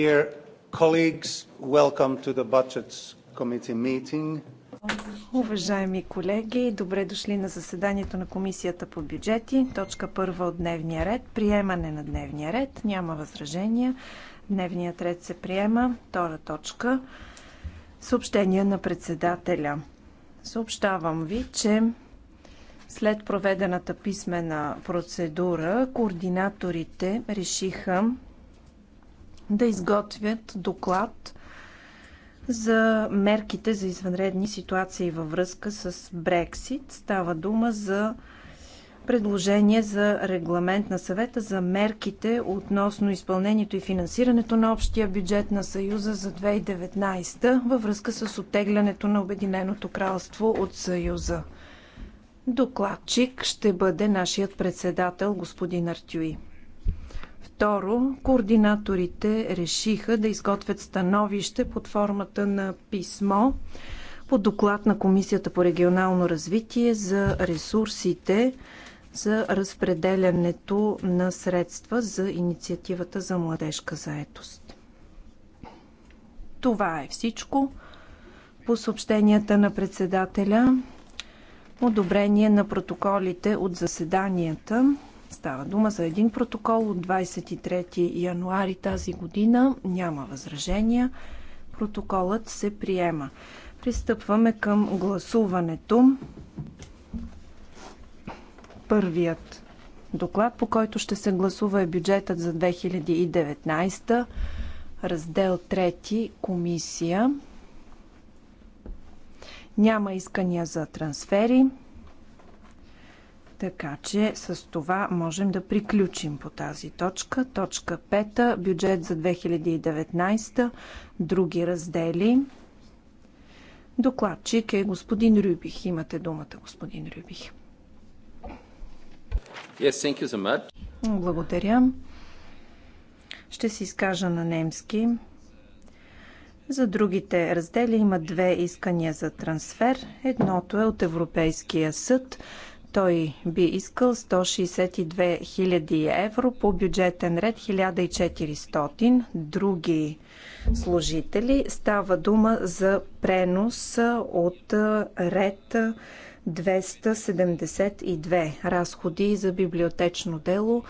Dear colleagues, welcome to the Budgets Committee meeting. Уважаеми колеги, добре дошли на заседанието на Комисията по бюджети. Точка първа от дневния ред. Приемане на дневния ред. Няма възражения. Дневният ред се приема. Втора точка. Съобщение на председателя. Съобщавам ви, че след проведената писмена процедура, координаторите решиха да изготвят доклад за мерките за извънредни ситуации във връзка с Брексит. Става дума за предложение за регламент на съвета за мерките относно изпълнението и финансирането на общия бюджет на Съюза за 2019 във връзка с оттеглянето на Обединеното кралство от Съюза. Докладчик ще бъде нашият председател господин Артюи. Второ, координаторите решиха да изготвят становище под формата на писмо по доклад на Комисията по регионално развитие за ресурсите за разпределянето на средства за инициативата за младежка заетост. Това е всичко по съобщенията на председателя. Одобрение на протоколите от заседанията. Става дума за един протокол от 23 януари тази година. Няма възражения. Протоколът се приема. Пристъпваме към гласуването. Първият доклад, по който ще се гласува е бюджетът за 2019, раздел 3, комисия. Няма искания за трансфери. Така че с това можем да приключим по тази точка. Точка 5. Бюджет за 2019. Други раздели. Докладчик е господин Рюбих. Имате думата, господин Рюбих. Yes, thank you so much. Благодаря. Ще се изкажа на немски. За другите раздели има две искания за трансфер. Едното е от Европейския съд той би искал 162 000 евро по бюджетен ред 1400. Други служители става дума за пренос от ред 272 разходи за библиотечно дело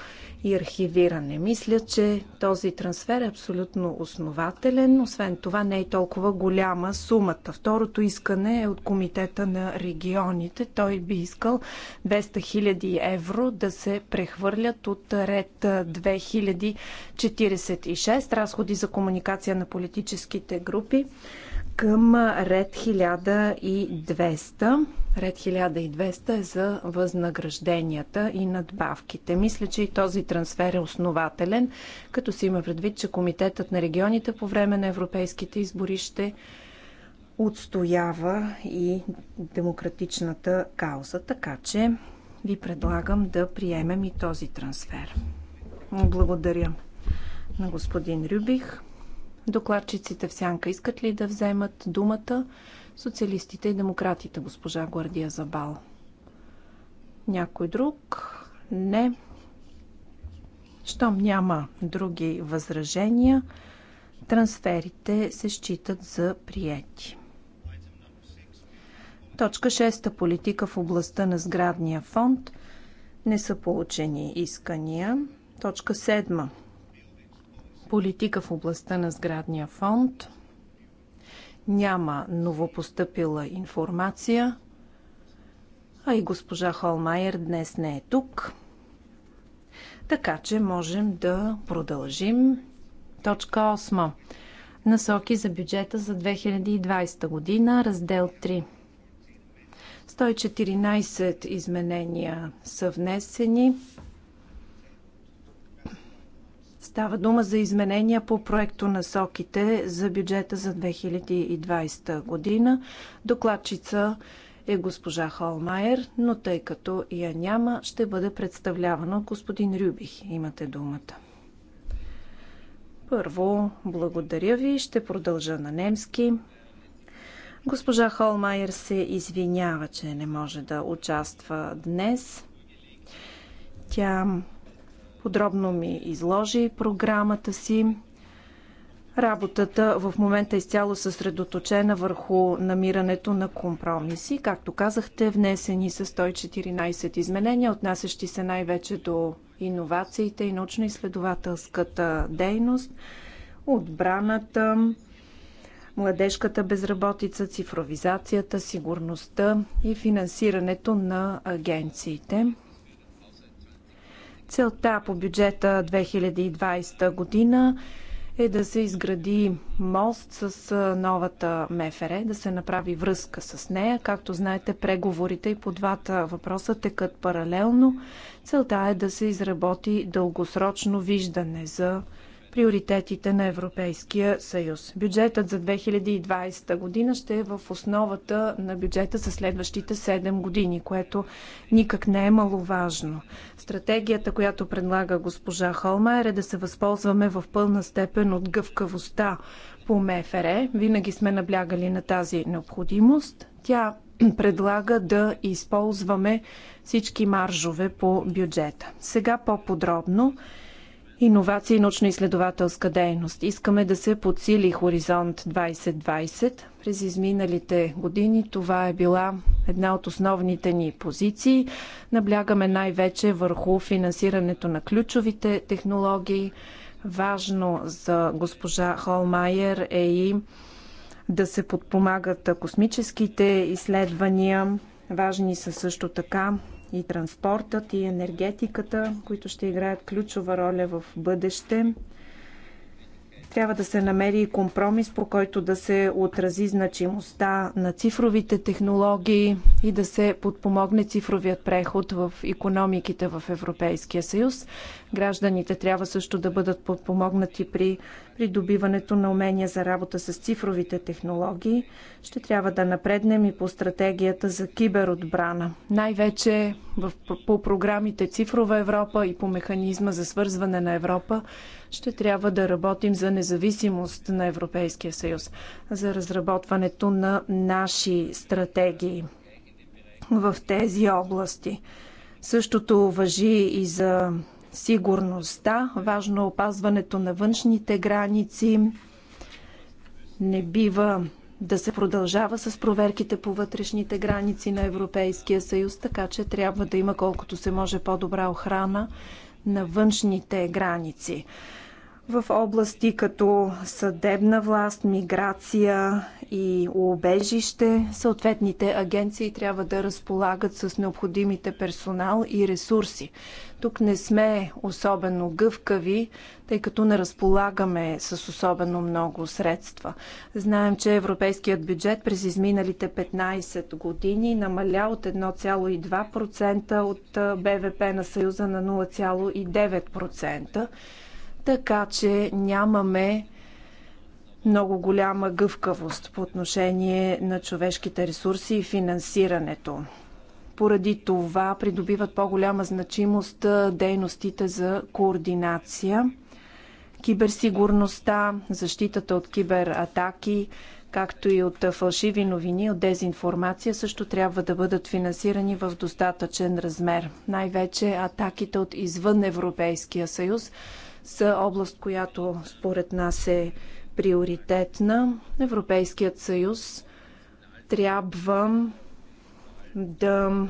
и архивиране. Мисля, че този трансфер е абсолютно основателен. Освен това не е толкова голяма сумата. Второто искане е от Комитета на регионите. Той би искал 200 000 евро да се прехвърлят от ред 2046 разходи за комуникация на политическите групи към ред 1200. Ред 1200 е за възнагражденията и надбавките. Мисля, че и този трансфер е основателен, като си има предвид, че Комитетът на регионите по време на европейските избори ще отстоява и демократичната кауза. Така че ви предлагам да приемем и този трансфер. Благодаря на господин Рюбих. Докладчиците в сянка искат ли да вземат думата социалистите и демократите, госпожа Гвардия Забал? Някой друг? Не. Щом няма други възражения, трансферите се считат за приети. Точка 6. Политика в областта на сградния фонд. Не са получени искания. Точка 7 политика в областта на сградния фонд. Няма новопостъпила информация, а и госпожа Холмайер днес не е тук. Така че можем да продължим. Точка 8. Насоки за бюджета за 2020 година, раздел 3. 114 изменения са внесени. Става дума за изменения по проекто на СОките за бюджета за 2020 година. Докладчица е госпожа Холмайер, но тъй като я няма, ще бъде представлявана господин Рюбих. Имате думата. Първо, благодаря ви. Ще продължа на немски. Госпожа Холмайер се извинява, че не може да участва днес. Тя Подробно ми изложи програмата си. Работата в момента е изцяло съсредоточена върху намирането на компромиси. Както казахте, внесени са 114 изменения, отнасящи се най-вече до иновациите и научно-изследователската дейност, отбраната, младежката безработица, цифровизацията, сигурността и финансирането на агенциите. Целта по бюджета 2020 година е да се изгради мост с новата МФР, да се направи връзка с нея. Както знаете, преговорите и по двата въпроса текат паралелно. Целта е да се изработи дългосрочно виждане за приоритетите на Европейския съюз. Бюджетът за 2020 година ще е в основата на бюджета за следващите 7 години, което никак не е маловажно. Стратегията, която предлага госпожа Холмайер е да се възползваме в пълна степен от гъвкавостта по МФР. Е. Винаги сме наблягали на тази необходимост. Тя предлага да използваме всички маржове по бюджета. Сега по-подробно иновации и научно-изследователска дейност. Искаме да се подсили Хоризонт 2020. През изминалите години това е била една от основните ни позиции. Наблягаме най-вече върху финансирането на ключовите технологии. Важно за госпожа Холмайер е и да се подпомагат космическите изследвания. Важни са също така и транспортът, и енергетиката, които ще играят ключова роля в бъдеще. Трябва да се намери и компромис, по който да се отрази значимостта на цифровите технологии и да се подпомогне цифровият преход в економиките в Европейския съюз. Гражданите трябва също да бъдат подпомогнати при придобиването на умения за работа с цифровите технологии. Ще трябва да напреднем и по стратегията за киберотбрана. Най-вече по програмите Цифрова Европа и по механизма за свързване на Европа ще трябва да работим за независимост на Европейския съюз, за разработването на наши стратегии в тези области. Същото въжи и за сигурността, важно е опазването на външните граници. Не бива да се продължава с проверките по вътрешните граници на Европейския съюз, така че трябва да има колкото се може по-добра охрана на външните граници в области като съдебна власт, миграция и убежище. Съответните агенции трябва да разполагат с необходимите персонал и ресурси. Тук не сме особено гъвкави, тъй като не разполагаме с особено много средства. Знаем, че европейският бюджет през изминалите 15 години намаля от 1,2% от БВП на Съюза на 0,9% така че нямаме много голяма гъвкавост по отношение на човешките ресурси и финансирането. Поради това придобиват по-голяма значимост дейностите за координация, киберсигурността, защитата от кибератаки, както и от фалшиви новини, от дезинформация, също трябва да бъдат финансирани в достатъчен размер. Най-вече атаките от извън Европейския съюз – са област, която според нас е приоритетна. Европейският съюз трябва да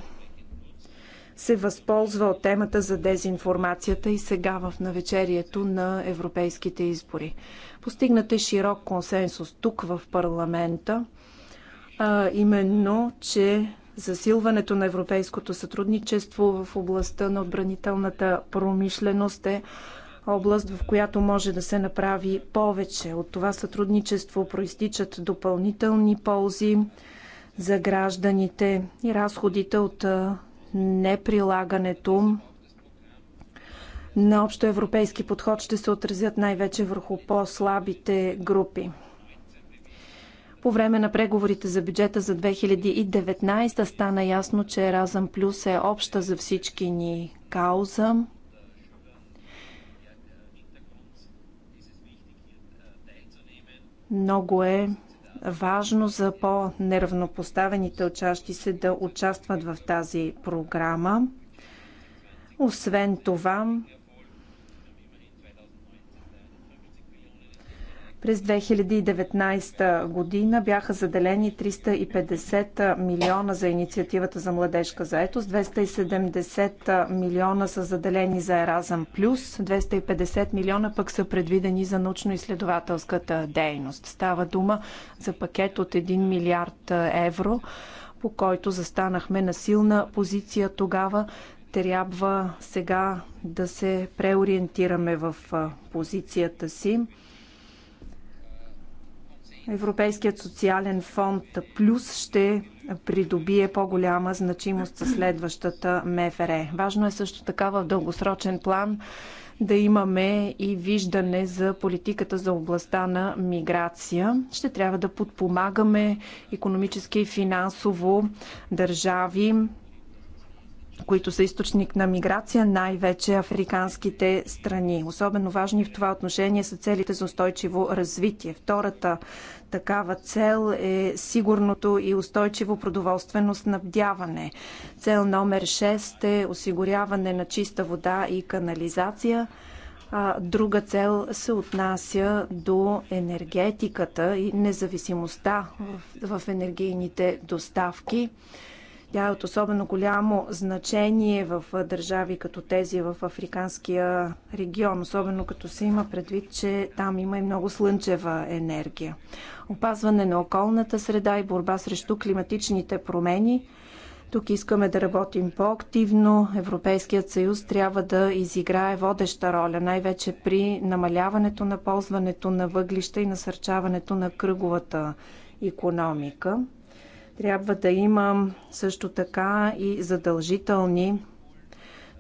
се възползва от темата за дезинформацията и сега в навечерието на европейските избори. Постигнат е широк консенсус тук в парламента, а именно, че засилването на европейското сътрудничество в областта на отбранителната промишленост е област, в която може да се направи повече. От това сътрудничество проистичат допълнителни ползи за гражданите и разходите от неприлагането на общо европейски подход ще се отразят най-вече върху по-слабите групи. По време на преговорите за бюджета за 2019 стана ясно, че Еразъм Плюс е обща за всички ни кауза. Много е важно за по-неравнопоставените учащи се да участват в тази програма. Освен това, През 2019 година бяха заделени 350 милиона за инициативата за младежка заетост, 270 милиона са заделени за Еразъм Плюс, 250 милиона пък са предвидени за научно-изследователската дейност. Става дума за пакет от 1 милиард евро, по който застанахме на силна позиция тогава. Трябва сега да се преориентираме в позицията си Европейският социален фонд Плюс ще придобие по-голяма значимост със следващата МФР. Важно е също така в дългосрочен план да имаме и виждане за политиката за областта на миграция. Ще трябва да подпомагаме економически и финансово държави които са източник на миграция, най-вече африканските страни. Особено важни в това отношение са целите за устойчиво развитие. Втората такава цел е сигурното и устойчиво продоволствено снабдяване. Цел номер 6 е осигуряване на чиста вода и канализация. Друга цел се отнася до енергетиката и независимостта в енергийните доставки. Тя е от особено голямо значение в държави като тези в Африканския регион, особено като се има предвид, че там има и много слънчева енергия. Опазване на околната среда и борба срещу климатичните промени. Тук искаме да работим по-активно. Европейският съюз трябва да изиграе водеща роля, най-вече при намаляването на ползването на въглища и насърчаването на кръговата економика. Трябва да има също така и задължителни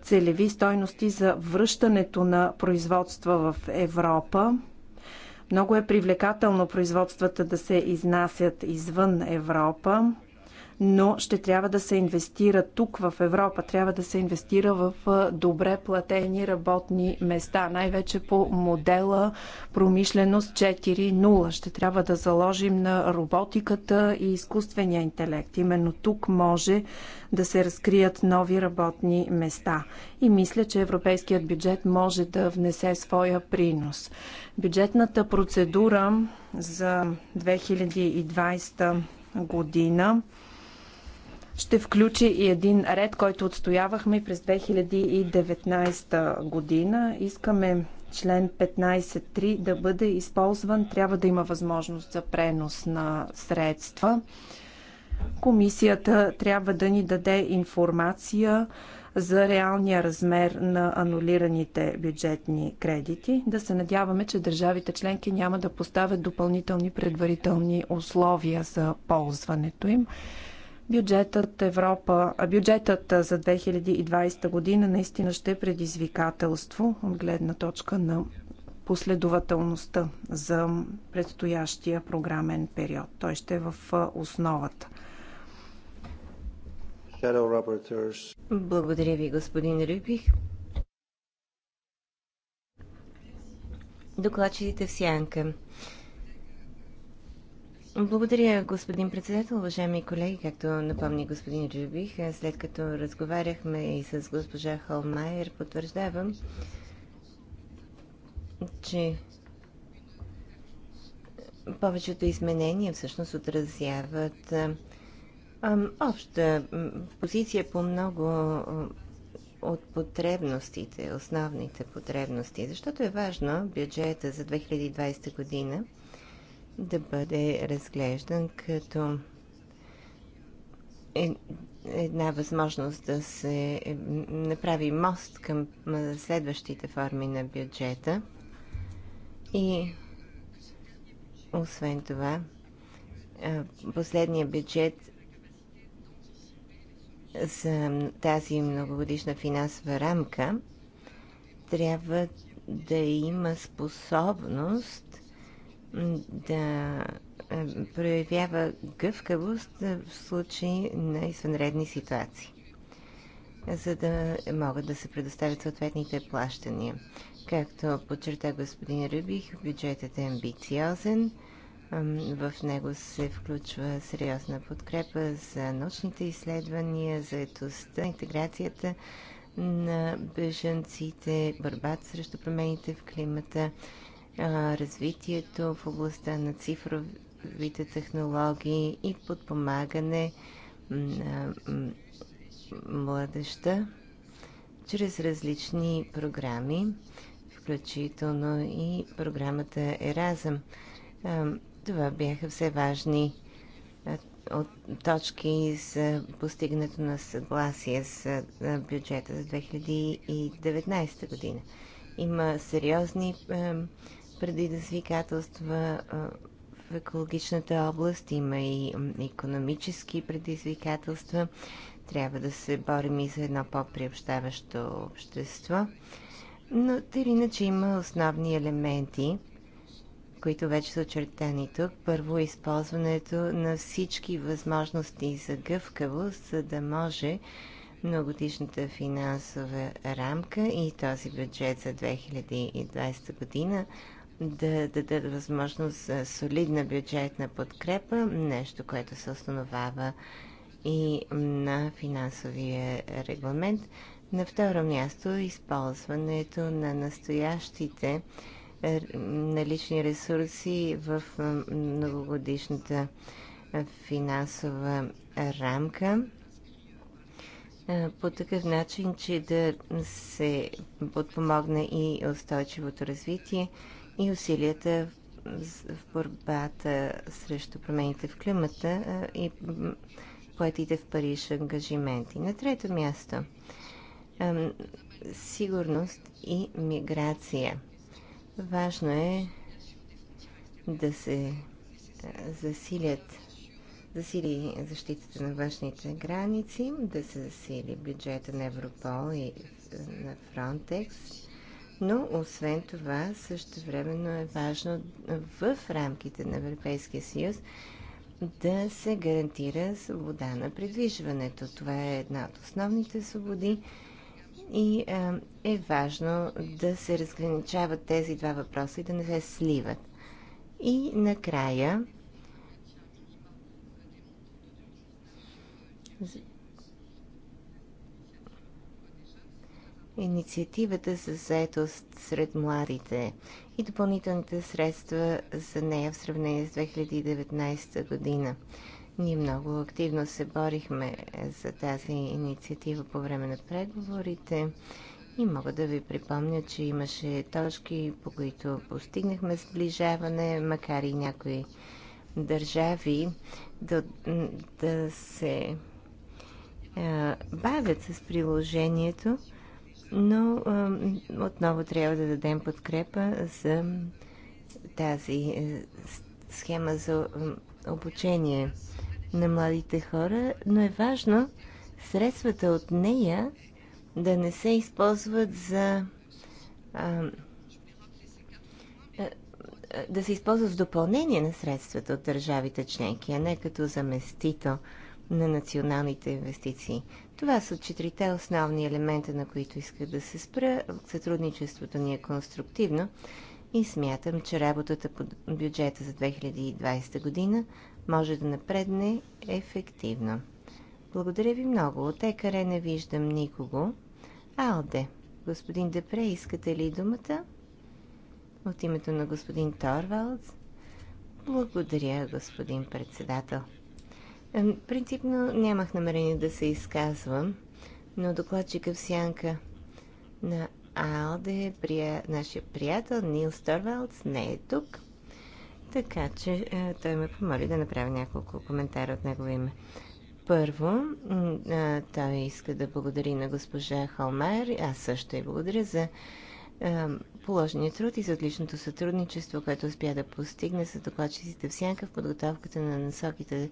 целеви стойности за връщането на производства в Европа. Много е привлекателно производствата да се изнасят извън Европа но ще трябва да се инвестира тук в Европа. Трябва да се инвестира в добре платени работни места, най-вече по модела промишленост 4.0. Ще трябва да заложим на роботиката и изкуствения интелект. Именно тук може да се разкрият нови работни места. И мисля, че европейският бюджет може да внесе своя принос. Бюджетната процедура за 2020 година ще включи и един ред, който отстоявахме през 2019 година. Искаме член 15.3 да бъде използван. Трябва да има възможност за пренос на средства. Комисията трябва да ни даде информация за реалния размер на анулираните бюджетни кредити. Да се надяваме, че държавите членки няма да поставят допълнителни предварителни условия за ползването им. Бюджетът, Европа, бюджетът за 2020 година наистина ще е предизвикателство от гледна точка на последователността за предстоящия програмен период. Той ще е в основата. Благодаря ви, господин Рюбих. Докладчиците в сянка. Благодаря, господин председател. Уважаеми колеги, както напомни господин Джубих, след като разговаряхме и с госпожа Холмайер, потвърждавам, че повечето изменения всъщност отразяват обща позиция по много от потребностите, основните потребности, защото е важно бюджета за 2020 година – да бъде разглеждан като една възможност да се е, направи мост към следващите форми на бюджета. И освен това, е, последния бюджет за тази многогодишна финансова рамка трябва да има способност да проявява гъвкавост в случай на извънредни ситуации, за да могат да се предоставят съответните плащания. Както подчерта господин Рубих, бюджетът е амбициозен. В него се включва сериозна подкрепа за научните изследвания, за етостта, интеграцията на бежанците, борбата срещу промените в климата, развитието в областта на цифровите технологии и подпомагане на младеща чрез различни програми, включително и програмата Еразъм. Това бяха все важни от точки за постигането на съгласие с бюджета за 2019 година. Има сериозни предизвикателства в екологичната област, има и економически предизвикателства. Трябва да се борим и за едно по-приобщаващо общество. Но тъй иначе има основни елементи, които вече са очертани тук. Първо, използването на всички възможности за гъвкавост, за да може многодишната финансова рамка и този бюджет за 2020 година да дадат възможност за солидна бюджетна подкрепа, нещо, което се основава и на финансовия регламент. На второ място, използването на настоящите е, налични ресурси в многогодишната финансова рамка е, по такъв начин, че да се подпомогне и устойчивото развитие и усилията в борбата срещу промените в климата и поетите в Париж ангажименти. На трето място сигурност и миграция. Важно е да се засилят засили защитата на външните граници, да се засили бюджета на Европол и на Фронтекс, но, освен това, също времено е важно в рамките на Европейския съюз да се гарантира свобода на придвижването. Това е една от основните свободи и а, е важно да се разграничават тези два въпроса и да не се сливат. И накрая инициативата за заетост сред младите и допълнителните средства за нея в сравнение с 2019 година. Ние много активно се борихме за тази инициатива по време на преговорите и мога да ви припомня, че имаше точки, по които постигнахме сближаване, макар и някои държави да, да се бавят с приложението, но отново трябва да дадем подкрепа за тази е, схема за обучение на младите хора, но е важно средствата от нея да не се използват за а, е, е, да се използват в допълнение на средствата от държавите членки, а не като заместител на националните инвестиции. Това са четирите основни елемента, на които исках да се спра. Сътрудничеството ни е конструктивно и смятам, че работата по бюджета за 2020 година може да напредне ефективно. Благодаря ви много. От ЕКАРЕ не виждам никого. Алде, господин Депре, искате ли думата? От името на господин Торвалдс. Благодаря, господин председател. Принципно нямах намерение да се изказвам, но докладчика в сянка на Алде, прия... нашия приятел Нил Сторвалдс, не е тук. Така че е, той ме помоли да направя няколко коментара от негово име. Първо, е, той иска да благодари на госпожа Холмайер. Аз също и благодаря за е, положения труд и за отличното сътрудничество, което успя да постигне с докладчиците в сянка в подготовката на насоките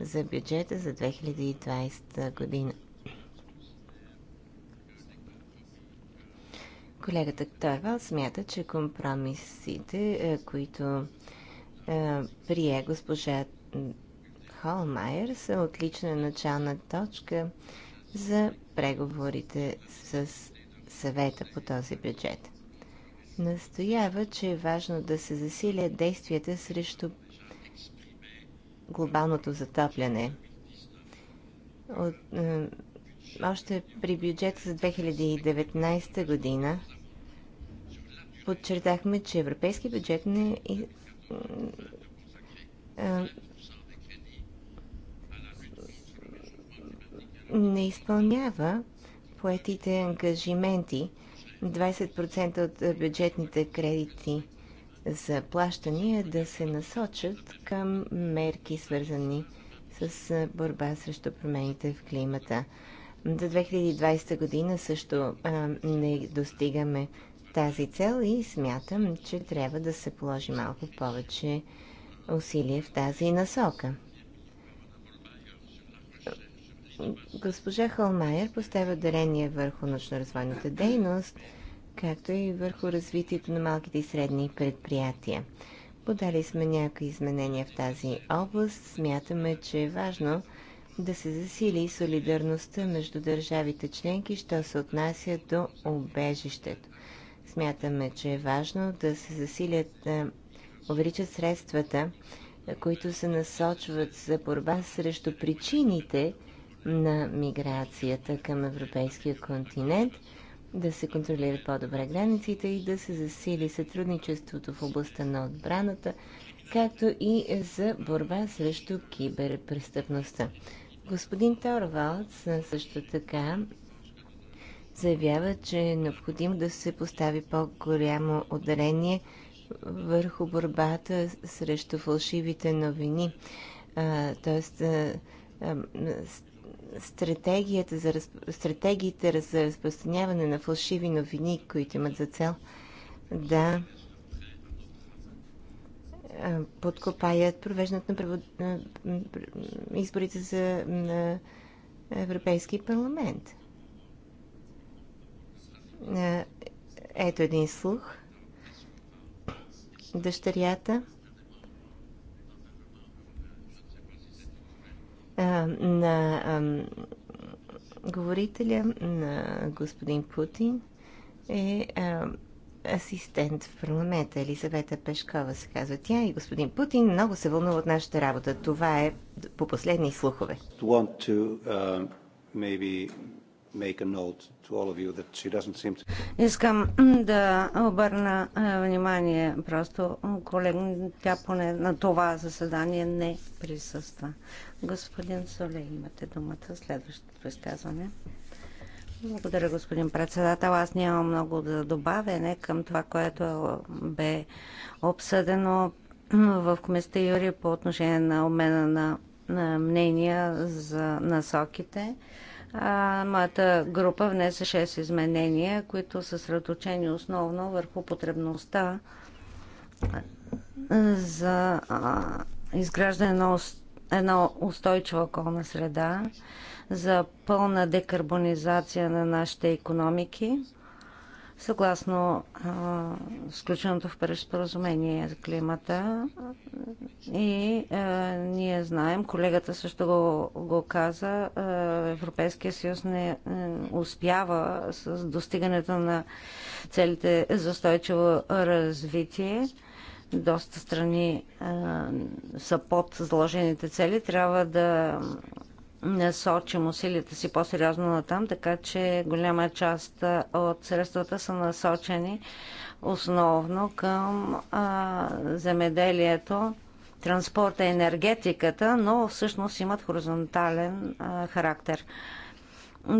за бюджета за 2020 година. Колегата Тойвал смята, че компромисите, е, които е, прие госпожа Холмайер, са отлична начална точка за преговорите с съвета по този бюджет. Настоява, че е важно да се засилят действията срещу глобалното затапляне. От, е, още при бюджет за 2019 година подчертахме, че европейски бюджет не е, е, не изпълнява поетите ангажименти 20% от бюджетните кредити за плащания да се насочат към мерки, свързани с борба срещу промените в климата. До 2020 година също а, не достигаме тази цел и смятам, че трябва да се положи малко повече усилие в тази насока. Госпожа Холмайер поставя дарение върху научно-развойната дейност – както и върху развитието на малките и средни предприятия. Подали сме някои изменения в тази област. Смятаме, че е важно да се засили солидарността между държавите членки, що се отнася до обежището. Смятаме, че е важно да се засилят, да е, увеличат средствата, е, които се насочват за борба срещу причините на миграцията към европейския континент – да се контролират по-добре границите и да се засили сътрудничеството в областта на отбраната, както и за борба срещу киберпрестъпността. Господин Торвалд също така заявява, че е необходимо да се постави по-голямо ударение върху борбата срещу фалшивите новини. Тоест, стратегията за, стратегиите за разпространяване на фалшиви новини, които имат за цел да подкопаят провеждането на, превод... изборите за на Европейски парламент. Ето един слух. Дъщерята на говорителя на господин Путин е асистент в парламента. Елизавета Пешкова се казва тя и господин Путин много се вълнува от нашата работа. Това е по последни слухове. To, uh, maybe Искам да обърна внимание, просто колег, тя поне на това заседание не присъства. Господин Соле, имате думата. Следващото изказване. Благодаря, господин председател. Аз нямам много да добавя не към това, което бе обсъдено в комисията Юри по отношение на обмена на, на мнения за насоките. А, моята група внесе 6 изменения, които са средоточени основно върху потребността за изграждане на една устойчива околна среда, за пълна декарбонизация на нашите економики съгласно а, сключеното в Париж споразумение за климата. И а, ние знаем, колегата също го, го каза, а, Европейския съюз не а, успява с достигането на целите за устойчиво развитие. Доста страни а, са под заложените цели. Трябва да насочим усилията си по-сериозно на там, така че голяма част от средствата са насочени основно към а, земеделието, транспорта, енергетиката, но всъщност имат хоризонтален а, характер.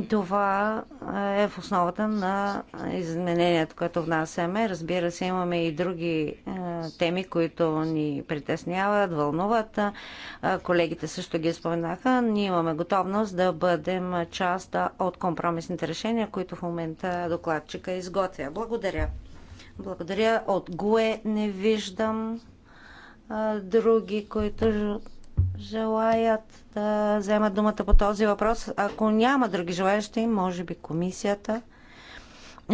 Това е в основата на изменението, което внасяме. Разбира се, имаме и други е, теми, които ни притесняват, вълнуват. Е, колегите също ги споменаха. Ние имаме готовност да бъдем част от компромисните решения, които в момента докладчика изготвя. Благодаря. Благодаря. От ГУЕ не виждам е, други, които желаят да вземат думата по този въпрос? Ако няма други желаящи, може би комисията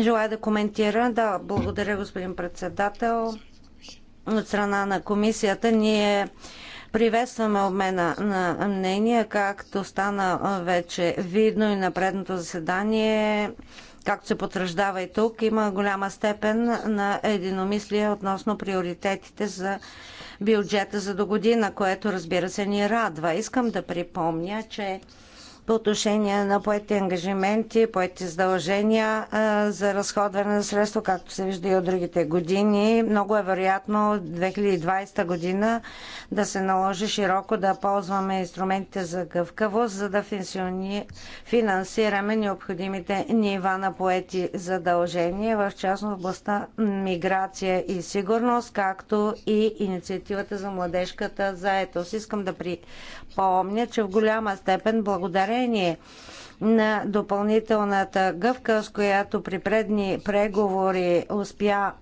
желая да коментира. Да, благодаря, господин председател. От страна на комисията ние приветстваме обмена на мнения, както стана вече видно и на предното заседание както се потвърждава и тук, има голяма степен на единомислие относно приоритетите за бюджета за до година, което разбира се ни радва. Искам да припомня, че по отношение на поети ангажименти, поети задължения за разходване на средства, както се вижда и от другите години. Много е вероятно 2020 година да се наложи широко да ползваме инструментите за гъвкавост, за да финансираме необходимите нива на поети задължения, в частност в областта миграция и сигурност, както и инициативата за младежката заетост. Искам да припомня, че в голяма степен благодаря благодарение на допълнителната гъвка, с която при предни преговори успя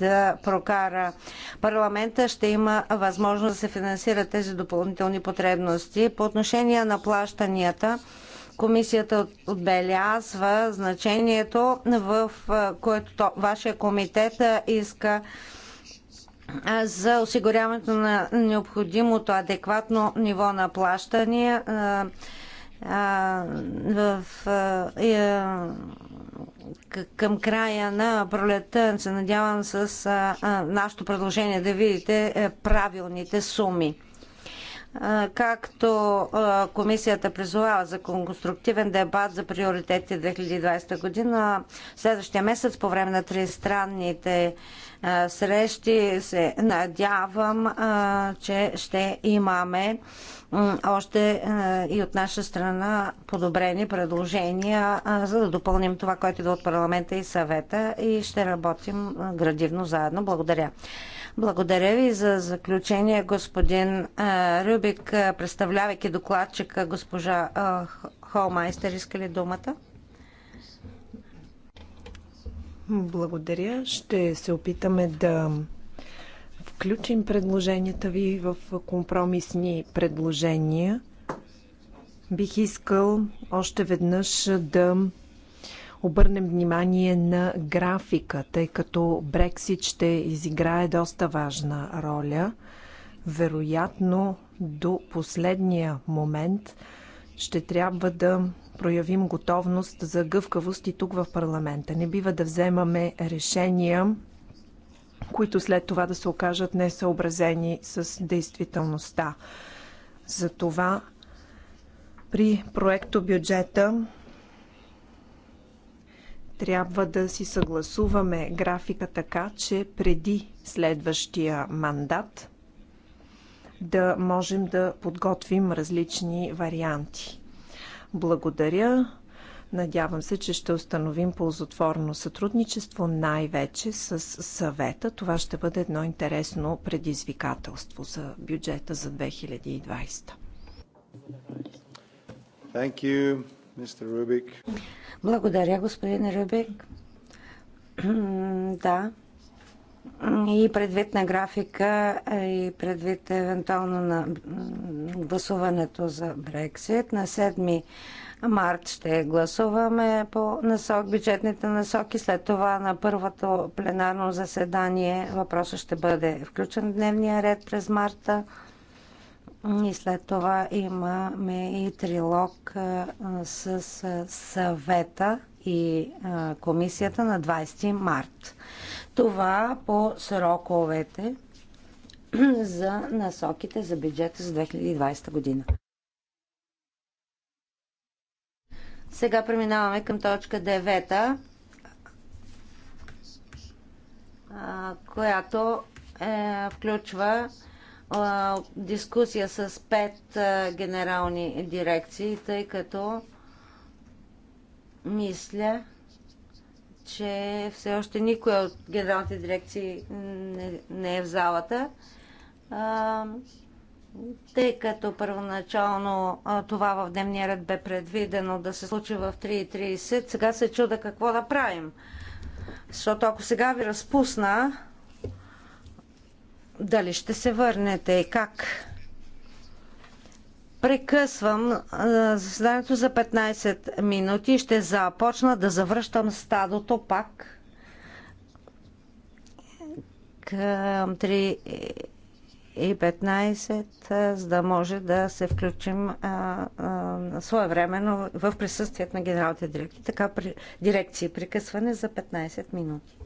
да прокара парламента, ще има възможност да се финансират тези допълнителни потребности. По отношение на плащанията, Комисията отбелязва значението, в което вашия комитет иска за осигуряването на необходимото адекватно ниво на плащания в, към края на пролета се надявам с нашето предложение да видите е, правилните суми. Както комисията призовава за конструктивен дебат за приоритетите 2020 година, следващия месец по време на тристранните срещи се надявам, че ще имаме още е, и от наша страна подобрени предложения, е, за да допълним това, което идва от парламента и съвета и ще работим е, градивно заедно. Благодаря. Благодаря ви за заключение, господин Рюбик, представлявайки докладчика госпожа Холмайстер. Иска ли думата? Благодаря. Ще се опитаме да включим предложенията ви в компромисни предложения. Бих искал още веднъж да обърнем внимание на графика, тъй като Брексит ще изиграе доста важна роля. Вероятно до последния момент ще трябва да проявим готовност за гъвкавост и тук в парламента. Не бива да вземаме решения които след това да се окажат несъобразени с действителността. Затова при проекто бюджета трябва да си съгласуваме графика така, че преди следващия мандат да можем да подготвим различни варианти. Благодаря. Надявам се, че ще установим ползотворно сътрудничество най-вече с съвета. Това ще бъде едно интересно предизвикателство за бюджета за 2020. Thank you, Mr. Rubik. Благодаря, господин Рубик. да. И предвид на графика, и предвид евентуално на гласуването за Брексит, на 7 март ще гласуваме по насок, бюджетните насоки. След това на първото пленарно заседание въпросът ще бъде включен в дневния ред през марта. И след това имаме и трилог с съвета и комисията на 20 март. Това по сроковете за насоките за бюджета за 2020 година. Сега преминаваме към точка 9, която е, включва дискусия с пет генерални дирекции, тъй като мисля, че все още никой от генералните дирекции не, е в залата. Тъй като първоначално това в дневния ред бе предвидено да се случи в 3.30, сега се чуда какво да правим. Защото ако сега ви разпусна, дали ще се върнете и как? Прекъсвам заседанието за 15 минути и ще започна да завръщам стадото пак към 3 и 15, за да може да се включим а, а, своевременно в присъствието на генералните директи, Така при, дирекции прикъсване за 15 минути.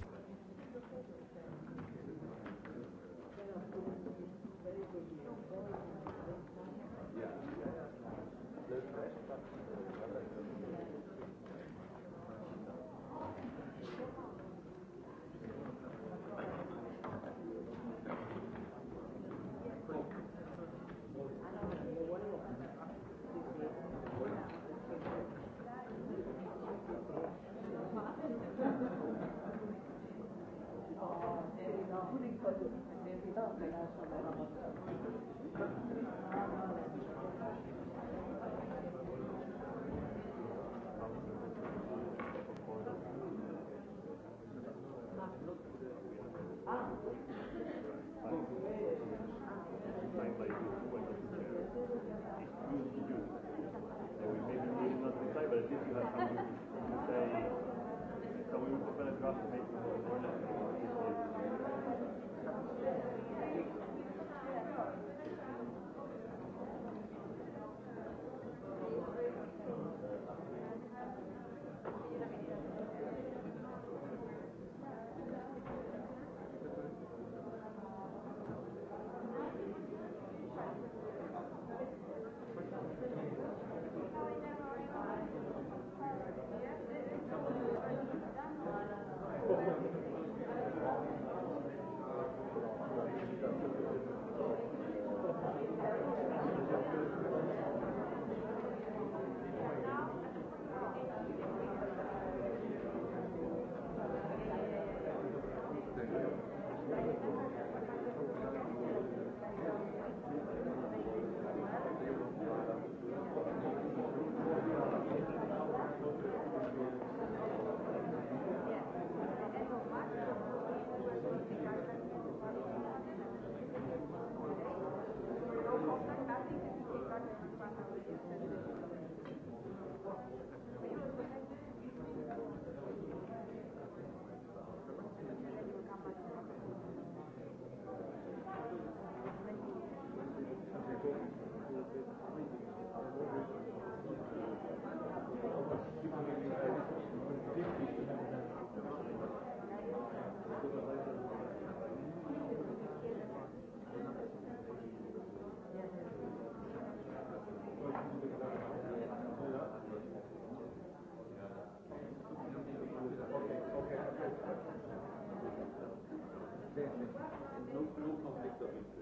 Thank you.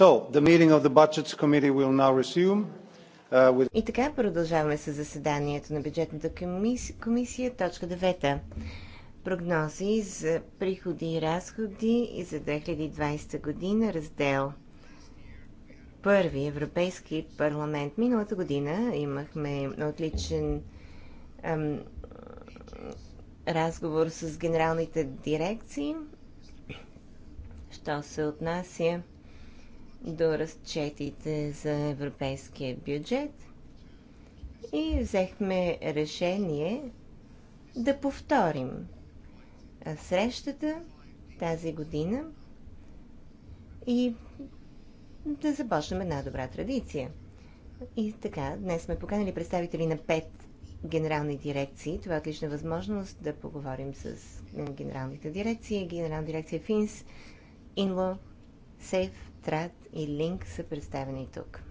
So, the meeting of the Budgets Committee will now resume. Uh, with... И така продължаваме с заседанието на бюджетната комисия, комисия точка 9. Прогнози за приходи и разходи и за 2020 година, раздел първи Европейски парламент. Миналата година имахме отличен ам, разговор с генералните дирекции, що се отнася до разчетите за европейския бюджет и взехме решение да повторим срещата тази година и да започнем една добра традиция. И така, днес сме поканали представители на пет генерални дирекции. Това е отлична възможност да поговорим с генералните дирекции. Генерална дирекция ФИНС, ИНЛО, СЕЙФ, Трат и Линк са представени тук.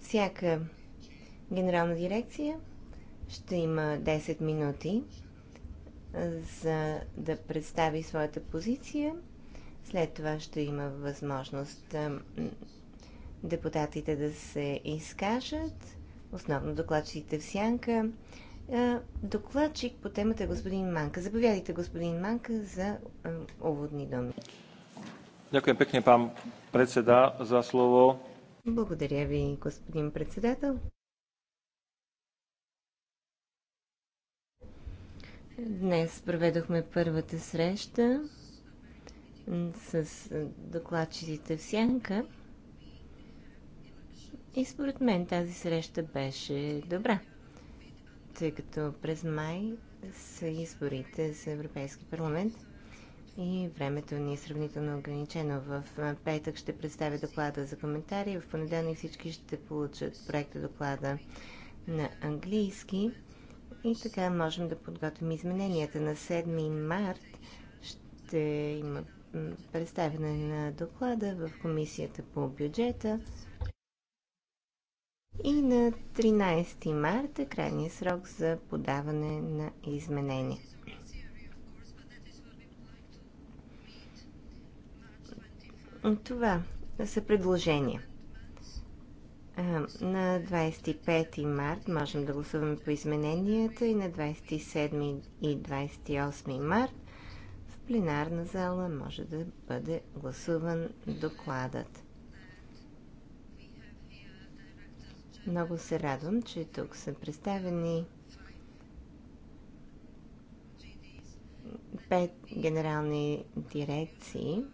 Всяка генерална дирекция ще има 10 минути за да представи своята позиция. След това ще има възможност депутатите да се изкажат основно докладчиците в Сянка. Докладчик по темата е господин Манка. Заповядайте, господин Манка, за уводни думи. Дякуем пекне, пан председа, за слово. Благодаря ви, господин председател. Днес проведохме първата среща с докладчиците в Сянка. И според мен тази среща беше добра, тъй като през май са изборите за Европейски парламент и времето ни е сравнително ограничено. В петък ще представя доклада за коментари, в понеделник всички ще получат проекта доклада на английски и така можем да подготвим измененията. На 7 март ще има представяне на доклада в Комисията по бюджета. И на 13 марта е крайния срок за подаване на изменения. Това са предложения. На 25 март можем да гласуваме по измененията и на 27 и 28 март в пленарна зала може да бъде гласуван докладът. Много се радвам, че тук са представени пет генерални дирекции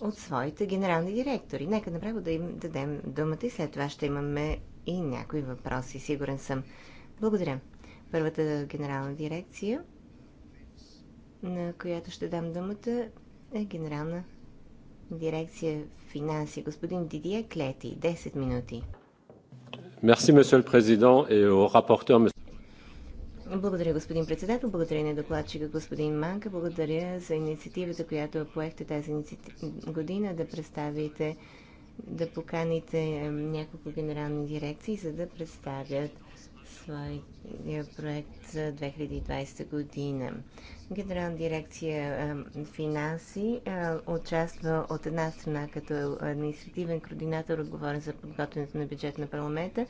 от своите генерални директори. Нека направо да им дадем думата и след това ще имаме и някои въпроси, сигурен съм. Благодаря. Първата генерална дирекция, на която ще дам думата, е генерална дирекция финанси. Господин Дидия Клети, 10 минути. Мерси, месье президент и рапортер. Благодаря, господин председател. Благодаря на докладчика господин Манка. Благодаря за инициативата, която поехте тази година да представите, да поканите няколко генерални дирекции, за да представят своя проект за 2020 година. Генерална дирекция финанси участва от една страна като административен координатор, отговорен за подготвянето на бюджет на парламента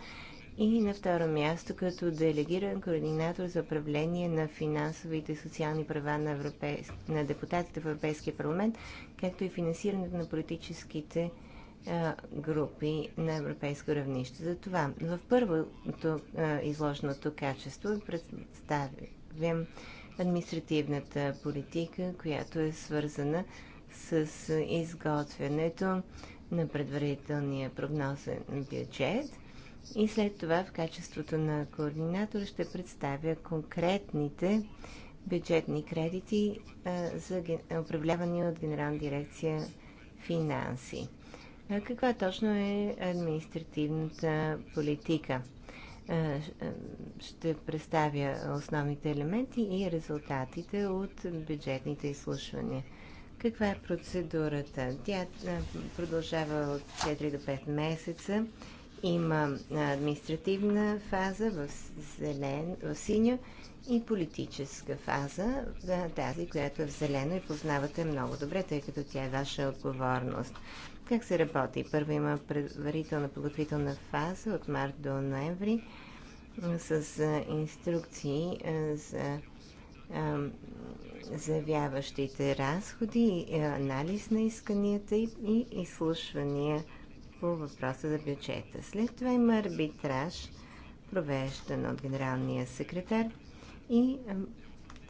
и на второ място като делегиран координатор за управление на финансовите и социални права на, европейс... на депутатите в Европейския парламент, както и финансирането на политическите е, групи на европейско равнище. Затова в първото е, изложеното качество представям административната политика, която е свързана с изготвянето на предварителния прогнозен бюджет. И след това в качеството на координатор ще представя конкретните бюджетни кредити, е, управлявани от Генерална дирекция финанси. Каква точно е административната политика? Ще представя основните елементи и резултатите от бюджетните изслушвания. Каква е процедурата? Тя продължава от 4 до 5 месеца. Има административна фаза в, зелен, в синя и политическа фаза, тази, която е в зелено и познавате много добре, тъй като тя е ваша отговорност. Как се работи? Първо има предварителна подготвителна фаза от март до ноември с инструкции за заявяващите разходи, анализ на исканията и изслушвания по въпроса за бюджета. След това има арбитраж, провеждан от генералния секретар и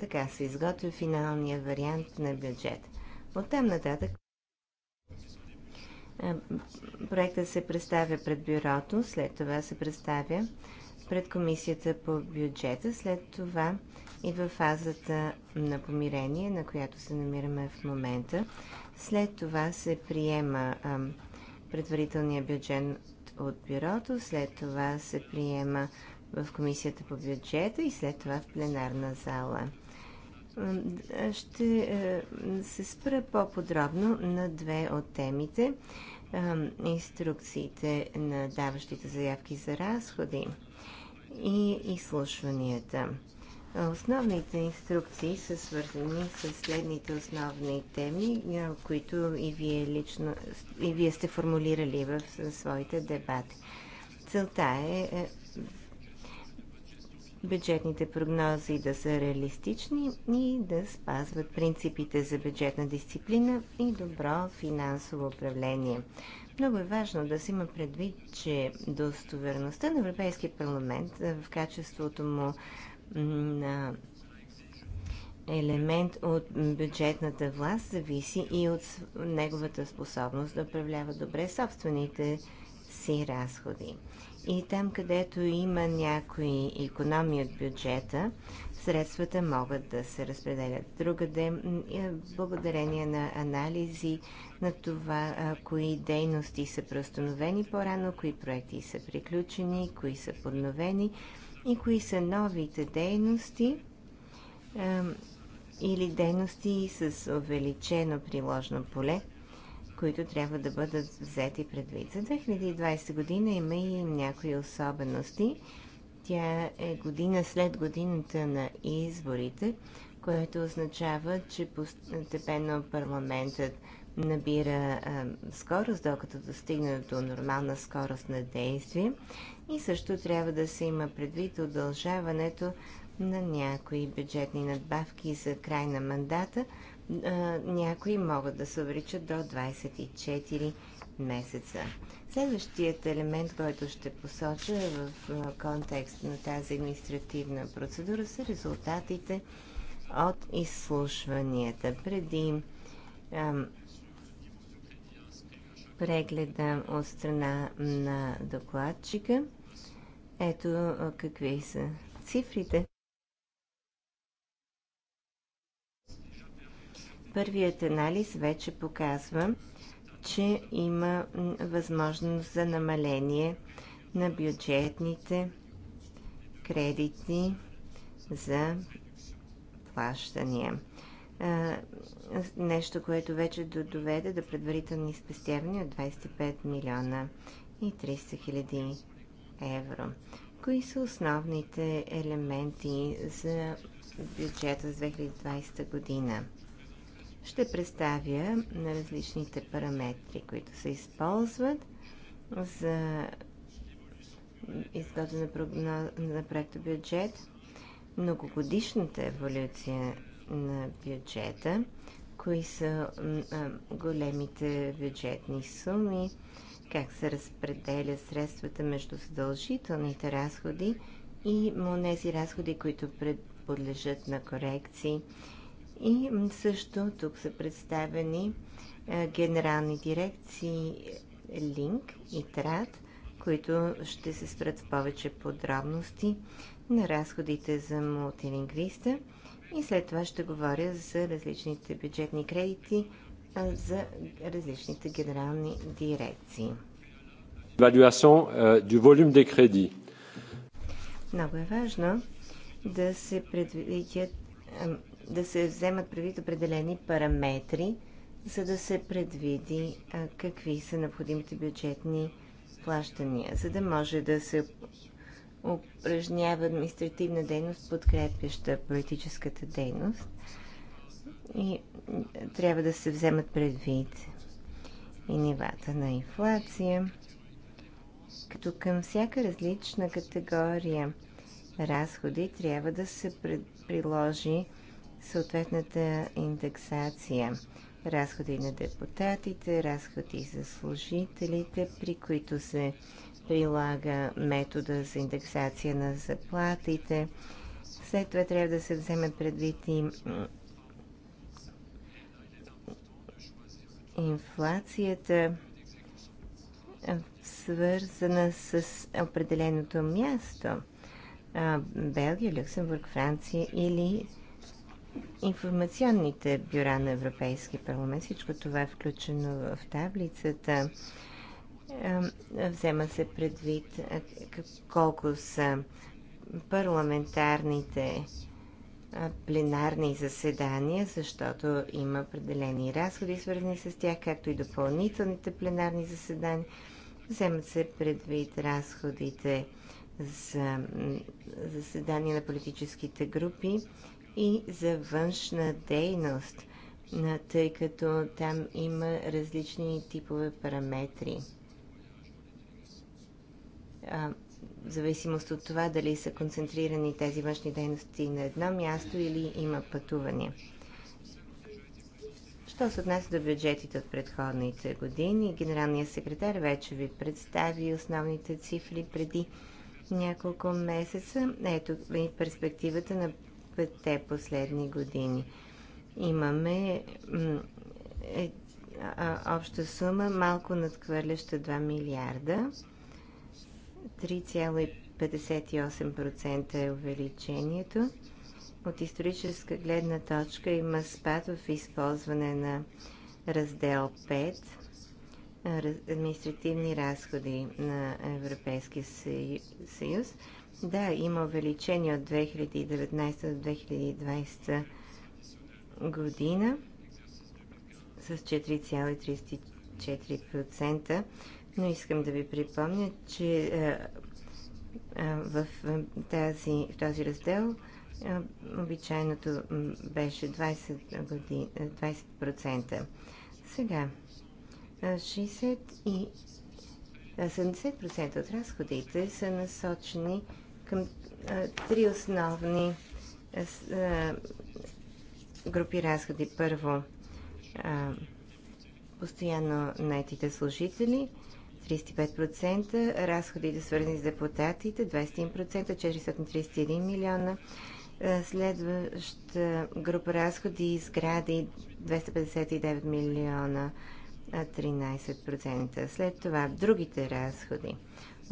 така се изготвя финалния вариант на бюджет. Оттам нататък е, Проектът се представя пред бюрото, след това се представя пред комисията по бюджета, след това идва фазата на помирение, на която се намираме в момента. След това се приема предварителния бюджет от бюрото, след това се приема в комисията по бюджета и след това в пленарна зала. Ще е, се спра по-подробно на две от темите. Инструкциите на даващите заявки за разходи и изслушванията. Основните инструкции са свързани с следните основни теми, които и вие, лично, и вие сте формулирали в своите дебати. Целта е, е бюджетните прогнози да са реалистични и да спазват принципите за бюджетна дисциплина и добро финансово управление. Много е важно да се има предвид, че достоверността на Европейския парламент в качеството му на елемент от бюджетната власт зависи и от неговата способност да управлява добре собствените си разходи и там, където има някои економии от бюджета, средствата могат да се разпределят другаде, е, благодарение на анализи на това, кои дейности са преустановени по-рано, кои проекти са приключени, кои са подновени и кои са новите дейности или дейности с увеличено приложно поле – които трябва да бъдат взети предвид. За 2020 година има и някои особености. Тя е година след годината на изборите, което означава, че постепенно парламентът набира а, скорост, докато достигне до нормална скорост на действие. И също трябва да се има предвид удължаването на някои бюджетни надбавки за край на мандата, някои могат да се увеличат до 24 месеца. Следващият елемент, който ще посоча в контекст на тази административна процедура са резултатите от изслушванията. Преди ам, прегледа от страна на докладчика, ето какви са цифрите. Първият анализ вече показва, че има възможност за намаление на бюджетните кредити за плащания. Нещо, което вече доведе до предварителни спестявания от 25 милиона и 300 хиляди евро. Кои са основните елементи за бюджета за 2020 година? ще представя на различните параметри, които се използват за изготвяне на, на проекта бюджет, многогодишната еволюция на бюджета, кои са големите бюджетни суми, как се разпределя средствата между задължителните разходи и монези разходи, които подлежат на корекции и също тук са представени е, генерални дирекции Линк и Трат, които ще се спрат в повече подробности на разходите за мултилингвиста и след това ще говоря за различните бюджетни кредити за различните генерални дирекции. Evaluation е, du volume des crédits. Много е важно да се предвидят да се вземат предвид определени параметри, за да се предвиди какви са необходимите бюджетни плащания, за да може да се упражнява административна дейност, подкрепяща политическата дейност. И трябва да се вземат предвид и нивата на инфлация, като към всяка различна категория разходи трябва да се приложи съответната индексация. Разходи на депутатите, разходи за служителите, при които се прилага метода за индексация на заплатите. След това трябва да се вземе предвид и инфлацията, свързана с определеното място. Белгия, Люксембург, Франция или информационните бюра на Европейски парламент. Всичко това е включено в таблицата. Взема се предвид колко са парламентарните пленарни заседания, защото има определени разходи, свързани с тях, както и допълнителните пленарни заседания. Вземат се предвид разходите за заседания на политическите групи и за външна дейност, тъй като там има различни типове параметри. в зависимост от това дали са концентрирани тези външни дейности на едно място или има пътувания. Що се отнася до бюджетите от предходните години, генералният секретар вече ви представи основните цифри преди няколко месеца. Ето и перспективата на петте последни години. Имаме е, обща сума малко надхвърляща 2 милиарда. 3,58% е увеличението. От историческа гледна точка има спад в използване на раздел 5 административни разходи на Европейския съюз. Да, има увеличение от 2019 до 2020 година с 4,34%, но искам да ви припомня, че в, тази, в този раздел обичайното беше 20%. 20%. Сега 60 и 70% от разходите са насочени към три основни групи разходи. Първо, постоянно наетите служители, 35%, разходите свързани с депутатите, 21%, 431 милиона. Следваща група разходи, сгради, 259 милиона 13%. След това другите разходи,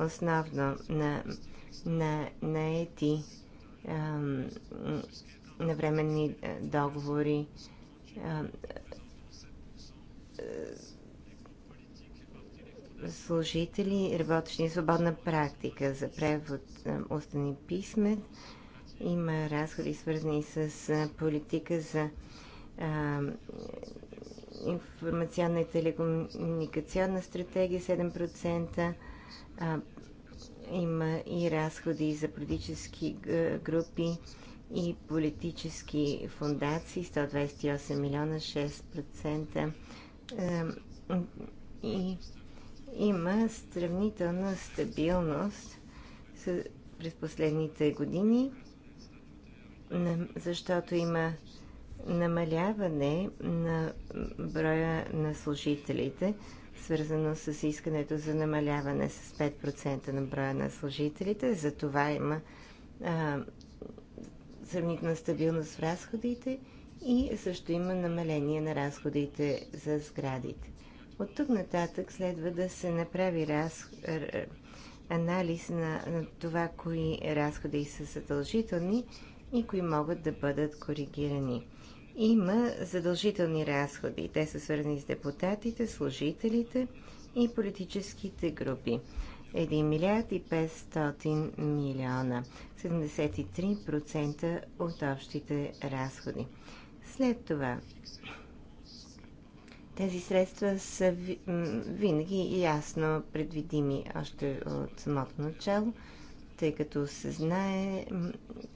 основно на, на, на ети на временни договори, служители, работещи свободна практика за превод на устни писмен. Има разходи свързани с политика за информационна и телекомуникационна стратегия 7%. А, има и разходи за политически групи и политически фундации 128 милиона 6%. А, и има сравнителна стабилност през последните години, защото има намаляване на броя на служителите, свързано с искането за намаляване с 5% на броя на служителите. За това има сравнителна стабилност в разходите и също има намаление на разходите за сградите. От тук нататък следва да се направи раз... анализ на, на това, кои разходи са задължителни и кои могат да бъдат коригирани. Има задължителни разходи. Те са свързани с депутатите, служителите и политическите групи. 1 милиард и 500 милиона. 73% от общите разходи. След това тези средства са винаги ясно предвидими още от самото начало, тъй като се знае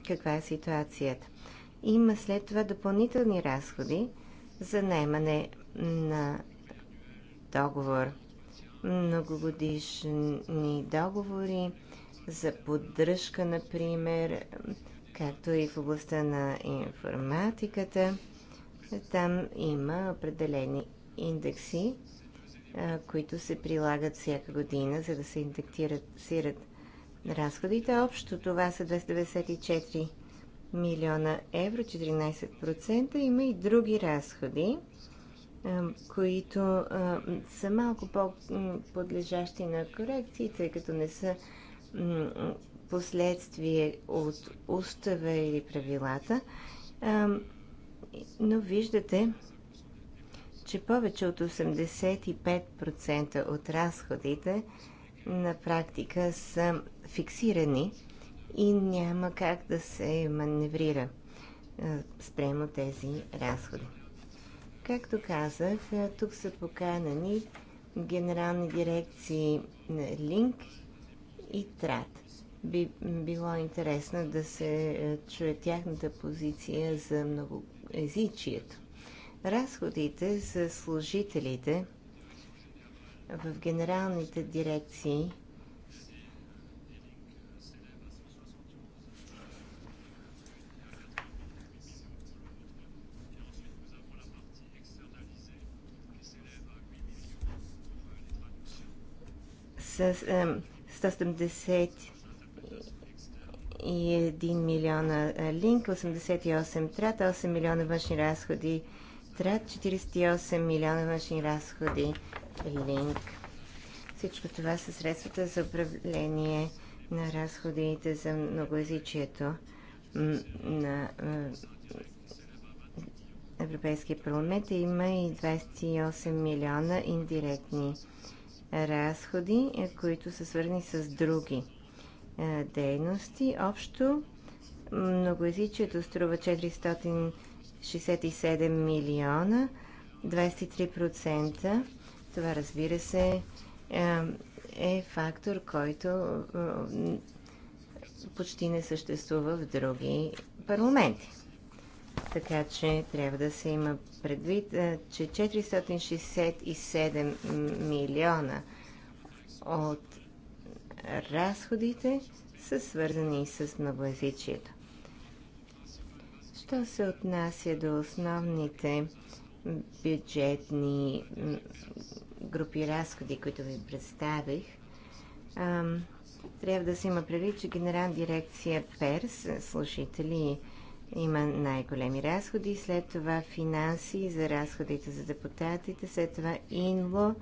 каква е ситуацията има след това допълнителни разходи за наймане на договор. Многогодишни договори за поддръжка, например, както и в областта на информатиката. Там има определени индекси, които се прилагат всяка година, за да се индексират разходите. Общо това са 294 милиона евро, 14%. Има и други разходи, които са малко по-подлежащи на корекции, тъй като не са последствие от устава или правилата. Но виждате, че повече от 85% от разходите на практика са фиксирани и няма как да се маневрира е, спрямо тези разходи. Както казах, е, тук са поканани генерални дирекции на Линк и Трат. Би било интересно да се е, чуе тяхната позиция за многоезичието. Разходите за служителите в генералните дирекции – с 171 милиона линк, 88 трат, 8 милиона външни разходи трат, 48 милиона външни разходи линк. Всичко това са средствата за управление на разходите за многоязичието на Европейския парламент. Има и 28 милиона индиректни разходи, е, които са свързани с други е, дейности. Общо многоязичието струва 467 милиона, 23%. Това разбира се е, е фактор, който почти не съществува в други парламенти. Така че трябва да се има предвид, че 467 милиона от разходите са свързани с многоязичието. Що се отнася до основните бюджетни групи разходи, които ви представих, трябва да се има предвид, че генерал дирекция ПЕРС, слушатели има най-големи разходи, след това финанси за разходите за депутатите, след това инло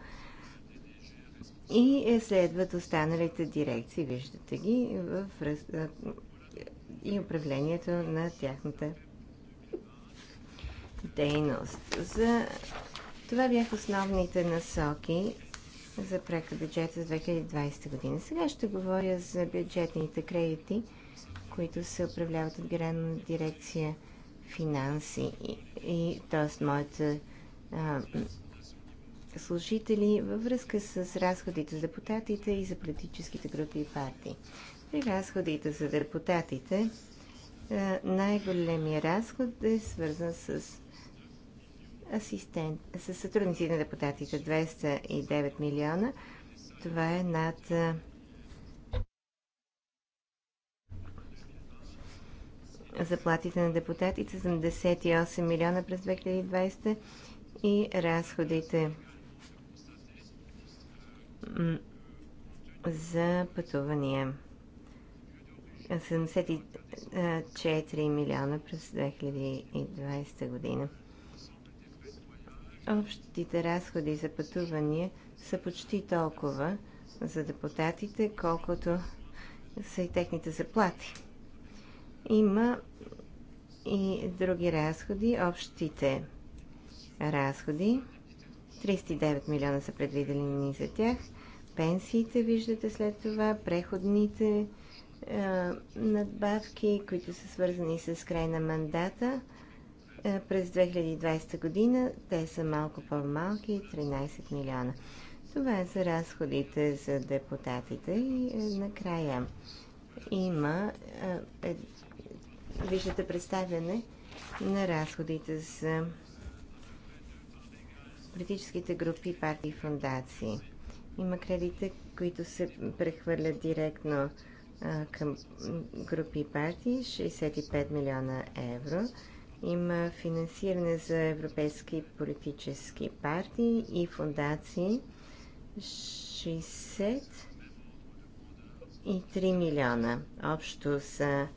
и е следват останалите дирекции, виждате ги, в, и управлението на тяхната дейност. За това бяха основните насоки за бюджета за 2020 година. Сега ще говоря за бюджетните кредити – които се управляват от Генерална дирекция финанси, и, и т.е. моите а, служители във връзка с разходите за депутатите и за политическите групи и партии. При разходите за депутатите най-големия разход е свързан с асистент, с сътрудници на депутатите 209 милиона. Това е над заплатите на депутатите 78 милиона през 2020 и разходите за пътувания 74 милиона през 2020 година. Общите разходи за пътувания са почти толкова за депутатите, колкото са и техните заплати. Има и други разходи, общите разходи. 39 милиона са предвидени за тях. Пенсиите, виждате след това, преходните е, надбавки, които са свързани с край на мандата е, през 2020 година. Те са малко по-малки, 13 милиона. Това са разходите за депутатите и е, накрая има е, виждате представяне на разходите за политическите групи, партии и фундации. Има кредите, които се прехвърлят директно а, към групи и партии 65 милиона евро. Има финансиране за европейски политически партии и фундации 63 милиона. Общо са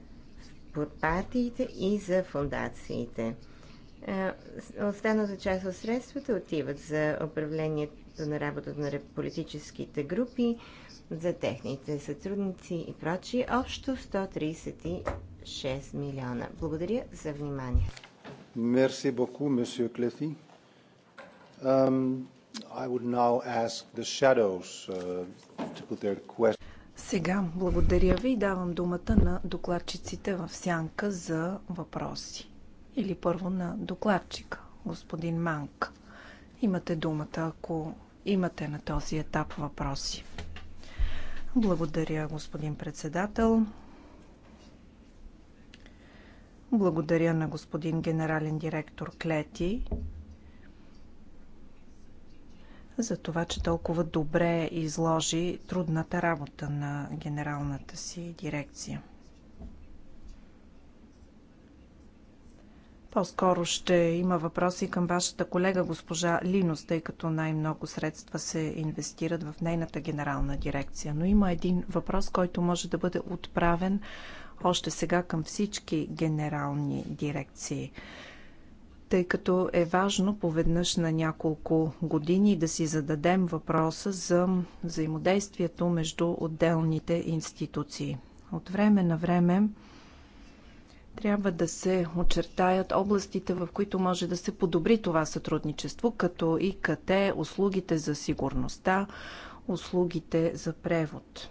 партиите и за фундациите. Останалата част от средствата отиват за управлението на работата на политическите групи, за техните сътрудници и прочие. Общо 136 милиона. Благодаря за внимание. Мерси боку, месье Клети. I would now ask the shadows uh, to put their questions. Сега благодаря ви и давам думата на докладчиците в сянка за въпроси. Или първо на докладчика, господин Манк. Имате думата, ако имате на този етап въпроси. Благодаря, господин председател. Благодаря на господин генерален директор Клети за това, че толкова добре изложи трудната работа на генералната си дирекция. По-скоро ще има въпроси към вашата колега госпожа Линус, тъй като най-много средства се инвестират в нейната генерална дирекция. Но има един въпрос, който може да бъде отправен още сега към всички генерални дирекции тъй като е важно поведнъж на няколко години да си зададем въпроса за взаимодействието между отделните институции. От време на време трябва да се очертаят областите, в които може да се подобри това сътрудничество, като и къте услугите за сигурността, услугите за превод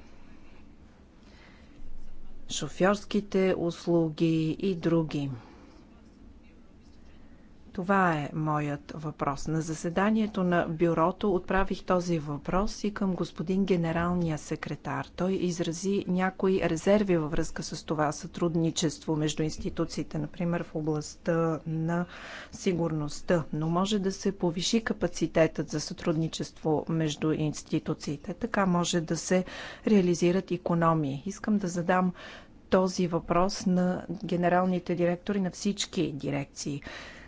шофьорските услуги и други. Това е моят въпрос. На заседанието на бюрото отправих този въпрос и към господин генералния секретар. Той изрази някои резерви във връзка с това сътрудничество между институциите, например в областта на сигурността. Но може да се повиши капацитетът за сътрудничество между институциите. Така може да се реализират економии. Искам да задам този въпрос на генералните директори на всички дирекции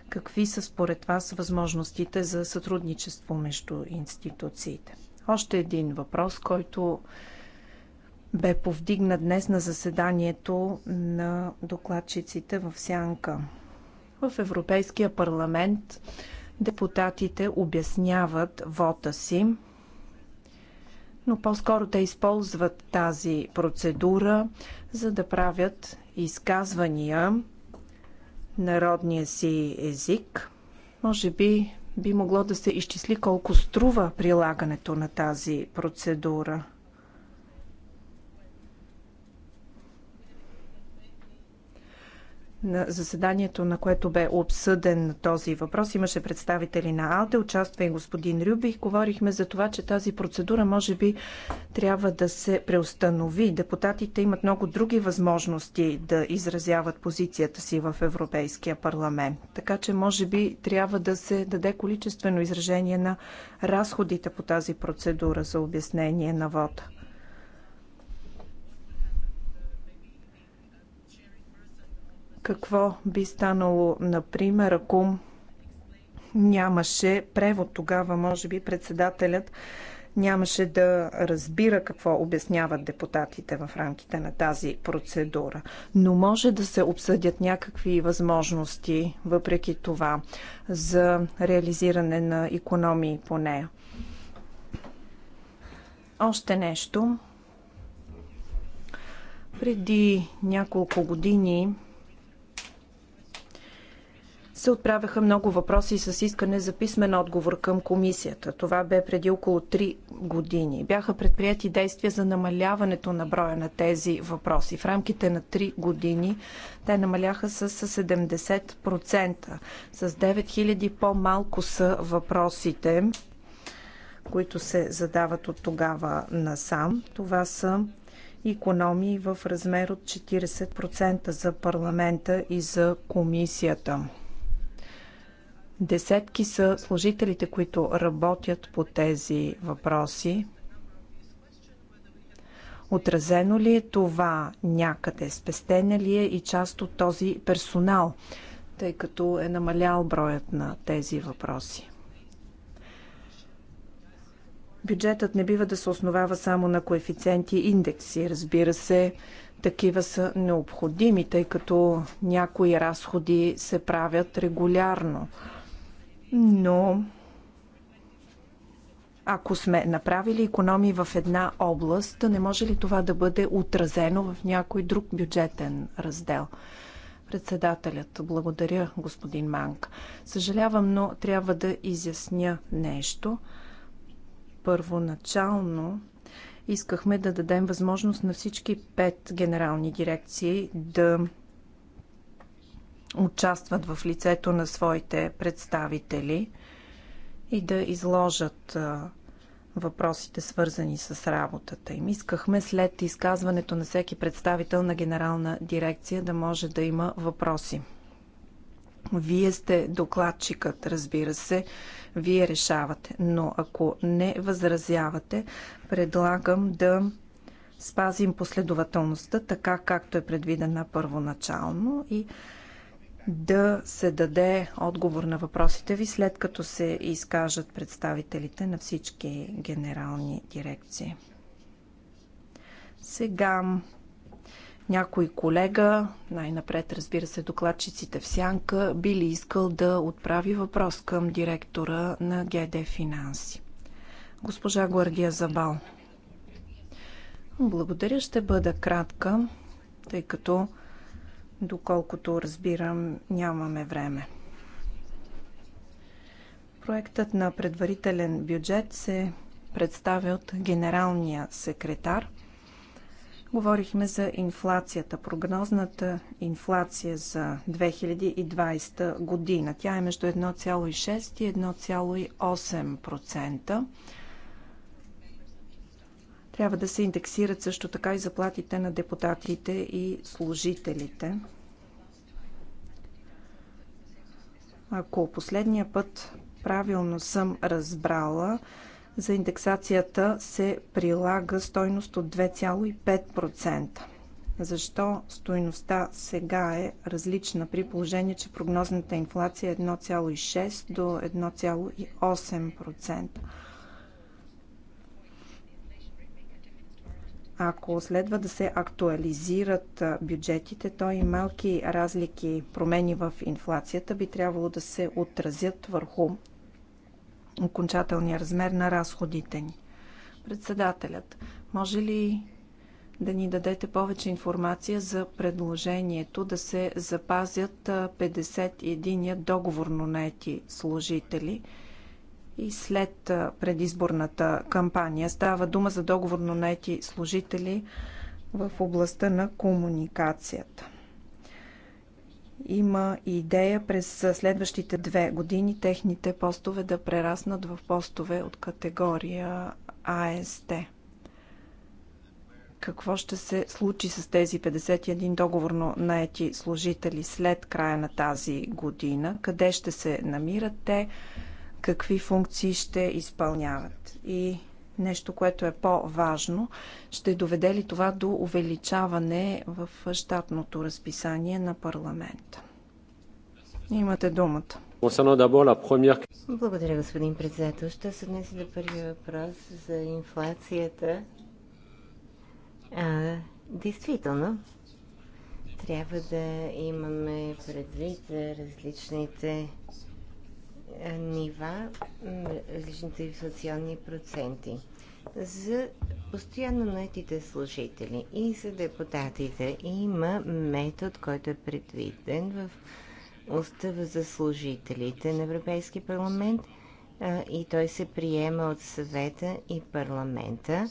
Какви са според вас възможностите за сътрудничество между институциите? Още един въпрос, който бе повдигна днес на заседанието на докладчиците в Сянка. В Европейския парламент депутатите обясняват вота си, но по-скоро те използват тази процедура, за да правят изказвания, народния си език. Може би би могло да се изчисли колко струва прилагането на тази процедура. На заседанието, на което бе обсъден този въпрос, имаше представители на АЛДЕ, участва и господин Рюбих. Говорихме за това, че тази процедура може би трябва да се преустанови. Депутатите имат много други възможности да изразяват позицията си в Европейския парламент. Така че може би трябва да се даде количествено изражение на разходите по тази процедура за обяснение на вода. Какво би станало, например, ако нямаше превод тогава, може би председателят нямаше да разбира какво обясняват депутатите в рамките на тази процедура. Но може да се обсъдят някакви възможности, въпреки това, за реализиране на економии по нея. Още нещо. Преди няколко години се отправяха много въпроси с искане за писмен отговор към комисията. Това бе преди около 3 години. Бяха предприяти действия за намаляването на броя на тези въпроси. В рамките на 3 години те намаляха с 70%. С 9000 по-малко са въпросите, които се задават от тогава насам. Това са икономии в размер от 40% за парламента и за комисията. Десетки са служителите, които работят по тези въпроси. Отразено ли е това някъде? Спестен ли е и част от този персонал, тъй като е намалял броят на тези въпроси? Бюджетът не бива да се основава само на коефициенти и индекси. Разбира се, такива са необходими, тъй като някои разходи се правят регулярно – но ако сме направили економии в една област, не може ли това да бъде отразено в някой друг бюджетен раздел? Председателят, благодаря, господин Манк. Съжалявам, но трябва да изясня нещо. Първоначално искахме да дадем възможност на всички пет генерални дирекции да участват в лицето на своите представители и да изложат въпросите, свързани с работата им. Искахме след изказването на всеки представител на генерална дирекция да може да има въпроси. Вие сте докладчикът, разбира се, вие решавате, но ако не възразявате, предлагам да спазим последователността така, както е предвидена първоначално и да се даде отговор на въпросите ви, след като се изкажат представителите на всички генерални дирекции. Сега някой колега, най-напред разбира се докладчиците в Сянка, би ли искал да отправи въпрос към директора на ГД Финанси? Госпожа Гвардия Забал. Благодаря, ще бъда кратка, тъй като Доколкото разбирам, нямаме време. Проектът на предварителен бюджет се представя от генералния секретар. Говорихме за инфлацията, прогнозната инфлация за 2020 година. Тя е между 1,6 и 1,8%. Трябва да се индексират също така и заплатите на депутатите и служителите. Ако последния път правилно съм разбрала, за индексацията се прилага стойност от 2,5%. Защо стойността сега е различна при положение, че прогнозната инфлация е 1,6 до 1,8%? Ако следва да се актуализират бюджетите, то и малки разлики, промени в инфлацията би трябвало да се отразят върху окончателния размер на разходите ни. Председателят, може ли да ни дадете повече информация за предложението да се запазят 51 договорно наети служители – и след предизборната кампания. Става дума за договорно наети служители в областта на комуникацията. Има идея през следващите две години техните постове да прераснат в постове от категория АСТ. Какво ще се случи с тези 51 договорно наети служители след края на тази година? Къде ще се намират те? какви функции ще изпълняват. И нещо, което е по-важно, ще доведе ли това до увеличаване в щатното разписание на парламента? Имате думата. Благодаря, господин председател. Ще се днес да първия въпрос за инфлацията. А, действително, трябва да имаме предвид различните нива, различните социални проценти. За постоянно наетите служители и за депутатите има метод, който е предвиден в Устава за служителите на Европейски парламент и той се приема от съвета и парламента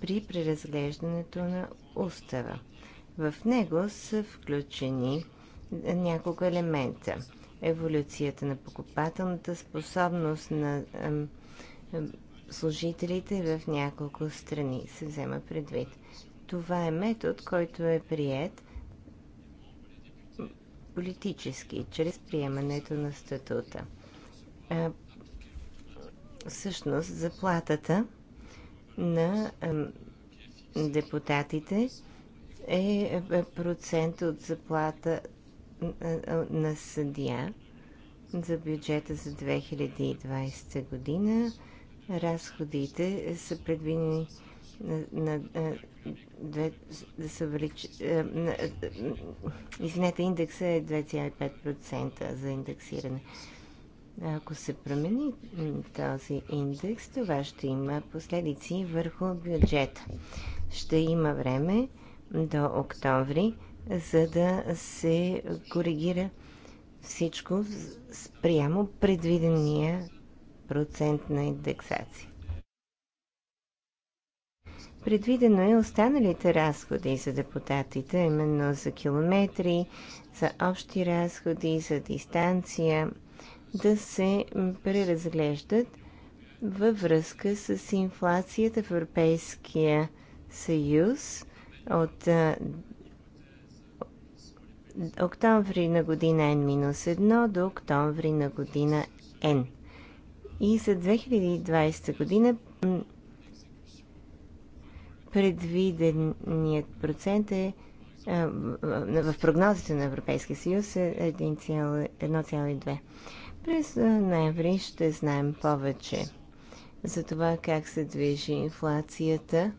при преразглеждането на устава. В него са включени няколко елемента еволюцията на покупателната способност на служителите в няколко страни се взема предвид. Това е метод, който е прият политически, чрез приемането на статута. А, всъщност, заплатата на а, депутатите е, е процент от заплата на съдия за бюджета за 2020 година. Разходите са предвидени на, на, на, да се увеличат. Извинете, индекса е 2,5% за индексиране. Ако се промени този индекс, това ще има последици върху бюджета. Ще има време до октомври за да се коригира всичко спрямо предвидения процент на индексация. Предвидено е останалите разходи за депутатите, именно за километри, за общи разходи, за дистанция, да се преразглеждат във връзка с инфлацията в Европейския съюз от октомври на година N-1 до октомври на година N. И за 2020 година предвиденият процент е в прогнозите на Европейския съюз е 1,2. През ноември ще знаем повече за това как се движи инфлацията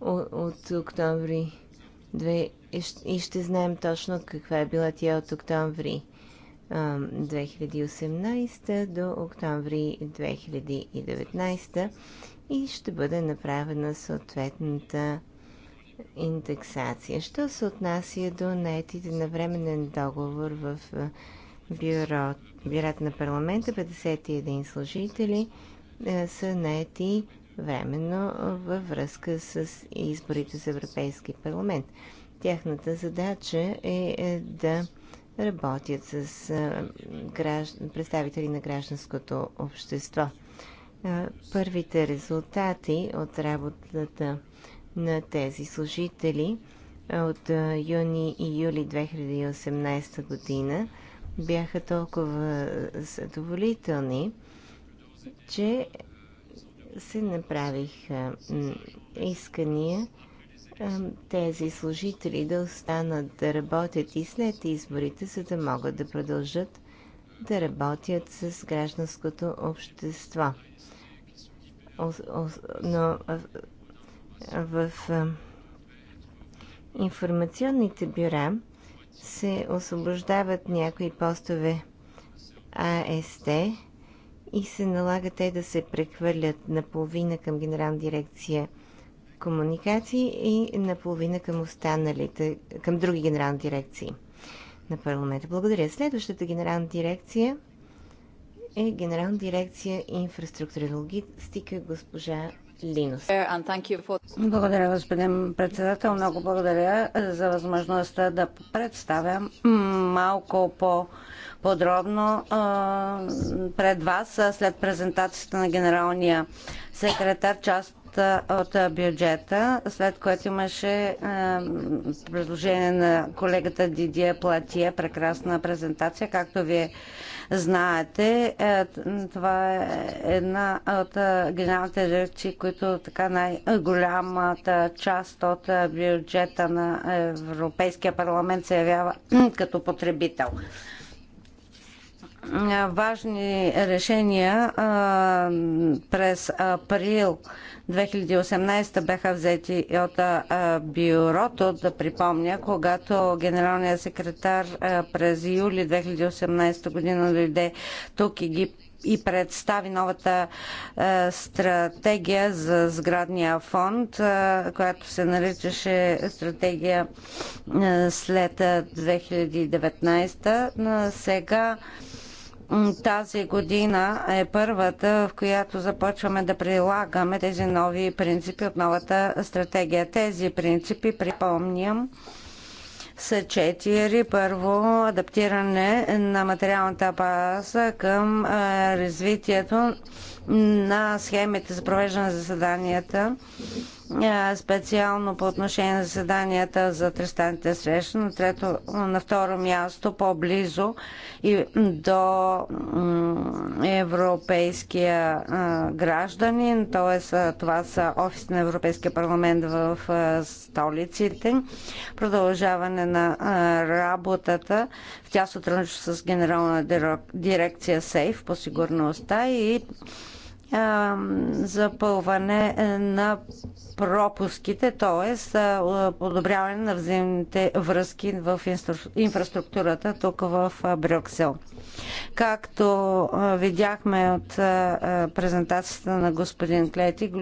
от октомври 2000 и ще знаем точно каква е била тя от октомври 2018 до октомври 2019 и ще бъде направена съответната индексация. Що се отнася до наетите на временен договор в бюро, бюрата на парламента, 51 служители са наети временно във връзка с изборите за Европейски парламент. Тяхната задача е, е да работят с е, представители на гражданското общество. Е, първите резултати от работата на тези служители от юни и юли 2018 година бяха толкова задоволителни, че се направиха искания тези служители да останат да работят и след изборите, за да могат да продължат да работят с гражданското общество. Но в информационните бюра се освобождават някои постове АСТ и се налага те да се прехвърлят наполовина към Генерална дирекция комуникации и наполовина към останалите, към други генерални дирекции на парламента. Благодаря. Следващата генерална дирекция е генерална дирекция инфраструктура и логистика госпожа Линус. Благодаря, господин председател. Много благодаря за възможността да представя малко по подробно пред вас след презентацията на генералния секретар част от бюджета, след което имаше предложение на колегата Дидия Платия, прекрасна презентация, както вие знаете. Е, това е една от генералните речи, които така най-голямата част от бюджета на Европейския парламент се явява като потребител важни решения през април 2018 бяха взети от бюрото, да припомня, когато генералният секретар през юли 2018 година дойде тук и ги и представи новата е, стратегия за сградния фонд, е, която се наричаше стратегия е, след 2019. Но сега тази година е първата, в която започваме да прилагаме тези нови принципи от новата стратегия. Тези принципи, припомням, са четири. Първо, адаптиране на материалната база към развитието на схемите за провеждане на заседанията специално по отношение на заседанията за тристанните срещи. На, трето, на второ място, по-близо и до европейския гражданин, т.е. това са офис на Европейския парламент в столиците. Продължаване на работата в тя сътрудничество с Генерална дирекция СЕЙФ по сигурността и запълване е, на пропуските, т.е. Е, е, подобряване на взаимните връзки в инфраструктурата тук в Брюксел. Както видяхме от презентацията на господин Клети,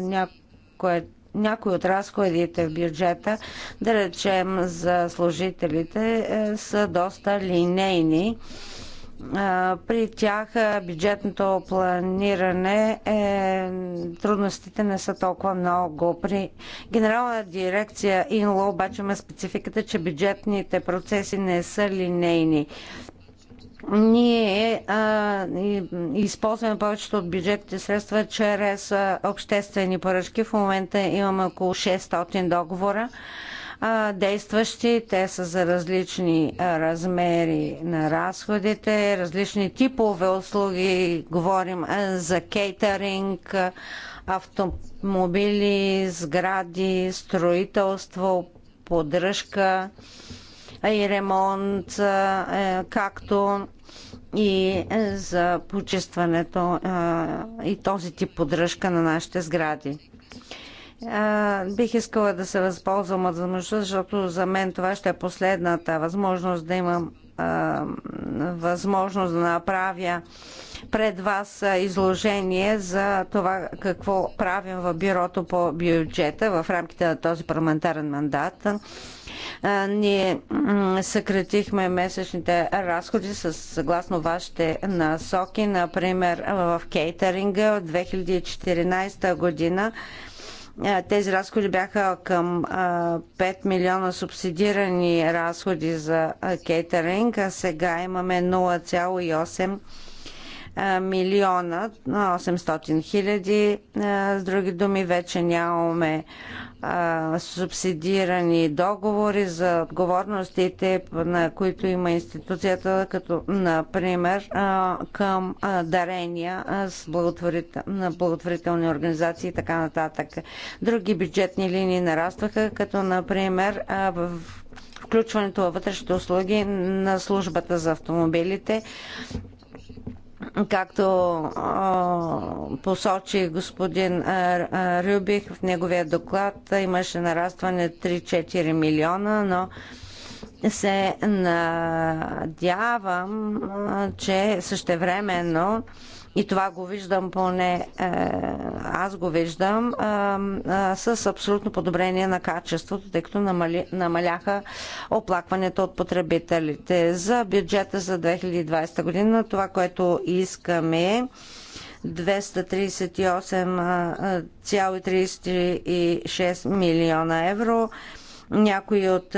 някое някои от разходите в бюджета, да речем за служителите, са доста линейни при тях бюджетното планиране е, трудностите не са толкова много. При генерална дирекция ИНЛО обаче има спецификата, че бюджетните процеси не са линейни. Ние а, използваме повечето от бюджетните средства чрез а, обществени поръчки. В момента имаме около 600 договора а, действащи. Те са за различни размери на разходите, различни типове услуги. Говорим за кейтеринг, автомобили, сгради, строителство, поддръжка и ремонт, е, както и е, за почистването и този тип поддръжка на нашите сгради. А, бих искала да се възползвам от възможността, защото за мен това ще е последната възможност да имам а, възможност да направя пред вас изложение за това какво правим в бюрото по бюджета в рамките на този парламентарен мандат. А, ние съкратихме месечните разходи с, съгласно вашите насоки, например в кейтеринга от 2014 година е, тези разходи бяха към 5 милиона субсидирани разходи за кейтеринг, а сега имаме 0,8 милиона 800 хиляди. С други думи, вече нямаме а, субсидирани договори за отговорностите, на които има институцията, като, например, а, към а, дарения с благотворител, на благотворителни организации и така нататък. Други бюджетни линии нарастваха, като, например, а, в включването във вътрешните услуги на службата за автомобилите Както посочи господин Рюбих в неговия доклад, имаше нарастване 3-4 милиона, но се надявам, че същевременно и това го виждам поне е, аз го виждам е, е, с абсолютно подобрение на качеството, тъй като намали, намаляха оплакването от потребителите. За бюджета за 2020 година това, което искаме е 238,36 милиона евро. Някои от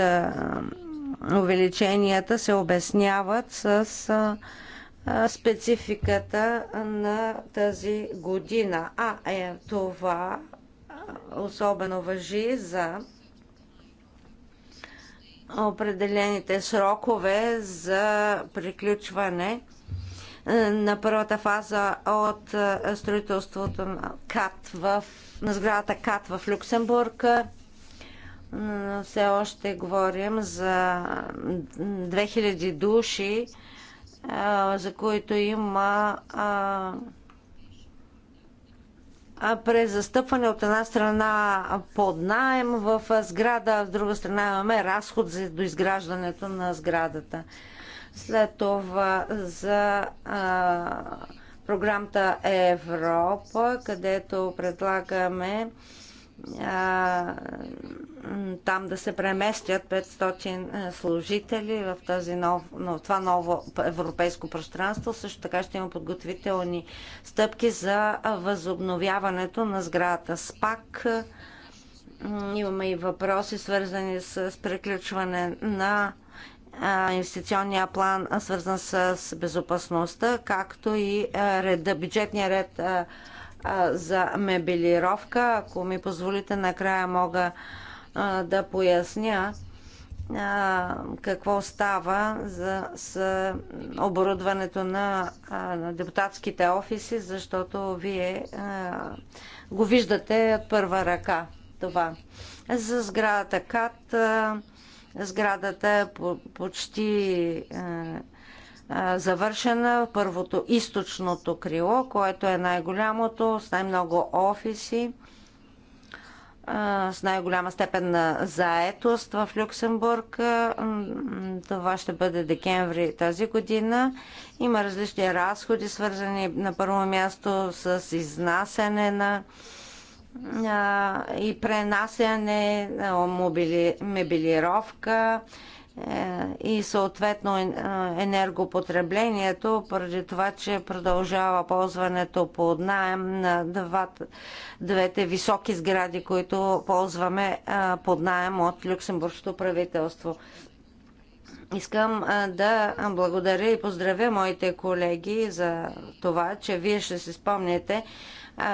увеличенията се обясняват с спецификата на тази година. А е, това особено въжи за определените срокове за приключване на първата фаза от строителството на, КАТ в, на сградата КАТ в Люксембург. Все още говорим за 2000 души за които има през застъпване от една страна под найем в сграда, а с друга страна имаме разход за доизграждането на сградата. След това за а, програмата Европа, където предлагаме там да се преместят 500 служители в, тази нов, това ново европейско пространство. Също така ще има подготвителни стъпки за възобновяването на сградата СПАК. Имаме и въпроси, свързани с приключване на инвестиционния план, свързан с безопасността, както и реда, бюджетния ред за мебелировка. Ако ми позволите, накрая мога да поясня какво става за, с оборудването на, на депутатските офиси, защото вие го виждате от първа ръка това. За сградата КАТ сградата е почти завършена. Първото източното крило, което е най-голямото, с най-много офиси, с най-голяма степен на заетост в Люксембург. Това ще бъде декември тази година. Има различни разходи, свързани на първо място с изнасяне на и пренасяне, мобили, е, и съответно е, е, енергопотреблението, поради това, че продължава ползването по найем на двете високи сгради, които ползваме под найем от Люксембургското правителство. Искам да благодаря и поздравя моите колеги за това, че вие ще се спомняте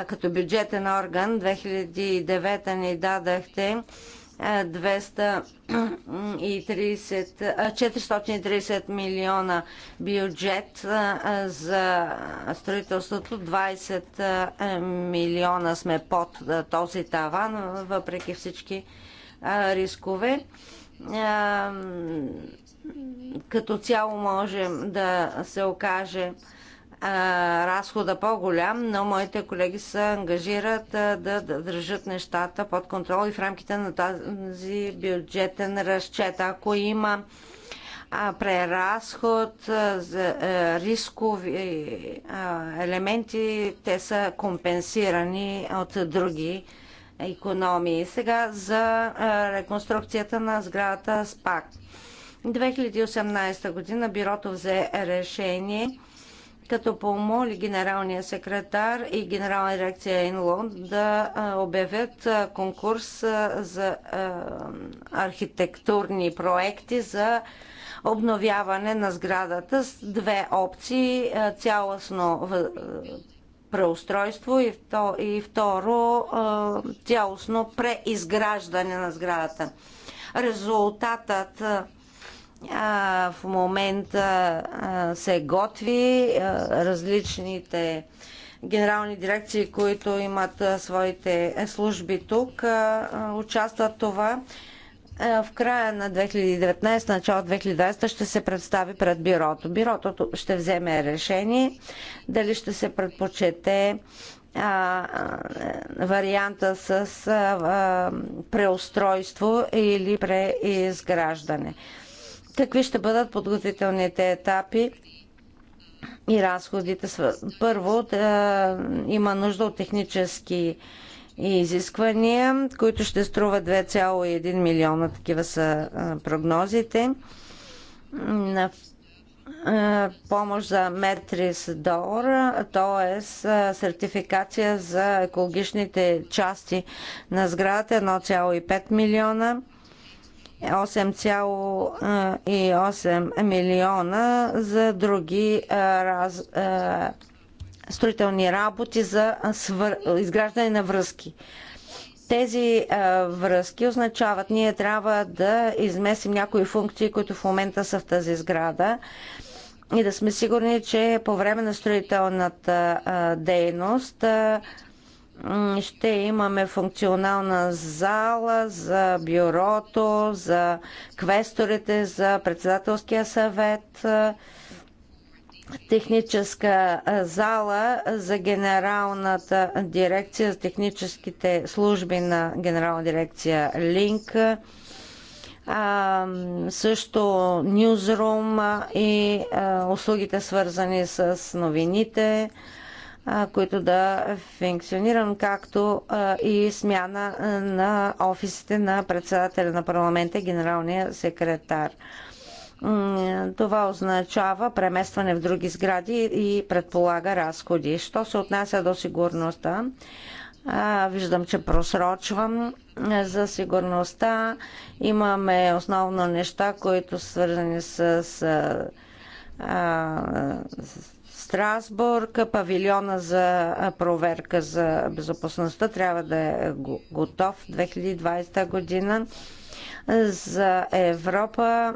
като бюджетен орган 2009 ни дадахте 230, 430 милиона бюджет за строителството, 20 милиона сме под този таван, въпреки всички рискове. Като цяло можем да се окаже разхода по-голям, но моите колеги се ангажират да държат нещата под контрол и в рамките на тази бюджетен разчет. Ако има преразход, за рискови елементи, те са компенсирани от други економии. Сега за реконструкцията на сградата СПАК. 2018 година бюрото взе решение като помоли генералния секретар и генерална дирекция ИНЛОН да обявят конкурс за архитектурни проекти за обновяване на сградата с две опции цялостно преустройство и второ цялостно преизграждане на сградата. Резултатът в момента се готви различните генерални дирекции, които имат своите служби тук, участват това. В края на 2019, начало 2020 ще се представи пред бюрото. Бюрото ще вземе решение дали ще се предпочете варианта с преустройство или преизграждане. Какви ще бъдат подготвителните етапи и разходите? Първо, да е, има нужда от технически и изисквания, които ще струват 2,1 милиона, такива са е, прогнозите. На е, помощ за метрис долара, т.е. сертификация за екологичните части на сградата 1,5 милиона – 8,8 милиона за други раз, строителни работи за свър... изграждане на връзки. Тези а, връзки означават, ние трябва да измесим някои функции, които в момента са в тази сграда и да сме сигурни, че по време на строителната а, дейност а, ще имаме функционална зала за бюрото, за квесторите, за председателския съвет, е, техническа е, зала за генералната дирекция, за техническите служби на генерална дирекция Линк, е, също Ньюзрум и услугите свързани с новините, които да функционирам, както и смяна на офисите на председателя на парламента и генералния секретар. Това означава преместване в други сгради и предполага разходи. Що се отнася до сигурността? Виждам, че просрочвам за сигурността. Имаме основно неща, които са свързани с Страсбург, павилиона за проверка за безопасността трябва да е готов 2020 година. За Европа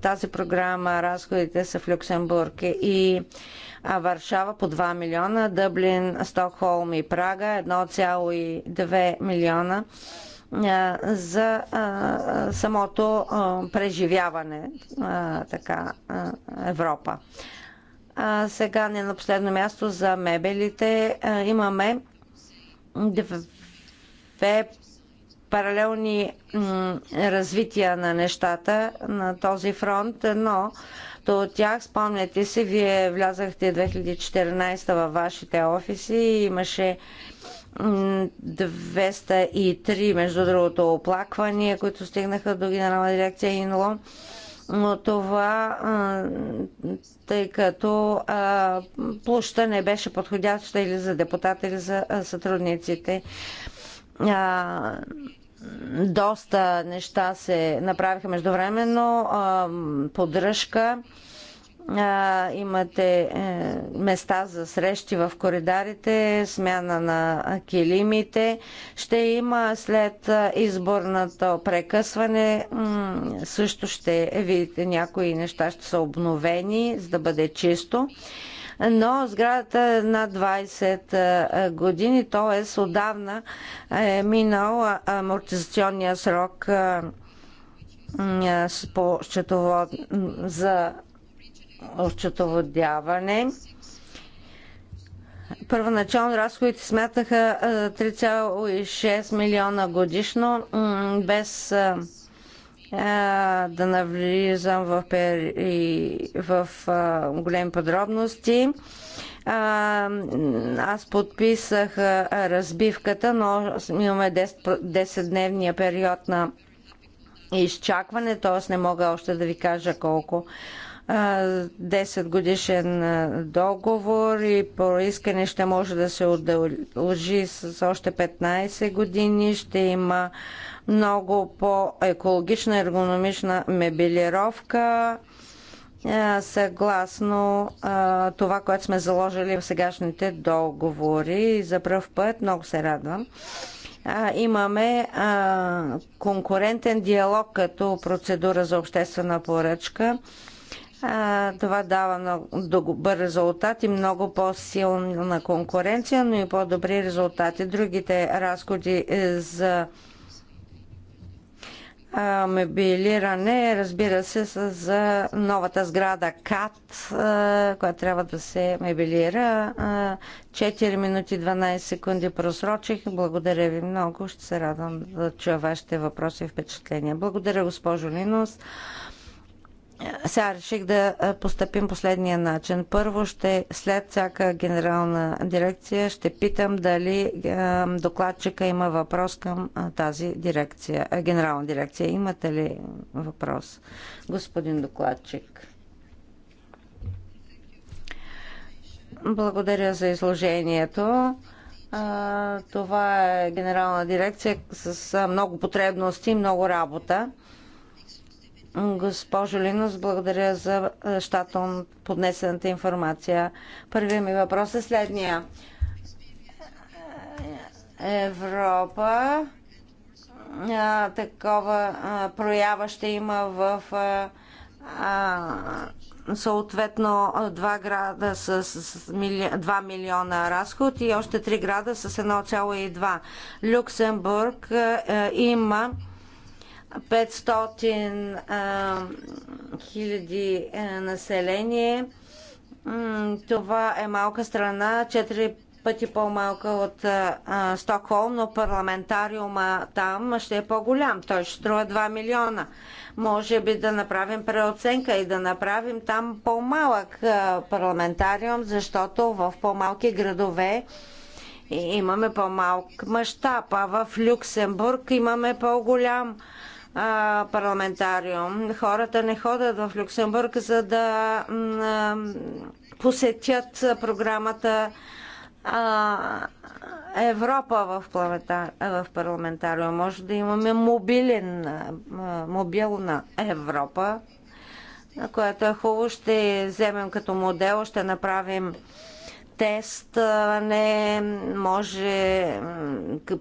тази програма разходите са в Люксембург и Варшава по 2 милиона, Дъблин, Стокхолм и Прага 1,2 милиона за самото преживяване така Европа. А сега не на последно място за мебелите. Имаме две паралелни развития на нещата на този фронт, но от тях, спомняте си, вие влязахте 2014 във вашите офиси и имаше 203, между другото, оплаквания, които стигнаха до генерална дирекция ИНЛО. Но това, тъй като площа не беше подходяща или за депутата, или за сътрудниците доста неща се направиха междувременно. Поддръжка а, имате е, места за срещи в коридарите, смяна на килимите. Ще има след е, изборното прекъсване, също ще видите някои неща, ще са обновени, за да бъде чисто. Но сградата е на 20 години, т.е. отдавна е минал амортизационния срок е, е, по счетовод за Отчетоводяване, Първоначално разходите смятаха 3,6 милиона годишно, без да навлизам в, пери... в големи подробности. аз подписах разбивката, но имаме 10-дневния период на изчакване, т.е. не мога още да ви кажа колко 10 годишен договор и по искане ще може да се удължи с още 15 години. Ще има много по-екологична, ергономична мебелировка съгласно а, това, което сме заложили в сегашните договори. За първ път, много се радвам, а, имаме а, конкурентен диалог като процедура за обществена поръчка това дава много добър резултат и много по-силна конкуренция, но и по-добри резултати. Другите разходи е, за мебелиране, разбира се, с за новата сграда КАТ, е, която трябва да се мебелира. 4 минути 12 секунди просрочих. Благодаря ви много. Ще се радвам да чуя вашите въпроси и впечатления. Благодаря, госпожо Линус сега реших да постъпим последния начин. Първо ще, след всяка генерална дирекция, ще питам дали докладчика има въпрос към тази дирекция, генерална дирекция. Имате ли въпрос, господин докладчик? Благодаря за изложението. Това е генерална дирекция с много потребности, много работа. Госпожо Линус, благодаря за на е, поднесената информация. Първият ми въпрос е следния. Европа е, такова е, проява ще има в съответно два града с 2 милиона разход и още три града с 1,2. Люксембург има 500 хиляди е, население. Това е малка страна, 4 пъти по-малка от Стокхолм, но парламентариума там ще е по-голям. Той ще струва 2 милиона. Може би да направим преоценка и да направим там по-малък парламентариум, защото в по-малки градове имаме по-малък мащаб, а в Люксембург имаме по-голям парламентариум. Хората не ходят в Люксембург, за да посетят програмата Европа в, в парламентариум. Може да имаме мобилен, мобилна Европа, която е хубаво. Ще вземем като модел, ще направим Тест, не може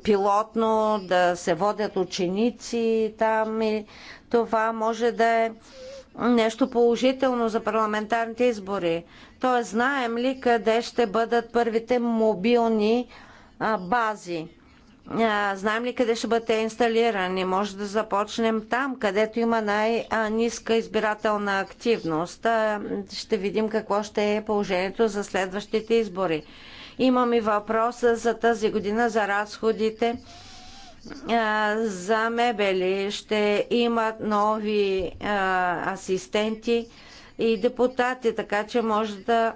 пилотно да се водят ученици там и това може да е нещо положително за парламентарните избори. Тоест, знаем ли къде ще бъдат първите мобилни бази? знаем ли къде ще бъдете инсталирани? Може да започнем там, където има най-ниска избирателна активност. Ще видим какво ще е положението за следващите избори. Имам и въпроса за тази година за разходите за мебели. Ще имат нови асистенти и депутати, така че може да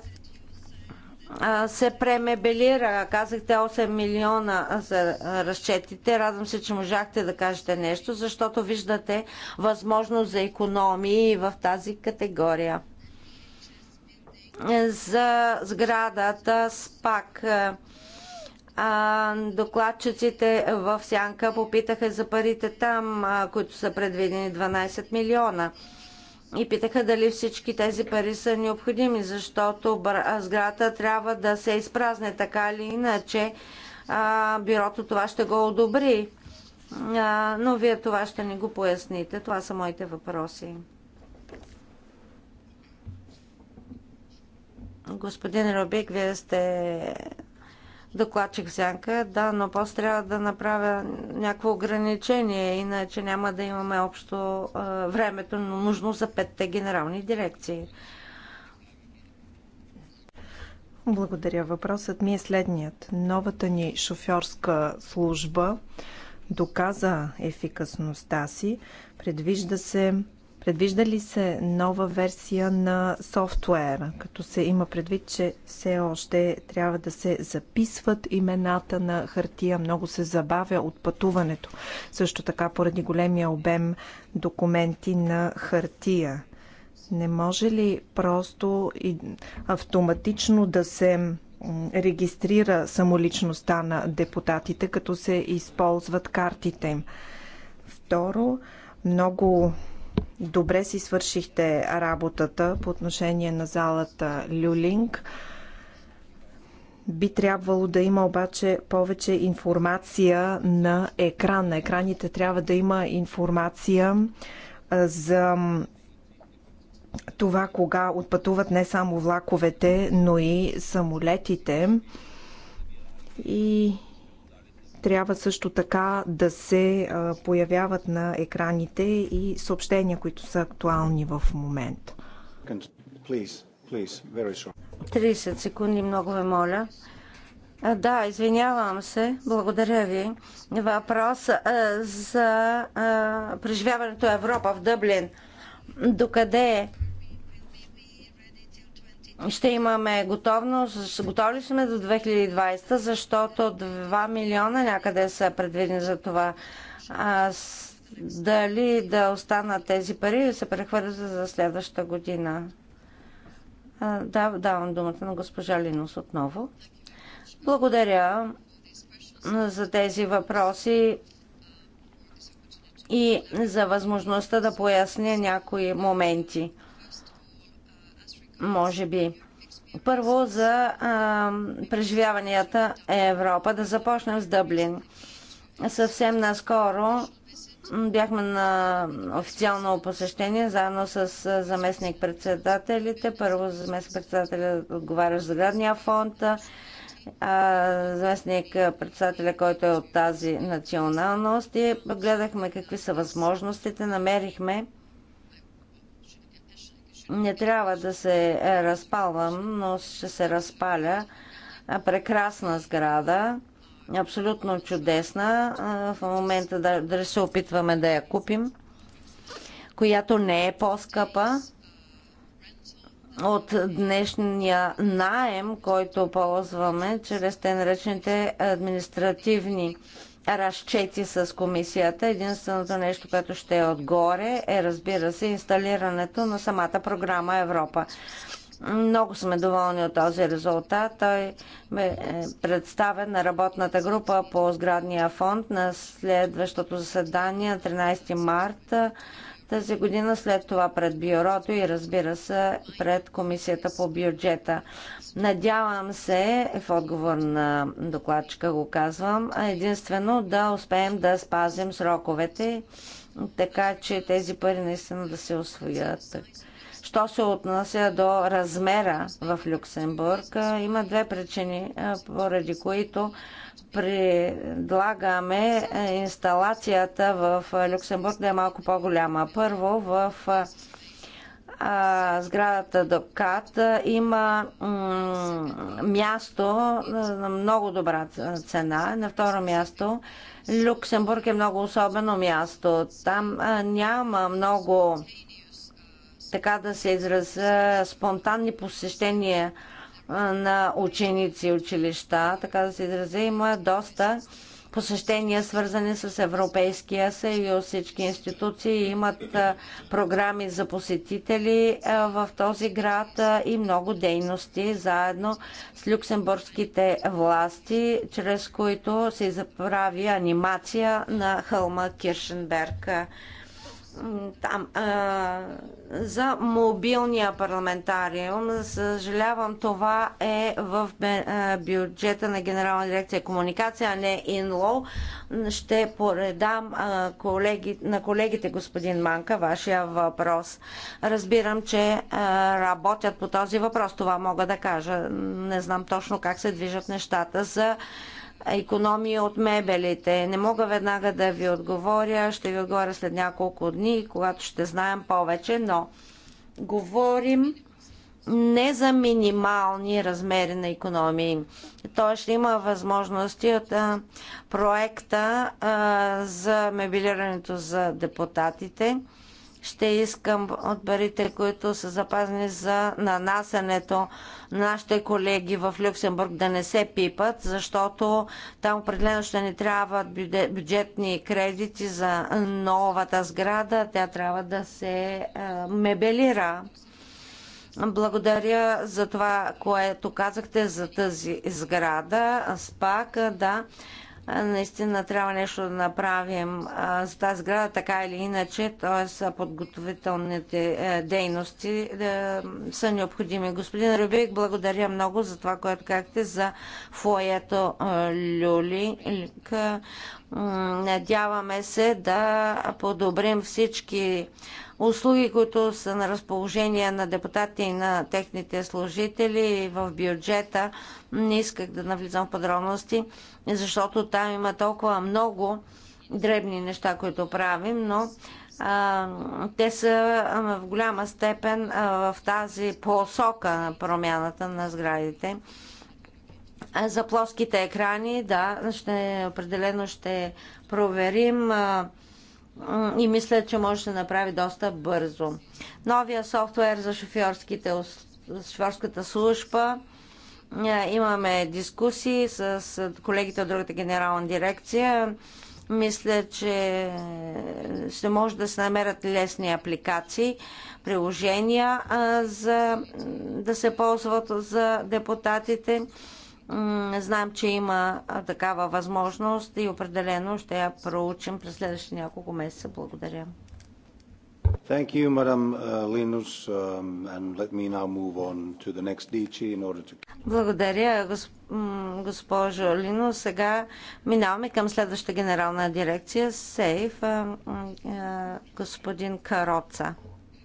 се премебелира. Казахте 8 милиона за разчетите. Радвам се, че можахте да кажете нещо, защото виждате възможност за економии в тази категория. За сградата СПАК докладчиците в Сянка попитаха за парите там, които са предвидени 12 милиона и питаха дали всички тези пари са необходими, защото сградата трябва да се изпразне така или иначе. А, бюрото това ще го одобри. А, но вие това ще ни го поясните. Това са моите въпроси. Господин Робик, вие сте докладчик сянка, да, но после трябва да направя някакво ограничение, иначе няма да имаме общо а, времето, но нужно за петте генерални дирекции. Благодаря. Въпросът ми е следният. Новата ни шофьорска служба доказа ефикасността си. Предвижда се Предвижда ли се нова версия на софтуера, като се има предвид, че все още трябва да се записват имената на хартия, много се забавя от пътуването, също така поради големия обем документи на хартия. Не може ли просто и автоматично да се регистрира самоличността на депутатите, като се използват картите им? Второ, много Добре си свършихте работата по отношение на залата Люлинг. Би трябвало да има обаче повече информация на екран. На екраните трябва да има информация за това кога отпътуват не само влаковете, но и самолетите. И трябва също така да се появяват на екраните и съобщения, които са актуални в момента. 30 секунди, много ви моля. Да, извинявам се. Благодаря ви. Въпрос за преживяването Европа в Дъблин. Докъде е? ще имаме готовност, готови сме до 2020, защото 2 милиона някъде са предвидени за това. А, дали да останат тези пари или се прехвърлят за следващата година? А, да, давам думата на госпожа Линус отново. Благодаря за тези въпроси и за възможността да поясня някои моменти може би. Първо за а, преживяванията Европа. Да започнем с Дъблин. Съвсем наскоро бяхме на официално посещение заедно с заместник-председателите. Първо заместник-председателя отговаря за градния фонд, заместник-председателя, който е от тази националност и гледахме какви са възможностите, намерихме не трябва да се е, разпалвам, но ще се разпаля. Прекрасна сграда, абсолютно чудесна. В момента да се опитваме да я купим, която не е по-скъпа от днешния наем, който ползваме чрез те наречените административни разчети с комисията. Единственото нещо, което ще е отгоре е, разбира се, инсталирането на самата програма Европа. Много сме доволни от този резултат. Той бе представен на работната група по сградния фонд на следващото заседание на 13 марта тази година, след това пред бюрото и разбира се пред комисията по бюджета. Надявам се, в отговор на докладчика го казвам, единствено да успеем да спазим сроковете, така че тези пари наистина да се освоят. Що се отнася до размера в Люксембург, има две причини, поради които предлагаме инсталацията в Люксембург да е малко по-голяма. Първо, в а, сградата Докат има място на много добра цена. На второ място Люксембург е много особено място. Там а, няма много така да се израза спонтанни посещения на ученици и училища, така да се изразя, има доста посещения, свързани с Европейския съюз. Всички институции имат програми за посетители в този град и много дейности заедно с люксембургските власти, чрез които се заправи анимация на хълма Киршенберг там, а, за мобилния парламентариум. Съжалявам, това е в бюджета на Генерална дирекция комуникация, а не инлоу. Ще поредам а, колеги, на колегите, господин Манка, вашия въпрос. Разбирам, че а, работят по този въпрос. Това мога да кажа. Не знам точно как се движат нещата за а, економия от мебелите. Не мога веднага да ви отговоря, ще ви отговоря след няколко дни, когато ще знаем повече, но говорим не за минимални размери на економии. Той ще има възможности от а, проекта а, за мебелирането за депутатите ще искам от парите, които са запазени за нанасенето на нашите колеги в Люксембург да не се пипат, защото там определено ще ни трябват бюджетни кредити за новата сграда. Тя трябва да се мебелира. Благодаря за това, което казахте за тази сграда. Аз пак да наистина трябва нещо да направим а, за тази сграда, така или иначе, т.е. подготовителните е, дейности е, са необходими. Господин Рубик, благодаря много за това, което казахте за фоето Люли. Е, люлик. Надяваме се да подобрим всички услуги, които са на разположение на депутати и на техните служители в бюджета. Не исках да навлизам в подробности, защото там има толкова много дребни неща, които правим, но а, те са в голяма степен а, в тази посока на промяната на сградите. За плоските екрани, да, ще, определено ще проверим и мисля, че може да се направи доста бързо. Новия софтуер за шофьорските, шофьорската служба. Имаме дискусии с колегите от другата генерална дирекция. Мисля, че е, ще може да се намерят лесни апликации, приложения за да се ползват за депутатите Знаем, че има такава възможност и определено ще я проучим през следващите няколко месеца. Благодаря. Thank you, Madam uh, Linus, um, and let me now move on to the next DG in order to... Благодаря, госпожо Линус. Сега минаваме към следващата генерална дирекция, СЕЙФ, uh, uh, господин Кароца.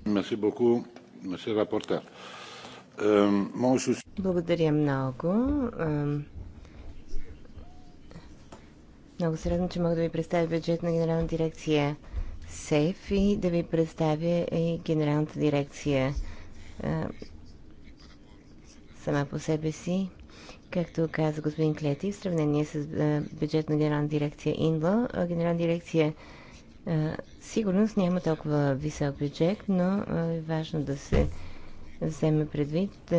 Merci beaucoup, monsieur rapporteur. Благодаря много. Много се радвам, че мога да ви представя бюджет на Генерална дирекция СЕФ и да ви представя и Генералната дирекция сама по себе си. Както каза господин Клети, в сравнение с е, бюджет на Генерална дирекция ИНЛО, е, Генерална дирекция е, сигурност няма толкова висок бюджет, но е важно да се вземе предвид,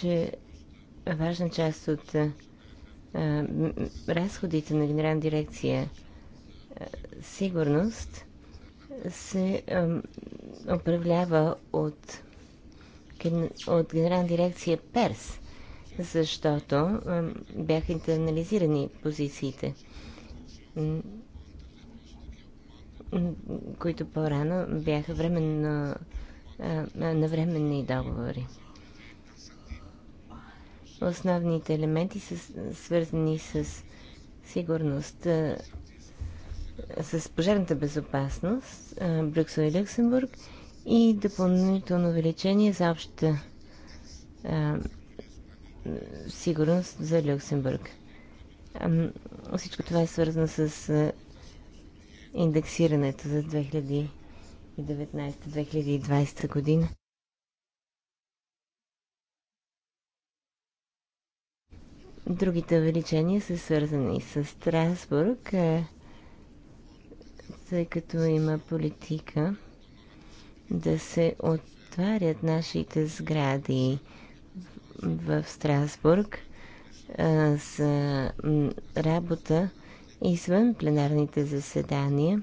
че важна част от разходите на Генерална дирекция сигурност се управлява от, от Генерална дирекция ПЕРС, защото бяха интернализирани позициите които по-рано бяха временно, на временни договори. Основните елементи са свързани с сигурност, с пожарната безопасност, Брюксел и Люксембург и допълнително увеличение за общата а, сигурност за Люксембург. А, всичко това е свързано с индексирането за 2019-2020 година. Другите увеличения са свързани с Страсбург, е, тъй като има политика да се отварят нашите сгради в Страсбург е, за работа извън пленарните заседания,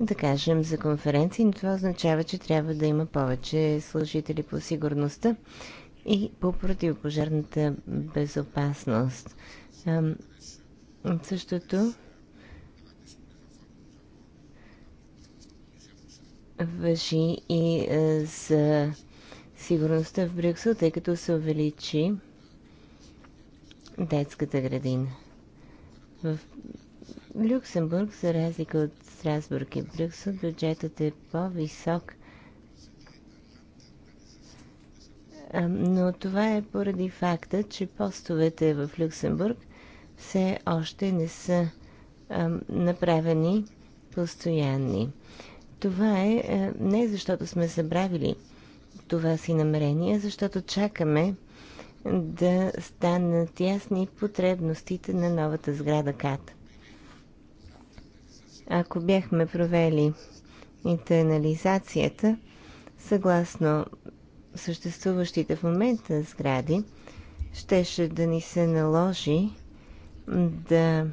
да кажем за конференции, но това означава, че трябва да има повече служители по сигурността и по противопожарната безопасност. Същото въжи и е, за сигурността в Брюксел, тъй като се увеличи детската градина. В Люксембург, за разлика от Страсбург и Брюксел, бюджетът е по-висок. Но това е поради факта, че постовете в Люксембург все още не са направени постоянни. Това е не защото сме забравили това си намерение, защото чакаме да станат ясни потребностите на новата сграда КАТА. Ако бяхме провели интернализацията, съгласно съществуващите в момента сгради, щеше да ни се наложи да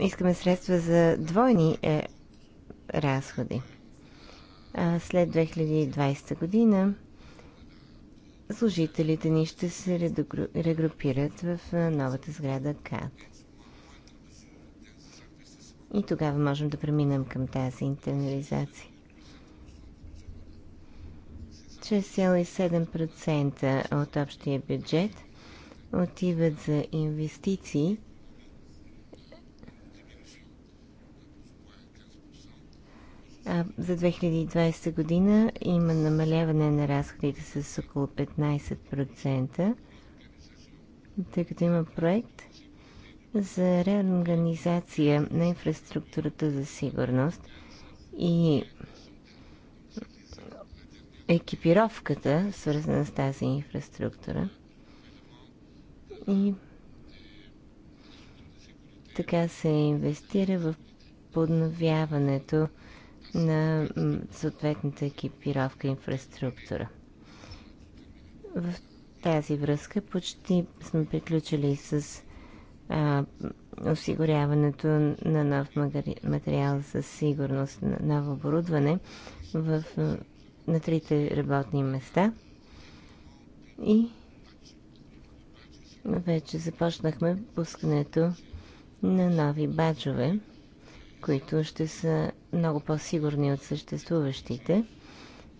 искаме средства за двойни е, разходи. А след 2020 година служителите ни ще се регрупират в новата сграда КАД. И тогава можем да преминем към тази интернализация. 6,7% от общия бюджет отиват за инвестиции – За 2020 година има намаляване на разходите с около 15%, тъй като има проект за реорганизация на инфраструктурата за сигурност и екипировката, свързана с тази инфраструктура. И така се инвестира в подновяването на съответната екипировка и инфраструктура. В тази връзка почти сме приключили с а, осигуряването на нов материал за сигурност, на ново оборудване в, на трите работни места. И вече започнахме пускането на нови баджове, които ще са много по-сигурни от съществуващите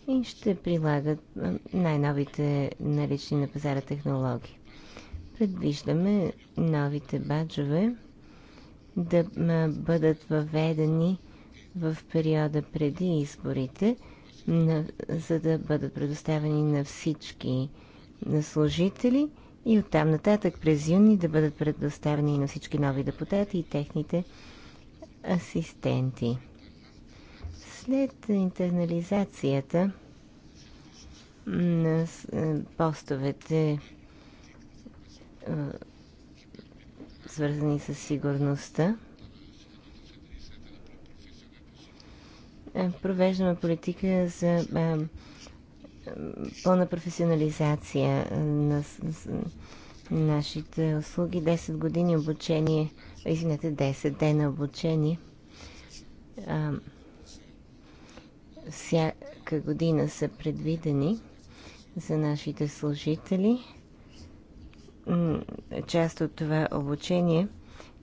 и ще прилагат най-новите налични на пазара технологии. Предвиждаме новите баджове да бъдат въведени в периода преди изборите, за да бъдат предоставени на всички служители и оттам нататък през юни да бъдат предоставени на всички нови депутати и техните асистенти. След интернализацията на е, постовете, е, свързани с сигурността, е, провеждаме политика за пълна професионализация на нашите услуги. 10 години обучение, извинете, 10 дена обучение всяка година са предвидени за нашите служители. Част от това обучение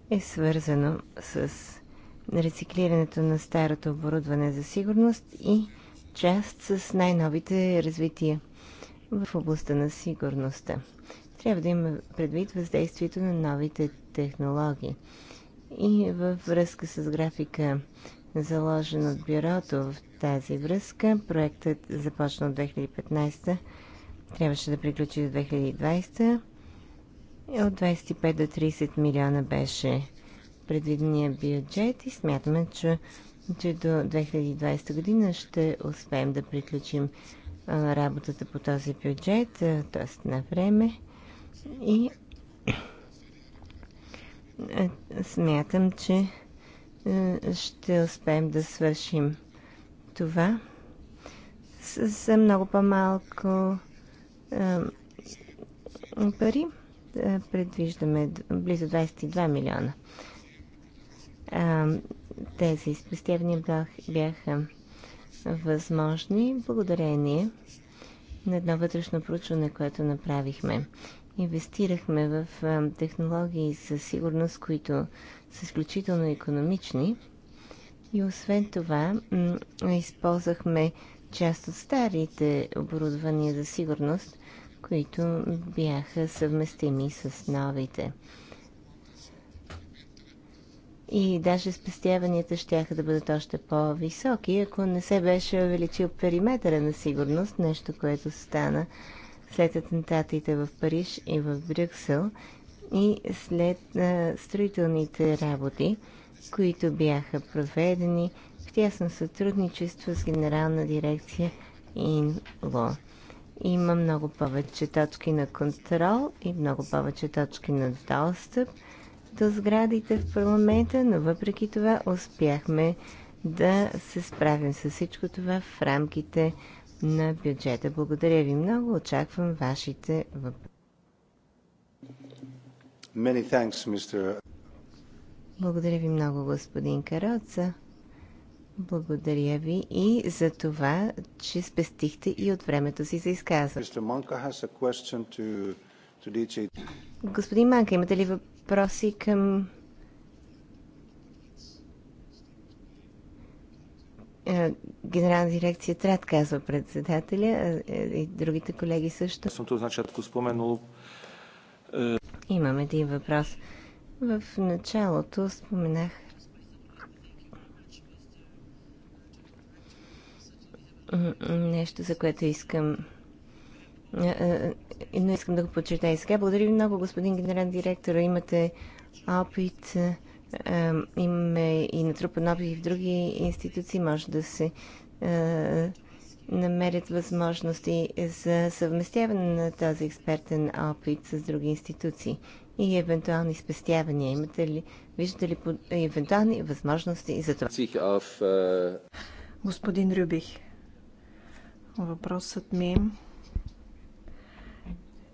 е свързано с рециклирането на старото оборудване за сигурност и част с най-новите развития в областта на сигурността. Трябва да има предвид въздействието на новите технологии. И във връзка с графика заложен от бюрото в тази връзка. Проектът започна от 2015, трябваше да приключи до 2020. От 25 до 30 милиона беше предвидения бюджет и смятаме, че, че до 2020 година ще успеем да приключим работата по този бюджет, т.е. на време. И смятам, че е, ще успеем да свършим това с много по-малко е, пари. Е, предвиждаме близо 22 милиона. Тези спестявания бяха възможни благодарение на едно вътрешно проучване, което направихме инвестирахме в технологии със сигурност, които са изключително економични. И освен това, използвахме част от старите оборудвания за сигурност, които бяха съвместими с новите. И даже спестяванията ще да бъдат още по-високи, ако не се беше увеличил периметъра на сигурност, нещо, което стана след атентатите в Париж и в Брюксел и след а, строителните работи, които бяха проведени в тясно сътрудничество с Генерална дирекция ИНЛО. Има много повече точки на контрол и много повече точки на достъп до сградите в парламента, но въпреки това успяхме да се справим с всичко това в рамките на бюджета. Благодаря ви много. Очаквам вашите въпроси. Благодаря ви много, господин Кароца. Благодаря ви и за това, че спестихте и от времето си за изказване. Господин Манка, имате ли въпроси към Е, генерална дирекция ТРАТ, казва председателя, е, и другите колеги също. Е, имам един въпрос. В началото споменах нещо, за което искам но искам да го подчертая сега. Благодаря ви много, господин генерал директор. Имате опит имаме и натрупан опит в други институции, може да се е, намерят възможности за съвместяване на този експертен опит с други институции и евентуални спестявания. Имате ли, виждате ли евентуални възможности за това? Е, Господин Рюбих, въпросът ми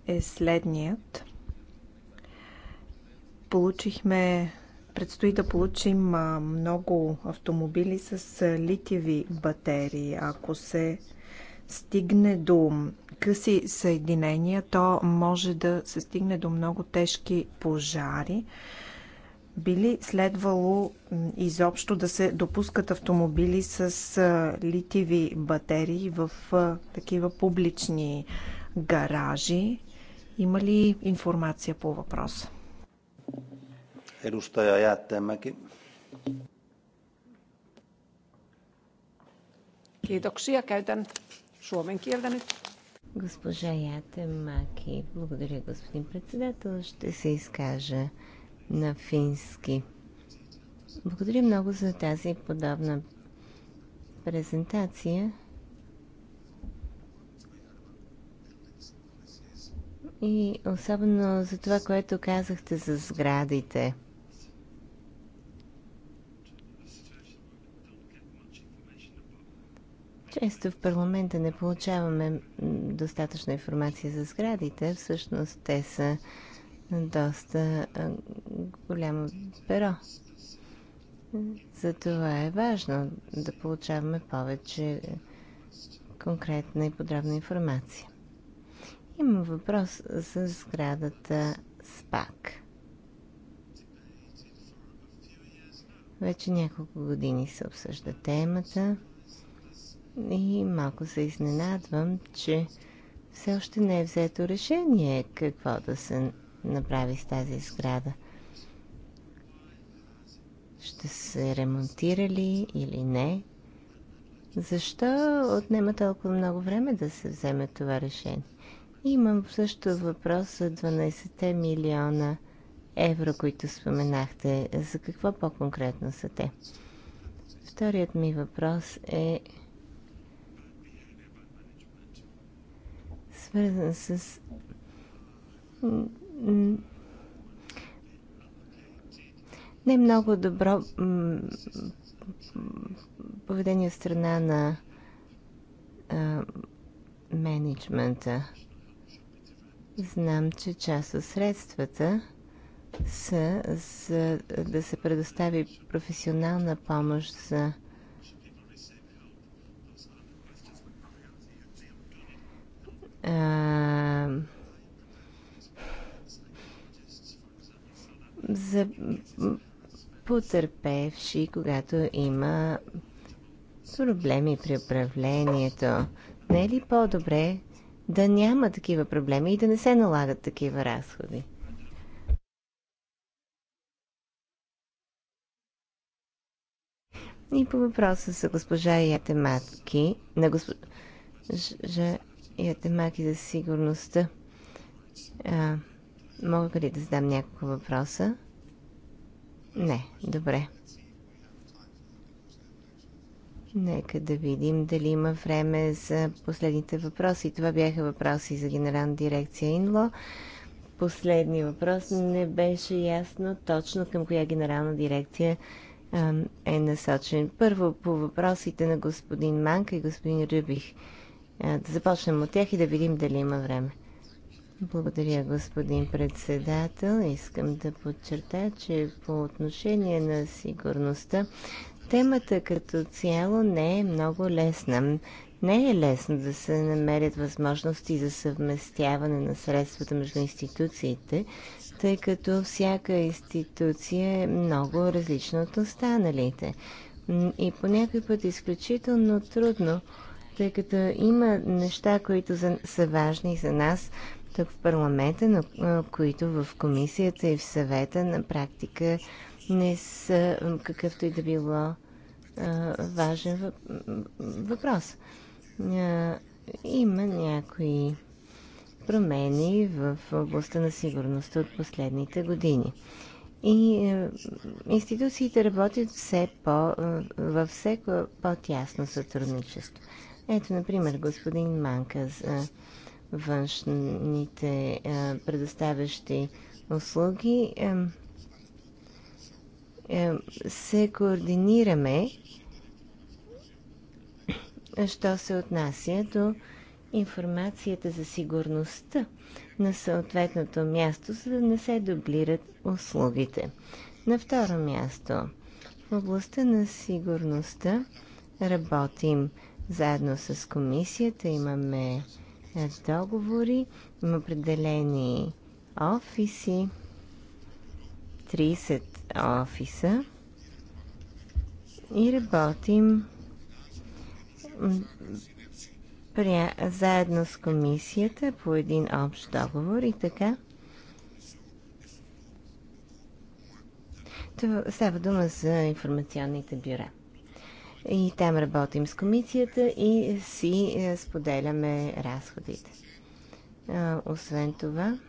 е следният. Получихме Предстои да получим много автомобили с литиеви батерии. Ако се стигне до къси съединения, то може да се стигне до много тежки пожари. Би ли следвало изобщо да се допускат автомобили с литиеви батерии в такива публични гаражи? Има ли информация по въпроса? Edustaja Jäätteenmäki. Kiitoksia. Käytän suomen kieltä nyt. Госпожа Ятемаки, благодаря господин председател, ще се изкажа на фински. Благодаря много за тази подобна презентация. И особено за това, което казахте за сградите – Често в парламента не получаваме достатъчно информация за сградите. Всъщност те са доста голямо перо. Затова е важно да получаваме повече конкретна и подробна информация. Има въпрос за сградата СПАК. Вече няколко години се обсъжда темата и малко се изненадвам, че все още не е взето решение какво да се направи с тази сграда. Ще се ремонтира ли или не? Защо отнема толкова много време да се вземе това решение? Имам също въпрос за 12 милиона евро, които споменахте. За какво по-конкретно са те? Вторият ми въпрос е свързан с не много добро поведение страна на менеджмента. Знам, че част от средствата са за да се предостави професионална помощ за а, е, за потърпевши, когато има проблеми при управлението. Не е ли по-добре да няма такива проблеми и да не се налагат такива разходи? И по въпроса за госпожа Ятематки, на госпожа и Атамаки е за сигурността. А, мога ли да задам няколко въпроса? Не, добре. Нека да видим дали има време за последните въпроси. Това бяха въпроси за Генерална дирекция Инло. Последният въпрос не беше ясно точно към коя генерална дирекция е насочен. Първо по въпросите на господин Манка и господин Рюбих. Е, да започнем от тях и да видим дали има време. Благодаря, господин председател. Искам да подчертая, че по отношение на сигурността, темата като цяло не е много лесна. Не е лесно да се намерят възможности за съвместяване на средствата между институциите, тъй като всяка институция е много различна от останалите. И по някой път е изключително трудно тъй като има неща, които за, са важни за нас тук в парламента, но които в комисията и в съвета на практика не са какъвто и да било важен въпрос. Има някои промени в областта на сигурността от последните години. И е, институциите работят все по, във всеко по-тясно сътрудничество. Ето, например, господин Манка за външните предоставящи услуги. Се координираме, що се отнася до информацията за сигурността на съответното място, за да не се дублират услугите. На второ място, в областта на сигурността работим заедно с комисията имаме е, договори, има определени офиси, 30 офиса и работим заедно с комисията по един общ договор и така. Това става дума за информационните бюра. И там работим с комисията и си е, споделяме разходите. Освен това,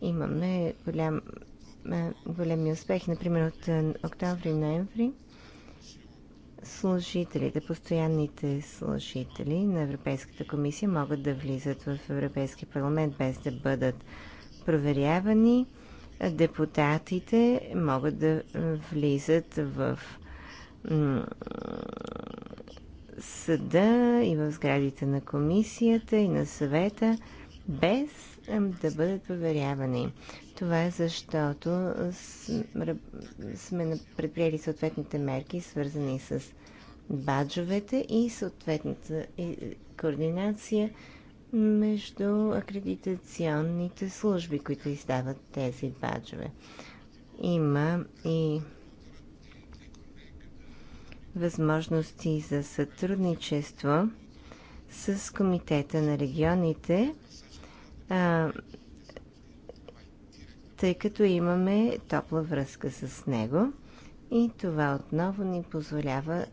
имаме голям, е, големи успехи. Например, от е, октомври-ноември служителите, постоянните служители на Европейската комисия могат да влизат в Европейския парламент без да бъдат проверявани. Депутатите могат да влизат в съда и в сградите на комисията и на съвета, без да бъдат проверявани. Това е защото сме предприели съответните мерки, свързани с баджовете и съответната координация между акредитационните служби, които издават тези баджове. Има и възможности за сътрудничество с Комитета на регионите, тъй като имаме топла връзка с него и това отново ни позволява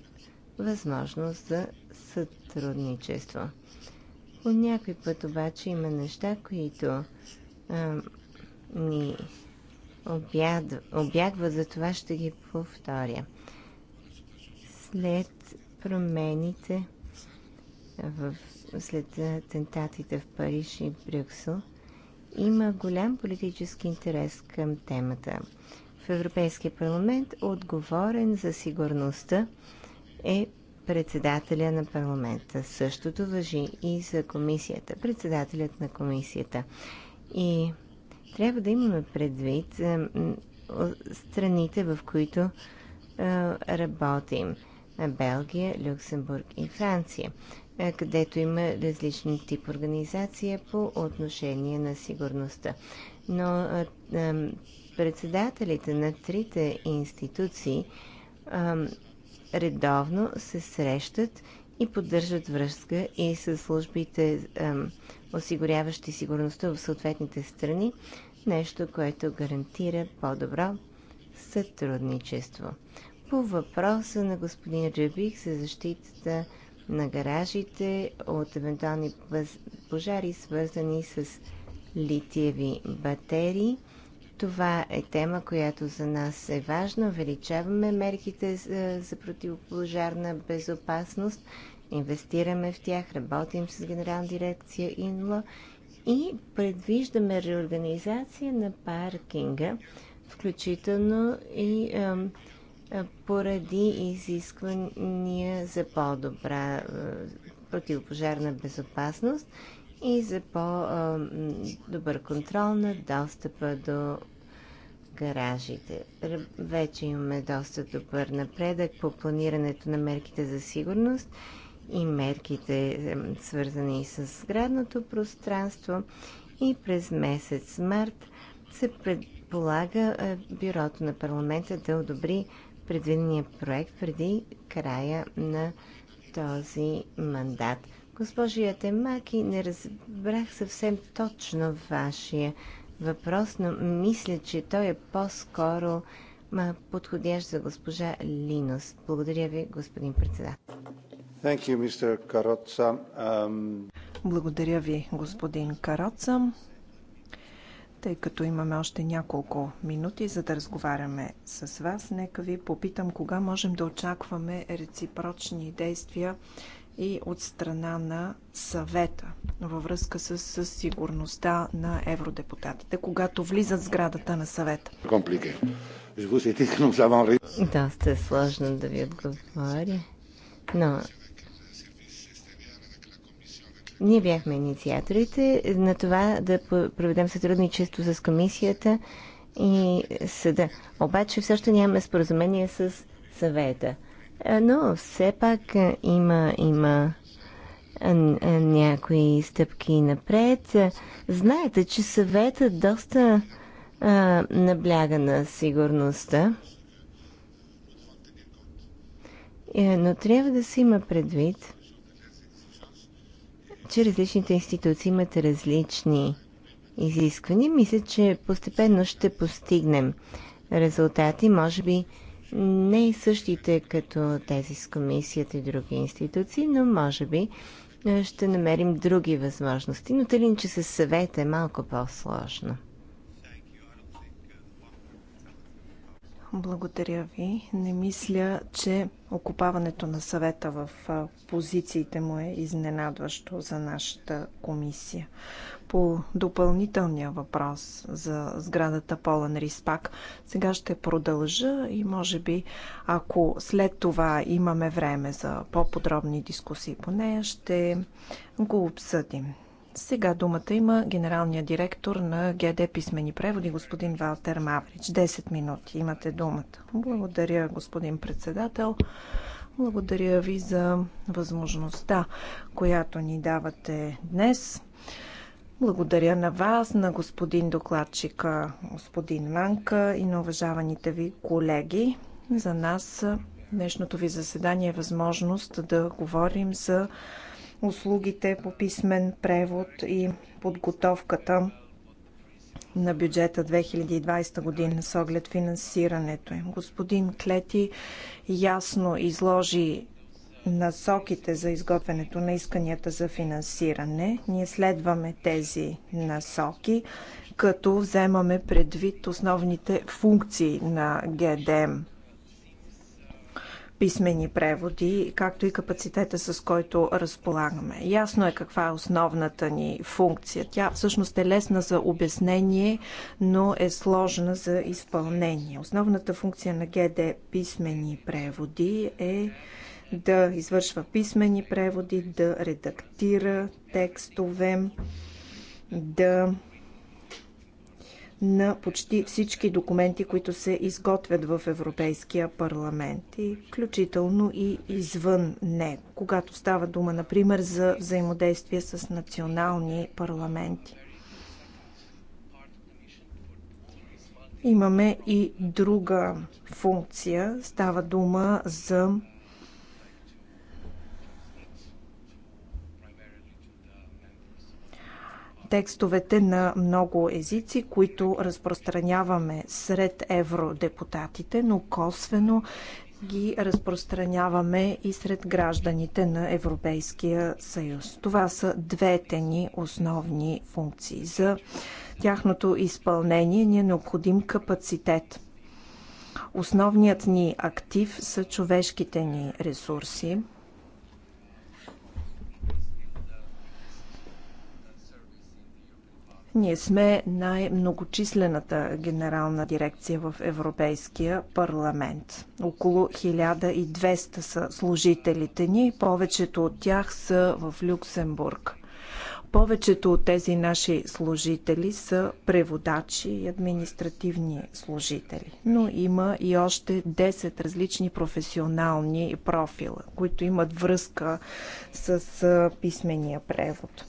възможност за сътрудничество. По някой път обаче има неща, които а, ни обягва, обягват, за това ще ги повторя след промените в, след атентатите в Париж и Брюксел, има голям политически интерес към темата. В Европейския парламент отговорен за сигурността е председателя на парламента. Същото въжи и за комисията, председателят на комисията. И трябва да имаме предвид страните, в които работим. Белгия, Люксембург и Франция, където има различни тип организация по отношение на сигурността. Но председателите на трите институции редовно се срещат и поддържат връзка и с службите, осигуряващи сигурността в съответните страни, нещо, което гарантира по-добро сътрудничество по въпроса на господин Рюбих за защитата на гаражите от евентуални пожари, свързани с литиеви батерии. Това е тема, която за нас е важна. Увеличаваме мерките за, за противопожарна безопасност, инвестираме в тях, работим с Генерална дирекция ИНЛО и предвиждаме реорганизация на паркинга, включително и поради изисквания за по-добра противопожарна безопасност и за по-добър контрол на достъпа до гаражите. Вече имаме доста добър напредък по планирането на мерките за сигурност и мерките свързани с сградното пространство и през месец март се предполага Бюрото на парламента да одобри предвидения проект преди края на този мандат. Госпожи Атемаки, не разбрах съвсем точно вашия въпрос, но мисля, че той е по-скоро подходящ за госпожа Линос. Благодаря ви, господин председател. You, um... Благодаря ви, господин Кароца тъй като имаме още няколко минути, за да разговаряме с вас, нека ви попитам кога можем да очакваме реципрочни действия и от страна на съвета във връзка с, с сигурността на евродепутатите, когато влизат сградата на съвета. Да, е сложно да ви отговаря. но ние бяхме инициаторите на това да проведем сътрудничество с комисията и съда. Обаче все още нямаме споразумение с съвета. Но все пак има, има някои стъпки напред. Знаете, че съветът доста а, набляга на сигурността. Е, но трябва да се има предвид, че различните институции имат различни изисквания. Мисля, че постепенно ще постигнем резултати, може би не същите като тези с комисията и други институции, но може би ще намерим други възможности. Но тъй че със съвет е малко по-сложно. Благодаря ви. Не мисля, че окупаването на съвета в позициите му е изненадващо за нашата комисия. По допълнителния въпрос за сградата Полен Риспак, сега ще продължа и може би, ако след това имаме време за по-подробни дискусии по нея, ще го обсъдим. Сега думата има генералния директор на ГД Писмени преводи, господин Валтер Маврич. 10 минути имате думата. Благодаря, господин председател. Благодаря ви за възможността, която ни давате днес. Благодаря на вас, на господин докладчика, господин Манка и на уважаваните ви колеги. За нас днешното ви заседание е възможност да говорим за услугите по писмен превод и подготовката на бюджета 2020 година с оглед финансирането им. Господин Клети ясно изложи насоките за изготвянето на исканията за финансиране. Ние следваме тези насоки, като вземаме предвид основните функции на ГДМ писмени преводи, както и капацитета, с който разполагаме. Ясно е каква е основната ни функция. Тя всъщност е лесна за обяснение, но е сложна за изпълнение. Основната функция на ГД писмени преводи е да извършва писмени преводи, да редактира текстове, да на почти всички документи, които се изготвят в Европейския парламент, и включително и извън него, когато става дума, например, за взаимодействие с национални парламенти. Имаме и друга функция. Става дума за текстовете на много езици, които разпространяваме сред евродепутатите, но косвено ги разпространяваме и сред гражданите на Европейския съюз. Това са двете ни основни функции. За тяхното изпълнение ни е необходим капацитет. Основният ни актив са човешките ни ресурси, Ние сме най-многочислената генерална дирекция в Европейския парламент. Около 1200 са служителите ни, повечето от тях са в Люксембург. Повечето от тези наши служители са преводачи и административни служители, но има и още 10 различни професионални профила, които имат връзка с писмения превод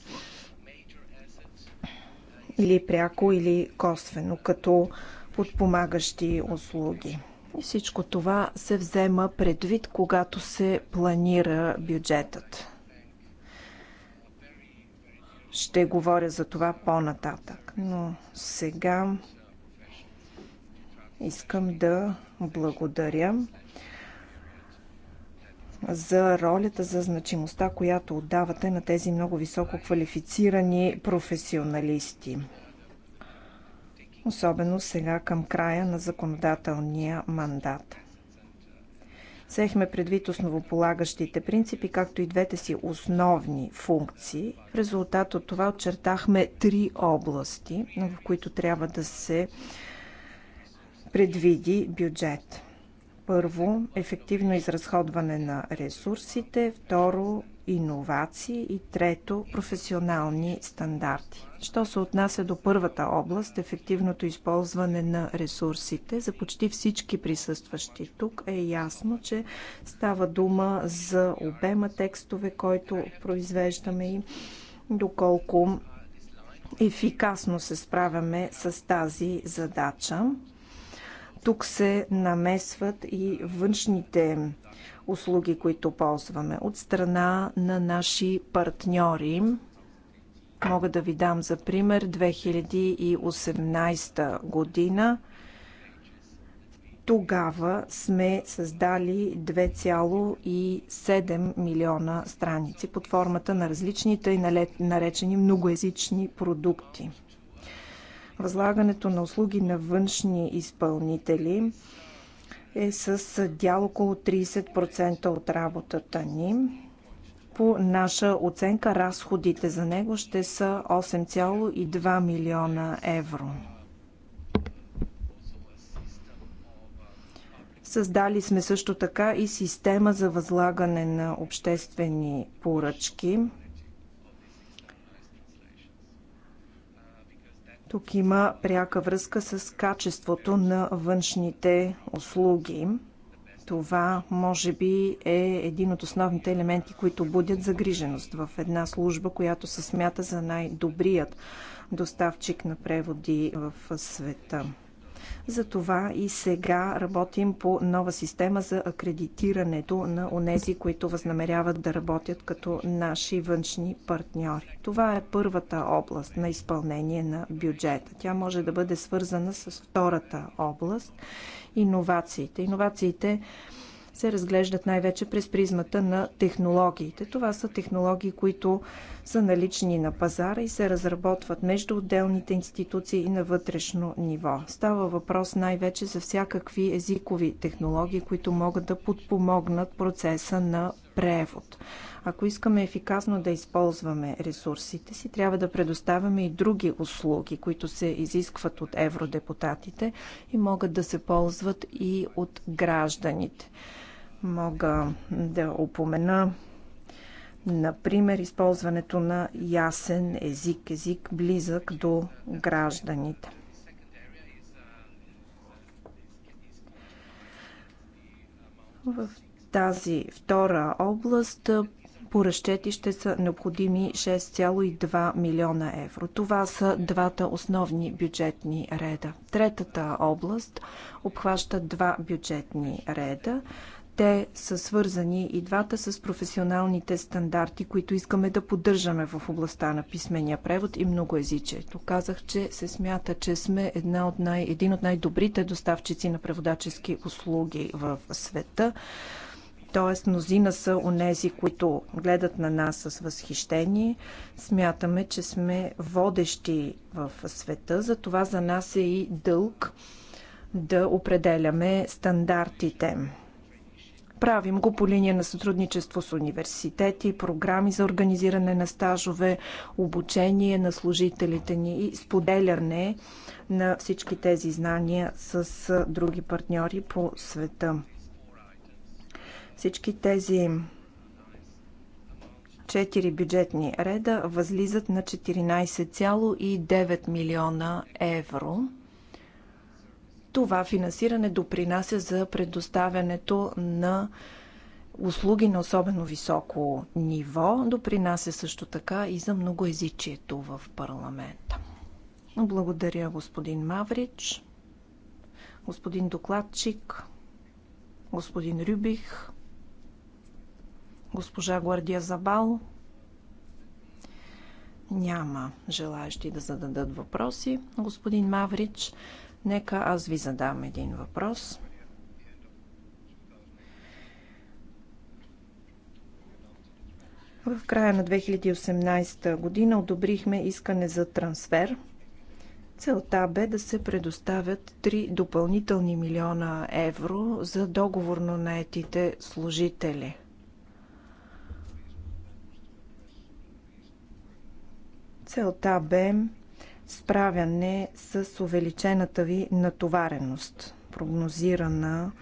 или пряко, или косвено, като подпомагащи услуги. И всичко това се взема предвид, когато се планира бюджетът. Ще говоря за това по-нататък, но сега искам да благодаря за ролята, за значимостта, която отдавате на тези много високо квалифицирани професионалисти. Особено сега към края на законодателния мандат. Сехме предвид основополагащите принципи, както и двете си основни функции. В резултат от това очертахме три области, в които трябва да се предвиди бюджет. Първо, ефективно изразходване на ресурсите. Второ, иновации. И трето, професионални стандарти. Що се отнася до първата област, ефективното използване на ресурсите, за почти всички присъстващи тук е ясно, че става дума за обема текстове, който произвеждаме и доколко ефикасно се справяме с тази задача. Тук се намесват и външните услуги, които ползваме от страна на наши партньори. Мога да ви дам за пример 2018 година. Тогава сме създали 2,7 милиона страници под формата на различните и наречени многоязични продукти. Възлагането на услуги на външни изпълнители е с дял около 30% от работата ни. По наша оценка разходите за него ще са 8,2 милиона евро. Създали сме също така и система за възлагане на обществени поръчки – Тук има пряка връзка с качеството на външните услуги. Това може би е един от основните елементи, които будят загриженост в една служба, която се смята за най-добрият доставчик на преводи в света. Затова и сега работим по нова система за акредитирането на онези, които възнамеряват да работят като наши външни партньори. Това е първата област на изпълнение на бюджета. Тя може да бъде свързана с втората област – иновациите. Иновациите се разглеждат най-вече през призмата на технологиите. Това са технологии, които са налични на пазара и се разработват между отделните институции и на вътрешно ниво. Става въпрос най-вече за всякакви езикови технологии, които могат да подпомогнат процеса на превод. Ако искаме ефикасно да използваме ресурсите си, трябва да предоставяме и други услуги, които се изискват от евродепутатите и могат да се ползват и от гражданите. Мога да опомена, например, използването на ясен език, език близък до гражданите. В тази втора област по разчети ще са необходими 6,2 милиона евро. Това са двата основни бюджетни реда. Третата област обхваща два бюджетни реда. Те са свързани и двата с професионалните стандарти, които искаме да поддържаме в областта на писмения превод и многоязичието. Казах, че се смята, че сме една от най, един от най-добрите доставчици на преводачески услуги в света Тоест, мнозина са онези, които гледат на нас с възхищение. Смятаме, че сме водещи в света, затова за нас е и дълг да определяме стандартите. Правим го по линия на сътрудничество с университети, програми за организиране на стажове, обучение на служителите ни и споделяне на всички тези знания с други партньори по света. Всички тези четири бюджетни реда възлизат на 14,9 милиона евро. Това финансиране допринася за предоставянето на услуги на особено високо ниво, допринася също така и за многоезичието в парламента. Благодаря, господин Маврич, господин докладчик, господин Рюбих, госпожа Гвардия Забал. Няма желаящи да зададат въпроси. Господин Маврич, Нека аз ви задам един въпрос. В края на 2018 година одобрихме искане за трансфер. Целта бе да се предоставят 3 допълнителни милиона евро за договорно наетите служители. Целта бе справяне с увеличената ви натовареност, прогнозирана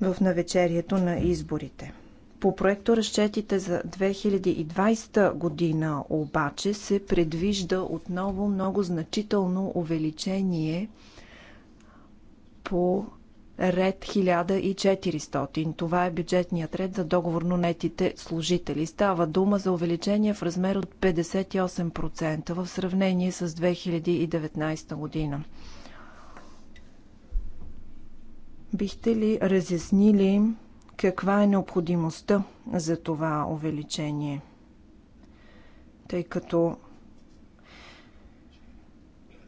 в навечерието на изборите. По проекто разчетите за 2020 година обаче се предвижда отново много значително увеличение по ред 1400. Това е бюджетният ред за договорно нетите служители. Става дума за увеличение в размер от 58% в сравнение с 2019 година. Бихте ли разяснили каква е необходимостта за това увеличение? Тъй като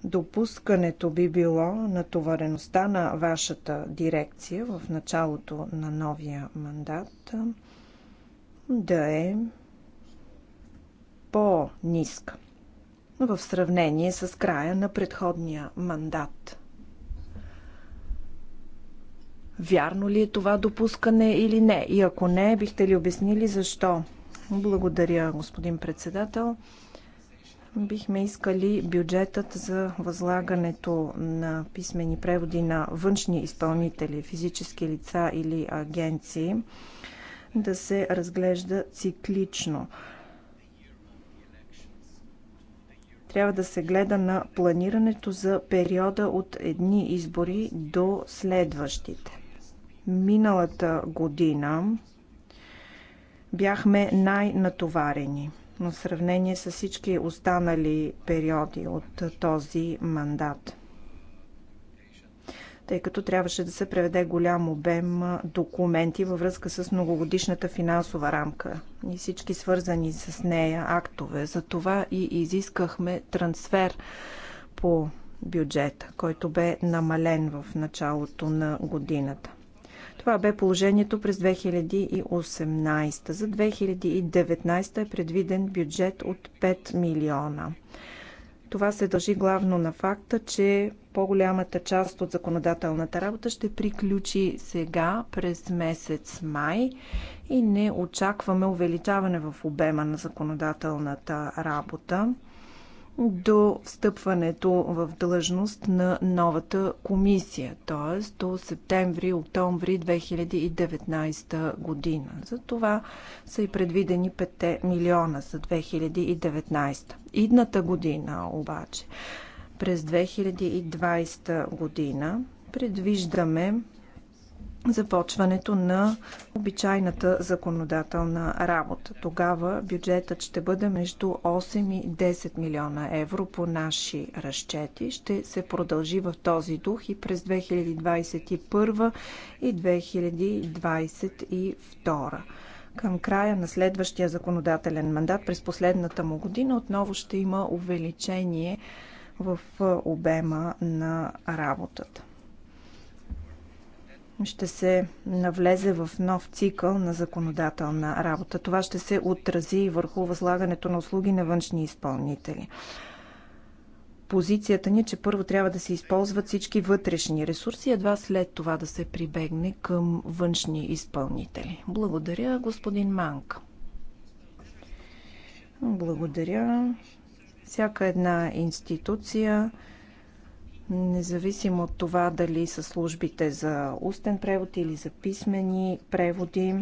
допускането би било натовареността на вашата дирекция в началото на новия мандат да е по-ниска в сравнение с края на предходния мандат. Вярно ли е това допускане или не? И ако не, бихте ли обяснили защо? Благодаря, господин председател. Бихме искали бюджетът за възлагането на писмени преводи на външни изпълнители, физически лица или агенции да се разглежда циклично. Трябва да се гледа на планирането за периода от едни избори до следващите. Миналата година бяхме най-натоварени – в сравнение с всички останали периоди от този мандат. Тъй като трябваше да се преведе голям обем документи във връзка с многогодишната финансова рамка и всички свързани с нея актове. Затова и изискахме трансфер по бюджета, който бе намален в началото на годината. Това бе положението през 2018. За 2019 е предвиден бюджет от 5 милиона. Това се дължи главно на факта, че по-голямата част от законодателната работа ще приключи сега през месец май и не очакваме увеличаване в обема на законодателната работа до встъпването в длъжност на новата комисия, т.е. до септември-октомври 2019 година. За това са и предвидени 5 милиона за 2019. Идната година обаче, през 2020 година, предвиждаме започването на обичайната законодателна работа. Тогава бюджетът ще бъде между 8 и 10 милиона евро по наши разчети. Ще се продължи в този дух и през 2021 и 2022 към края на следващия законодателен мандат през последната му година отново ще има увеличение в обема на работата ще се навлезе в нов цикъл на законодателна работа. Това ще се отрази и върху възлагането на услуги на външни изпълнители. Позицията ни е, че първо трябва да се използват всички вътрешни ресурси, едва след това да се прибегне към външни изпълнители. Благодаря, господин Манк. Благодаря. Всяка една институция Независимо от това дали са службите за устен превод или за писмени преводи,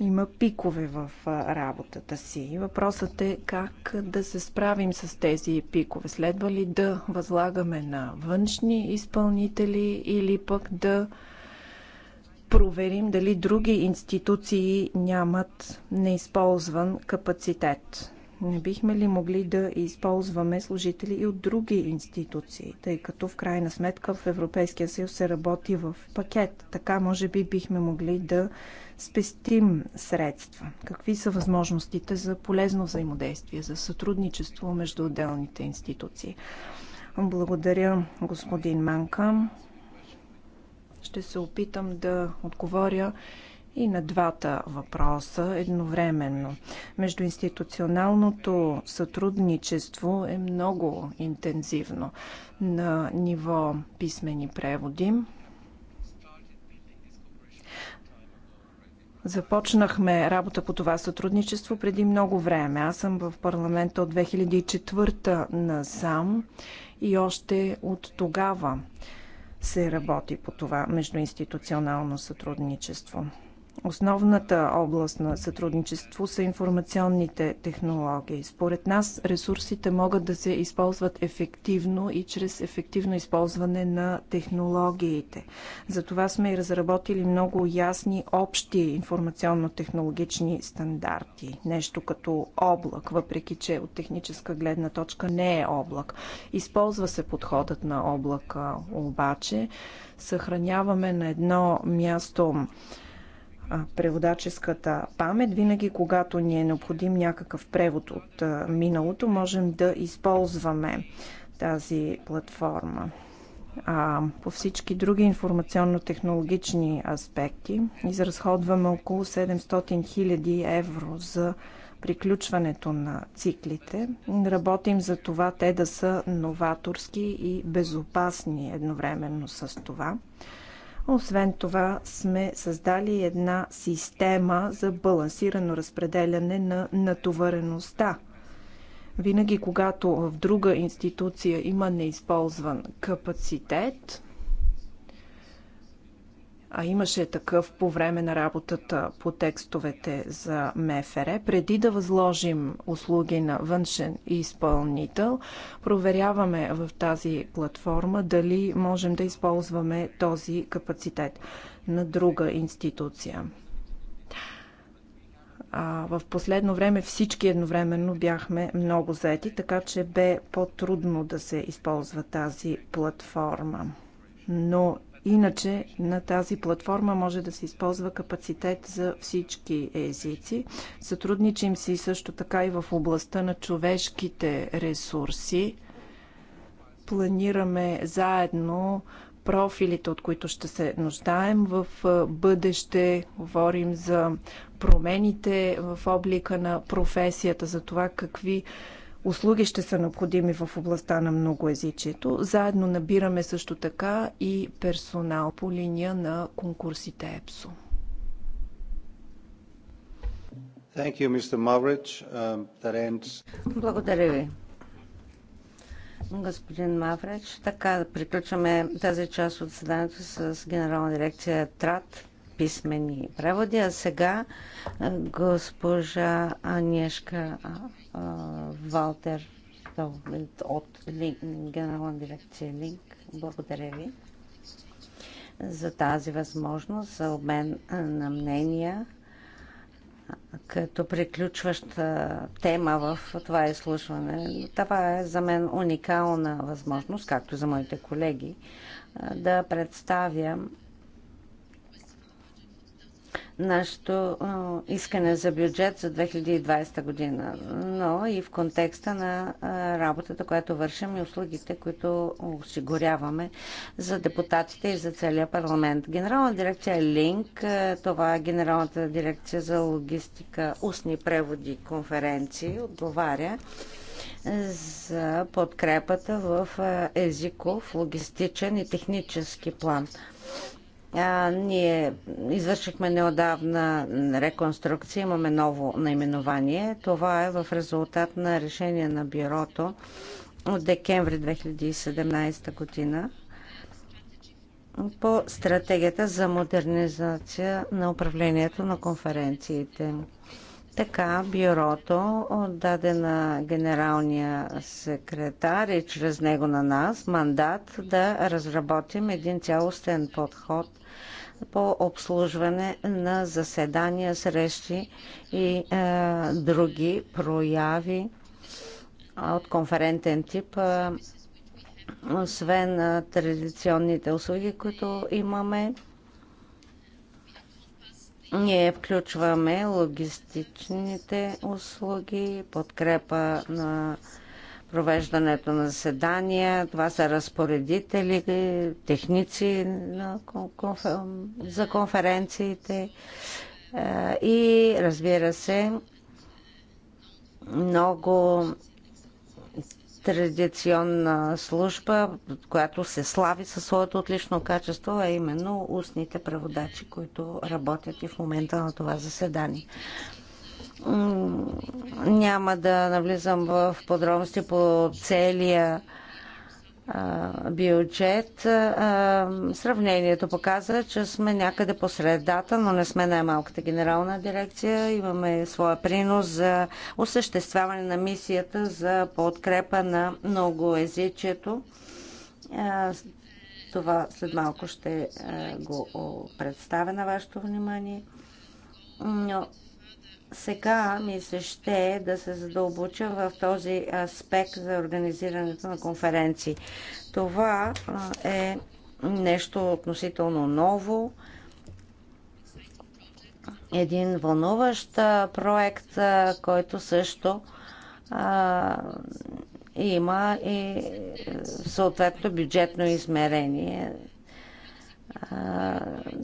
има пикове в работата си. Въпросът е как да се справим с тези пикове. Следва ли да възлагаме на външни изпълнители или пък да проверим дали други институции нямат неизползван капацитет. Не бихме ли могли да използваме служители и от други институции, тъй като в крайна сметка в Европейския съюз се работи в пакет? Така може би бихме могли да спестим средства. Какви са възможностите за полезно взаимодействие, за сътрудничество между отделните институции? Благодаря, господин Манка. Ще се опитам да отговоря и на двата въпроса едновременно. Междуинституционалното сътрудничество е много интензивно на ниво писмени преводи. Започнахме работа по това сътрудничество преди много време. Аз съм в парламента от 2004 на сам, и още от тогава се работи по това междуинституционално сътрудничество. Основната област на сътрудничество са информационните технологии. Според нас ресурсите могат да се използват ефективно и чрез ефективно използване на технологиите. Затова сме и разработили много ясни общи информационно-технологични стандарти. Нещо като облак, въпреки че от техническа гледна точка не е облак. Използва се подходът на облака, обаче съхраняваме на едно място преводаческата памет. Винаги, когато ни е необходим някакъв превод от миналото, можем да използваме тази платформа. А по всички други информационно-технологични аспекти изразходваме около 700 000 евро за приключването на циклите. Работим за това те да са новаторски и безопасни едновременно с това. Освен това сме създали една система за балансирано разпределяне на натовареността. Винаги, когато в друга институция има неизползван капацитет, а имаше такъв по време на работата по текстовете за МФР, преди да възложим услуги на външен изпълнител, проверяваме в тази платформа дали можем да използваме този капацитет на друга институция. А, в последно време всички едновременно бяхме много заети, така че бе по-трудно да се използва тази платформа. Но Иначе на тази платформа може да се използва капацитет за всички езици. Сътрудничим си също така и в областта на човешките ресурси. Планираме заедно профилите, от които ще се нуждаем в бъдеще. Говорим за промените в облика на професията, за това какви услуги ще са необходими в областта на многоязичието. Заедно набираме също така и персонал по линия на конкурсите ЕПСО. Thank you, Mr. Um, that ends... Благодаря ви, господин Маврич. Така, да приключваме тази част от заседанието с генерална дирекция ТРАТ писмени преводи. А сега госпожа Анешка Валтер Толмент от Линк, Генерална дирекция Линк. Благодаря ви за тази възможност за обмен на мнения като приключваща тема в това изслушване. Това е за мен уникална възможност, както и за моите колеги, да представя нашето искане за бюджет за 2020 година, но и в контекста на работата, която вършим и услугите, които осигуряваме за депутатите и за целия парламент. Генерална дирекция Линк, това е Генералната дирекция за логистика, устни преводи конференции, отговаря за подкрепата в езиков, логистичен и технически план. А, ние извършихме неодавна реконструкция, имаме ново наименование. Това е в резултат на решение на бюрото от декември 2017 година по стратегията за модернизация на управлението на конференциите. Така бюрото даде на генералния секретар и чрез него на нас мандат да разработим един цялостен подход по обслужване на заседания, срещи и е, други прояви от конферентен тип, е, освен е, традиционните услуги, които имаме. Ние включваме логистичните услуги, подкрепа на е, провеждането на заседания. Това са разпоредители, техници за конференциите е, и разбира се много традиционна служба, която се слави със своето отлично качество, а именно устните преводачи, които работят и в момента на това заседание. Няма да навлизам в подробности по целия бюджет. Сравнението показва, че сме някъде по средата, но не сме най-малката генерална дирекция. Имаме своя принос за осъществяване на мисията за подкрепа на многоезичието. Това след малко ще го представя на вашето внимание. Но сега ми се ще да се задълбоча в този аспект за организирането на конференции. Това е нещо относително ново. Един вълнуващ проект, който също има и съответно бюджетно измерение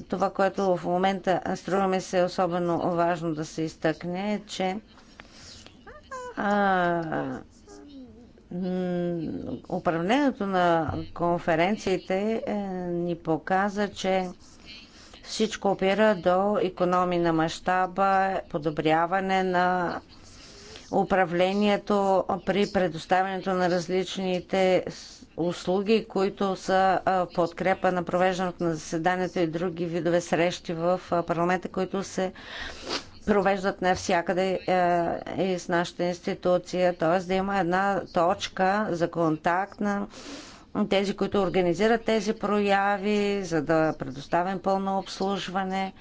това, което в момента струваме се е особено важно да се изтъкне, е, че а, управлението на конференциите е, ни показа, че всичко опира до економи на мащаба, подобряване на управлението при предоставянето на различните услуги, които са подкрепа на провеждането на заседанието и други видове срещи в парламента, които се провеждат навсякъде е, и с нашата институция, т.е. да има една точка за контакт на тези, които организират тези прояви, за да предоставим пълно обслужване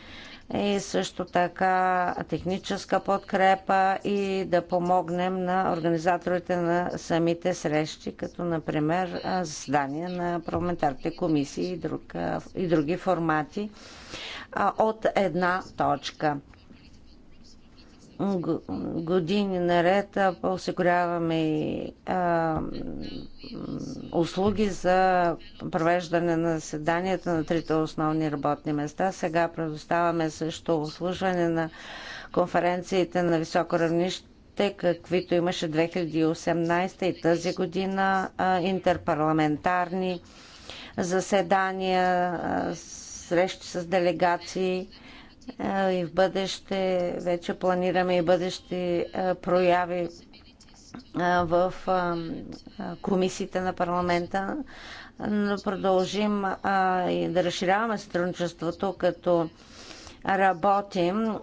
и също така техническа подкрепа и да помогнем на организаторите на самите срещи, като например заседания на парламентарните комисии и, друг, и други формати от една точка години наред осигуряваме и услуги за провеждане на заседанията на трите основни работни места. Сега предоставяме също обслужване на конференциите на високо равнище, каквито имаше 2018 и тази година интерпарламентарни заседания, срещи с делегации и в бъдеще вече планираме и бъдещи прояви в комисиите на парламента, но продължим и да разширяваме сътрудничеството, като работим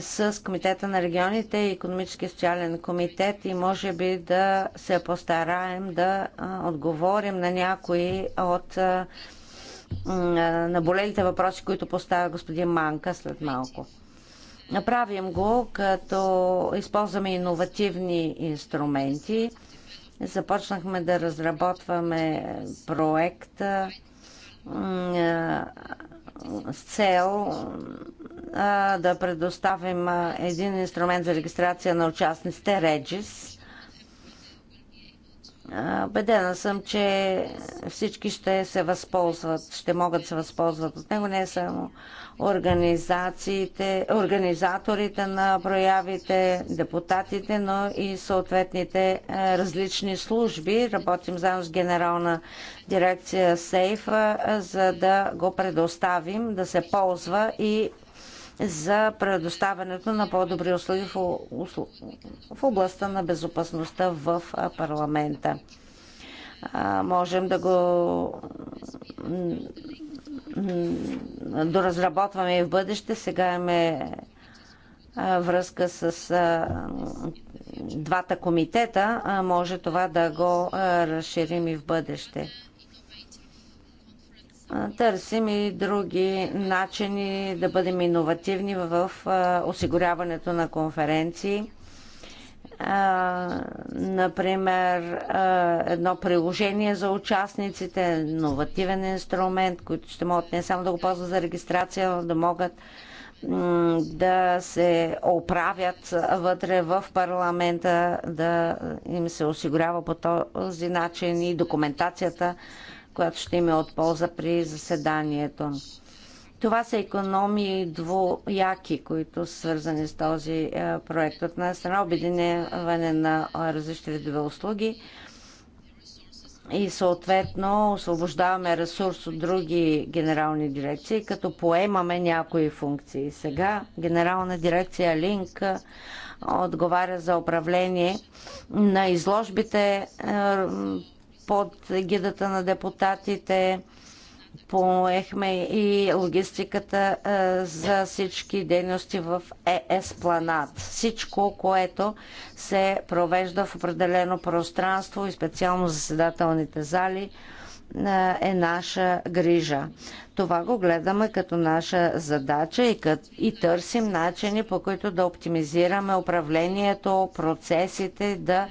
с Комитета на регионите и Економически социален комитет и може би да се постараем да отговорим на някои от на болелите въпроси, които поставя господин Манка след малко. Направим го, като използваме иновативни инструменти. Започнахме да разработваме проекта с цел да предоставим един инструмент за регистрация на участниците, Regis, Бедена съм, че всички ще се възползват, ще могат да се възползват от него, не само организациите, организаторите на проявите, депутатите, но и съответните различни служби. Работим заедно с Генерална дирекция Сейфа, за да го предоставим да се ползва и за предоставянето на по-добри услуги в областта на безопасността в парламента. Можем да го доразработваме и в бъдеще. Сега имаме връзка с двата комитета, може това да го разширим и в бъдеще търсим и други начини да бъдем иновативни в осигуряването на конференции. Например, едно приложение за участниците, иновативен инструмент, които ще могат не само да го ползват за регистрация, но да могат да се оправят вътре в парламента, да им се осигурява по този начин и документацията която ще има от полза при заседанието. Това са економии двояки, които са свързани с този е, проект. От една страна обединяване на е, различни видове услуги и съответно освобождаваме ресурс от други генерални дирекции, като поемаме някои функции. Сега генерална дирекция Линк е, отговаря за управление на изложбите под гидата на депутатите. Поехме и логистиката е, за всички дейности в ЕС Планат. Всичко, което се провежда в определено пространство и специално заседателните зали – е, е наша грижа. Това го гледаме като наша задача и, кът, и търсим начини по които да оптимизираме управлението, процесите, да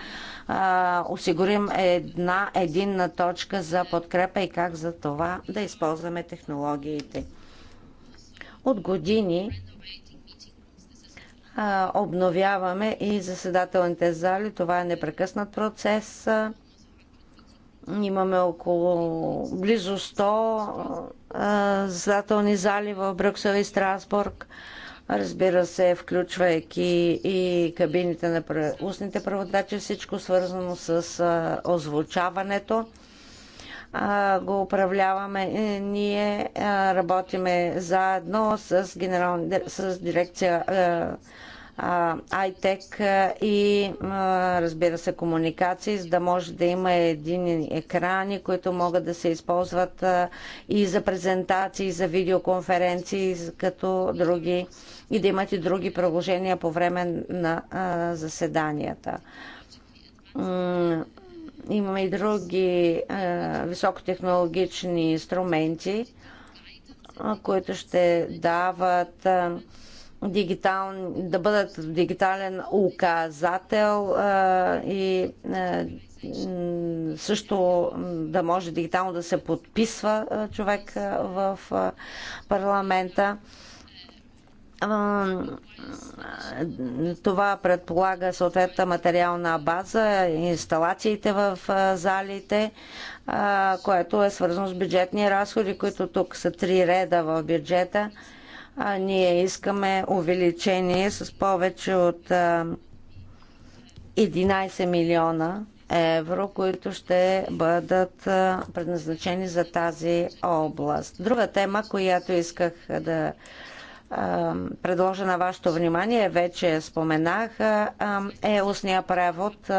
а, осигурим една единна точка за подкрепа и как за това да използваме технологиите. От години а, обновяваме и заседателните зали. Това е непрекъснат процес. Имаме около близо 100 заседателни зали в Брюксел и Страсбург. Разбира се, включвайки и кабините на устните преводачи, всичко свързано с озвучаването го управляваме. Е, ние работиме заедно с, генерал, с дирекция I-тек и разбира се комуникации, за да може да има един екрани, които могат да се използват и за презентации, и за видеоконференции, като други и да имат и други приложения по време на заседанията имаме и други високотехнологични инструменти, които ще дават дигитал, да бъдат дигитален указател а, и а, също да може дигитално да се подписва а, човек а, в а, парламента. Това предполага съответна материална база, инсталациите в залите, което е свързано с бюджетни разходи, които тук са три реда в бюджета а ние искаме увеличение с повече от 11 милиона евро, които ще бъдат предназначени за тази област. Друга тема, която исках да предложа на вашето внимание, вече споменах, е устния превод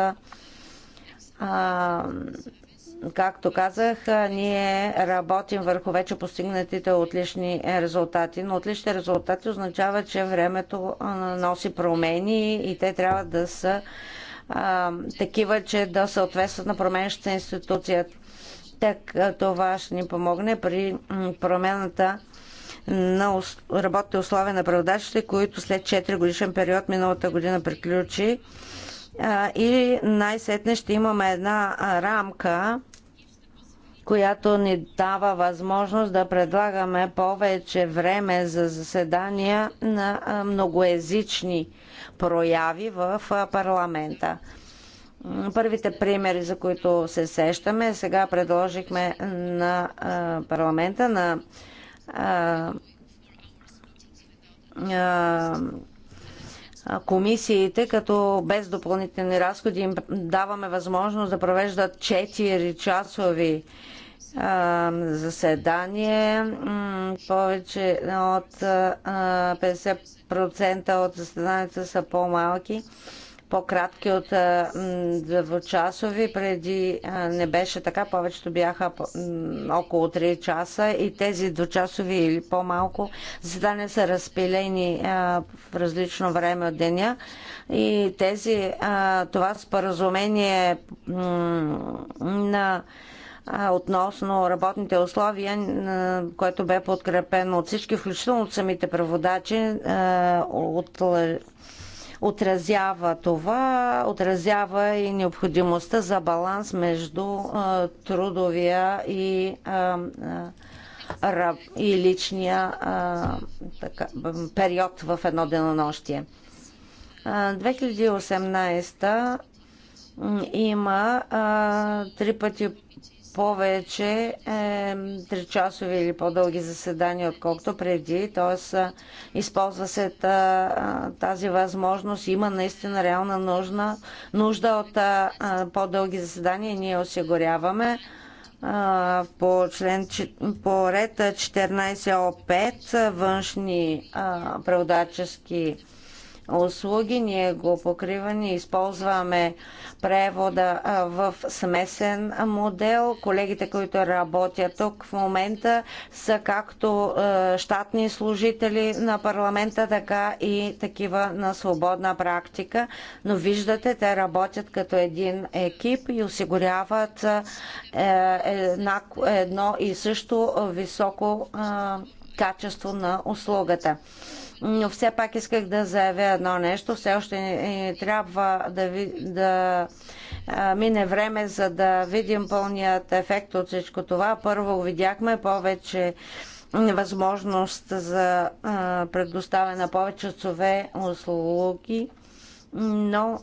Както казах, ние работим върху вече постигнатите отлични резултати, но отличните резултати означава, че времето носи промени и те трябва да са а, такива, че да съответстват на променящата институция. Така това ще ни помогне при промената на работните условия на преводачите, които след 4 годишен период миналата година приключи. И най-сетне ще имаме една рамка която ни дава възможност да предлагаме повече време за заседания на многоезични прояви в парламента. Първите примери, за които се сещаме, сега предложихме на парламента, на комисиите, като без допълнителни разходи им даваме възможност да провеждат 4 часови заседание. Повече от 50% от заседанията са по-малки по-кратки от двучасови. Преди не беше така, повечето бяха около 3 часа и тези двучасови или по-малко заседания са разпилени в различно време от деня. И тези, това споразумение на относно работните условия, което бе подкрепено от всички, включително от самите преводачи, отразява това, отразява и необходимостта за баланс между трудовия и и личния а, така, период в едно денонощие. 2018 има а, три пъти повече 3 часови или по-дълги заседания, отколкото преди. Тоест, използва се тази възможност. Има наистина реална нужда, нужда от по-дълги заседания. Ние осигуряваме по, член, по ред 14О5 външни преводачески услуги. Ние го покриваме използваме превода в смесен модел. Колегите, които работят тук в момента са както щатни служители на парламента, така и такива на свободна практика. Но виждате, те работят като един екип и осигуряват е, едно и също високо качество на услугата но все пак исках да заявя едно нещо. Все още трябва да, ви, да мине време, за да видим пълният ефект от всичко това. Първо видяхме повече възможност за предоставяне на повече часове услуги но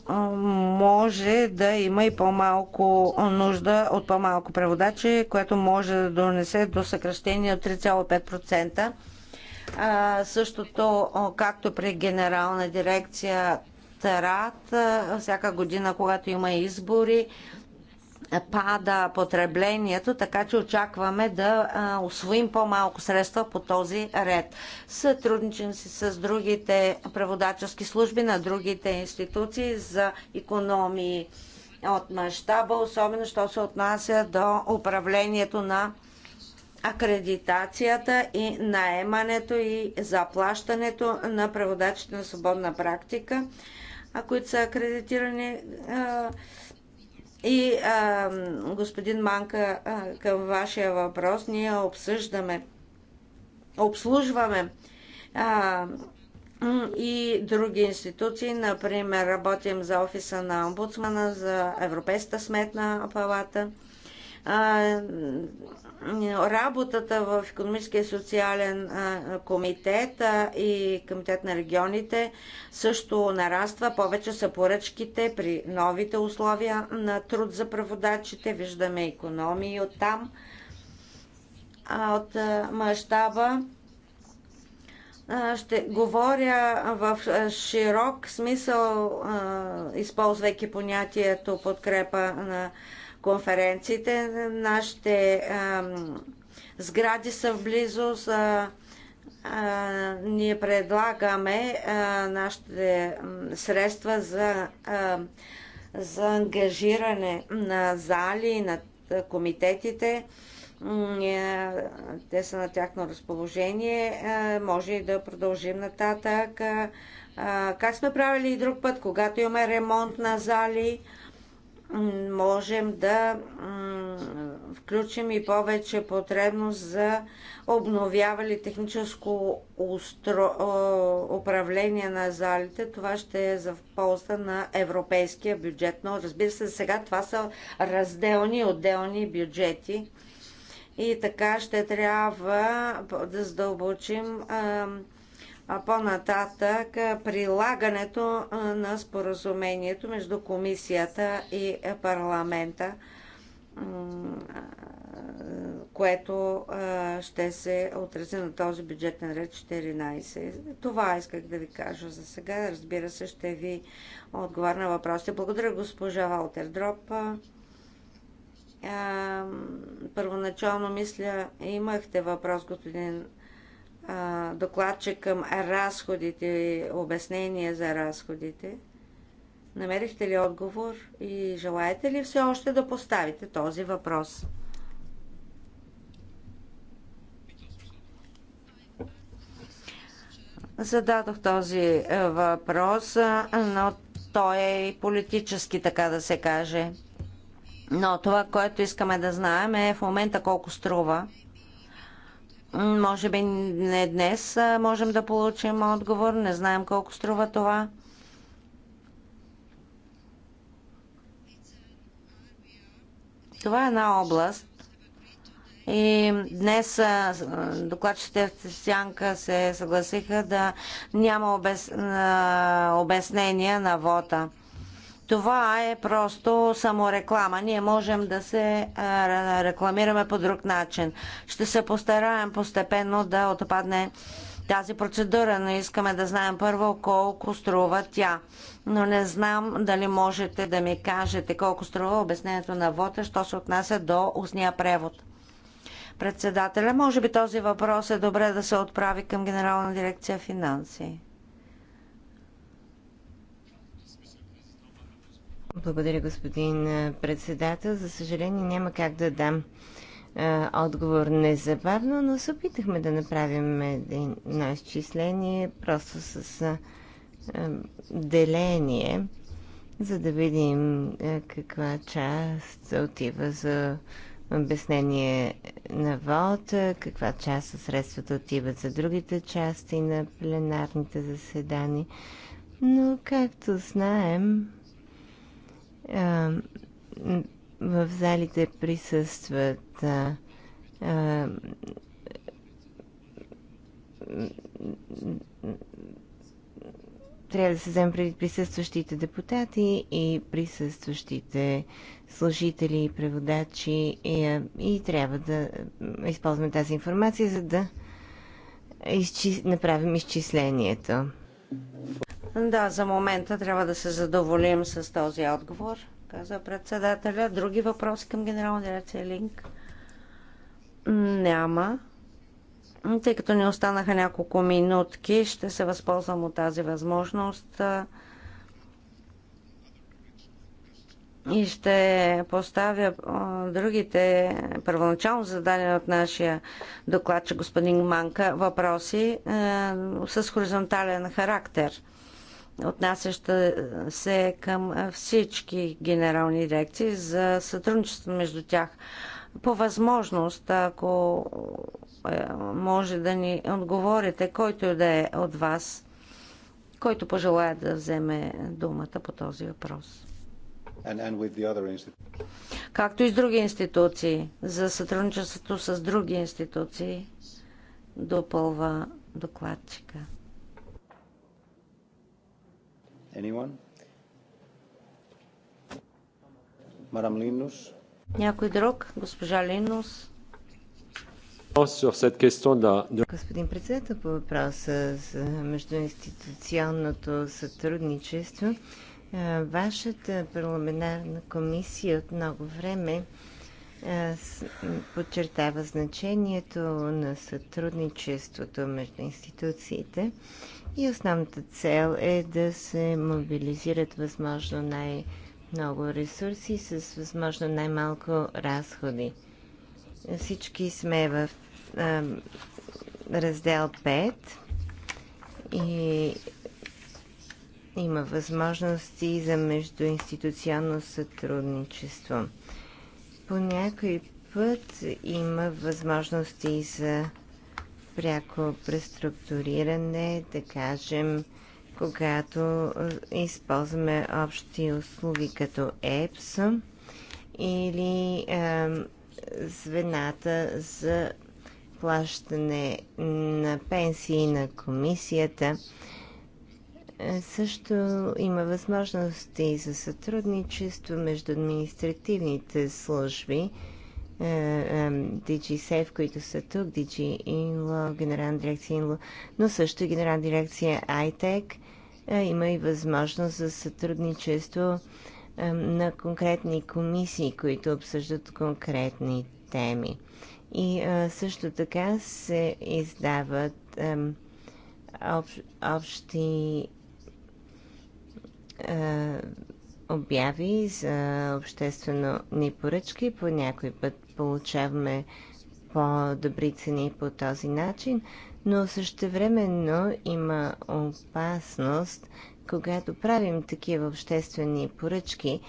може да има и по-малко нужда от по-малко преводачи, което може да донесе до съкръщение от 3,5% а, същото, както при генерална дирекция Тарат, всяка година, когато има избори, пада потреблението, така че очакваме да освоим по-малко средства по този ред. Сътрудничим си с другите преводачески служби на другите институции за економии от мащаба, особено що се отнася до управлението на акредитацията и наемането и заплащането на преводачите на свободна практика, които са акредитирани. И а, господин Манка, а, към вашия въпрос, ние обсъждаме, обслужваме а, и други институции. Например, работим за офиса на омбудсмана, за Европейската сметна палата. А, работата в Економическия социален комитет и комитет на регионите също нараства. Повече са поръчките при новите условия на труд за преводачите. Виждаме економии от там, от мащаба. Ще говоря в широк смисъл, използвайки понятието подкрепа на конференциите. Нашите а, сгради са в близост. А, а, ние предлагаме а, нашите средства за, а, за ангажиране на зали, и на комитетите. Е, те са на тяхно разположение. Може и да продължим нататък. Как сме правили и друг път, когато имаме ремонт на зали, можем да включим и повече потребност за обновявали техническо устро... управление на залите. Това ще е за полза на европейския бюджет. Но разбира се, сега това са разделни, и отделни бюджети. И така ще трябва да задълбочим по-нататък прилагането на споразумението между комисията и парламента, което ще се отрази на този бюджетен ред 14. Това исках да ви кажа за сега. Разбира се, ще ви отговаря на въпросите. Благодаря госпожа Валтер Дроп първоначално мисля, имахте въпрос, господин докладче към разходите, обяснение за разходите. Намерихте ли отговор и желаете ли все още да поставите този въпрос? Зададох този е, въпрос, е, но той е и политически, така да се каже. Но това, което искаме да знаем е в момента колко струва може би не днес можем да получим отговор. Не знаем колко струва това. Това е една област. И днес докладчите в Сянка се съгласиха да няма обяснения обяснение на вота. Това е просто самореклама. Ние можем да се рекламираме по друг начин. Ще се постараем постепенно да отпадне тази процедура, но искаме да знаем първо колко струва тя. Но не знам дали можете да ми кажете колко струва обяснението на вота, що се отнася до устния превод. Председателя, може би този въпрос е добре да се отправи към Генерална дирекция финанси. Благодаря, господин председател. За съжаление няма как да дам а, отговор незабавно, но се опитахме да направим едно изчисление просто с а, а, деление, за да видим а, каква част отива за обяснение на вода, каква част от средствата отиват за другите части на пленарните заседания. Но, както знаем, в залите присъстват а, а, трябва да се вземе преди присъстващите депутати и присъстващите служители и преводачи и, и трябва да използваме тази информация, за да изчи... направим изчислението. Да, за момента трябва да се задоволим с този отговор, каза председателя. Други въпроси към генерална дирекция Линк? Няма. Тъй като ни останаха няколко минутки, ще се възползвам от тази възможност. и ще поставя другите първоначално зададени от нашия докладчик господин Манка въпроси с хоризонтален характер, отнасяща се към всички генерални дирекции за сътрудничество между тях. По възможност, ако е, може да ни отговорите, който да е от вас, който пожелая да вземе думата по този въпрос. Както и с други институции, за сътрудничеството с други институции, допълва докладчика. Anyone? Мадам Линус? Някой друг? Госпожа Линус? Господин председател, по въпроса за междуинституционното сътрудничество, е, вашата парламентарна комисия от много време е, подчертава значението на сътрудничеството между институциите и основната цел е да се мобилизират възможно най-много ресурси с възможно най-малко разходи. Всички сме в е, раздел 5 и има възможности за междуинституционно сътрудничество. По някой път има възможности за пряко преструктуриране, да кажем, когато използваме общи услуги като EPS или е, звената за плащане на пенсии на комисията. Е, също има възможности за сътрудничество между административните служби, DGSF, е, е, които са тук, DigiInlo, Генерална дирекция Inlo, но също и Генерална дирекция ITEC. Има и възможност за сътрудничество на конкретни комисии, които обсъждат конкретни теми. И също така се издават общи е, обяви за обществено ни поръчки. По някой път получаваме по-добри цени по този начин, но същевременно има опасност когато правим такива обществени поръчки,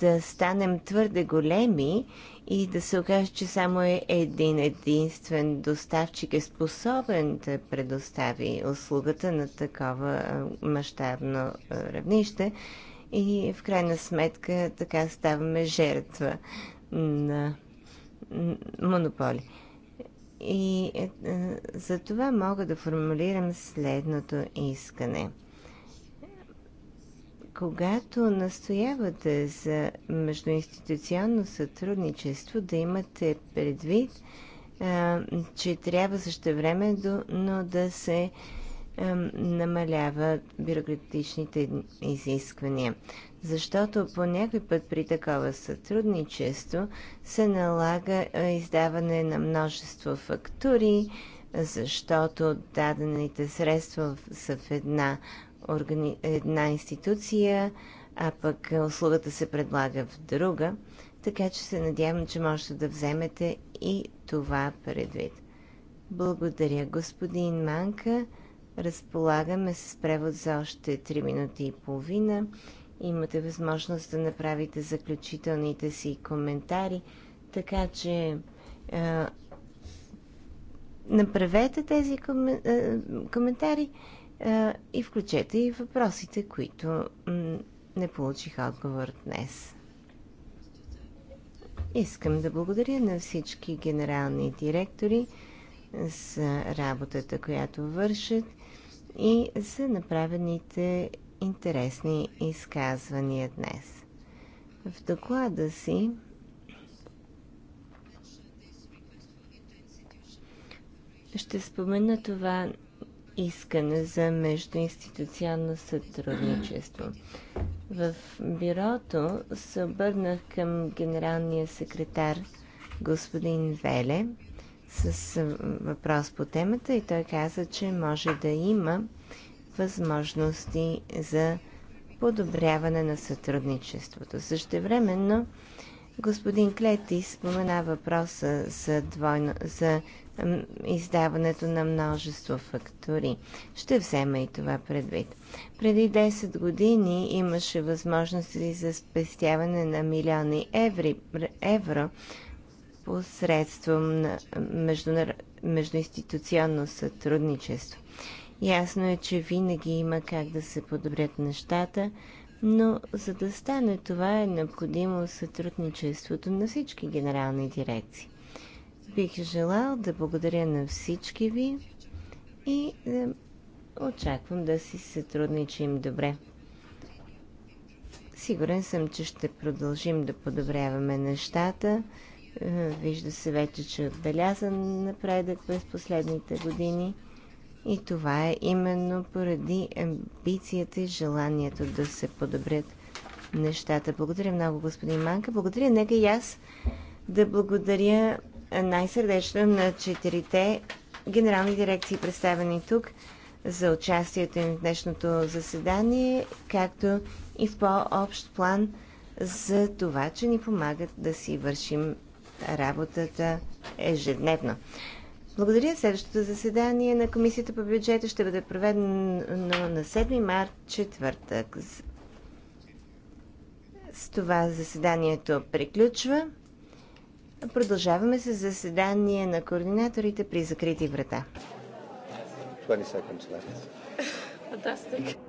да станем твърде големи и да се окаже, че само е един единствен доставчик е способен да предостави услугата на такова мащабно равнище и в крайна сметка така ставаме жертва на монополи. И е, е, за това мога да формулирам следното искане – когато настоявате за междуинституционно сътрудничество, да имате предвид, че трябва също време, но да се намалява бюрократичните изисквания. Защото по някой път при такова сътрудничество се налага издаване на множество фактури, защото дадените средства са в една органи... една институция, а пък услугата се предлага в друга, така че се надявам, че можете да вземете и това предвид. Благодаря, господин Манка. Разполагаме с превод за още 3 минути и половина. Имате възможност да направите заключителните си коментари, така че е, направете тези комен... е, коментари. Е, и включете и въпросите, които не получих отговор днес. Искам да благодаря на всички генерални директори за работата, която вършат и за направените интересни изказвания днес. В доклада си ще спомена това искане за междуинституционно сътрудничество. В бюрото се обърнах към генералния секретар господин Веле с въпрос по темата и той каза, че може да има възможности за подобряване на сътрудничеството. Същевременно Господин Клети спомена въпроса за, двойно, за издаването на множество фактури. Ще взема и това предвид. Преди 10 години имаше възможности за спестяване на милиони евро, евро посредством на междунар... междуинституционно сътрудничество. Ясно е, че винаги има как да се подобрят нещата но за да стане това е необходимо сътрудничеството на всички генерални дирекции. Бих желал да благодаря на всички ви и да е, очаквам да си сътрудничим добре. Сигурен съм, че ще продължим да подобряваме нещата. Е, вижда се вече, че е отбелязан напредък през последните години. И това е именно поради амбицията и желанието да се подобрят нещата. Благодаря много, господин Манка. Благодаря. Нека и аз да благодаря най-сърдечно на четирите генерални дирекции, представени тук, за участието им в днешното заседание, както и в по-общ план за това, че ни помагат да си вършим работата ежедневно. Благодаря. Следващото заседание на Комисията по бюджета ще бъде проведено на 7 март, четвъртък. С това заседанието приключва. Продължаваме с заседание на координаторите при закрити врата. 20 seconds left.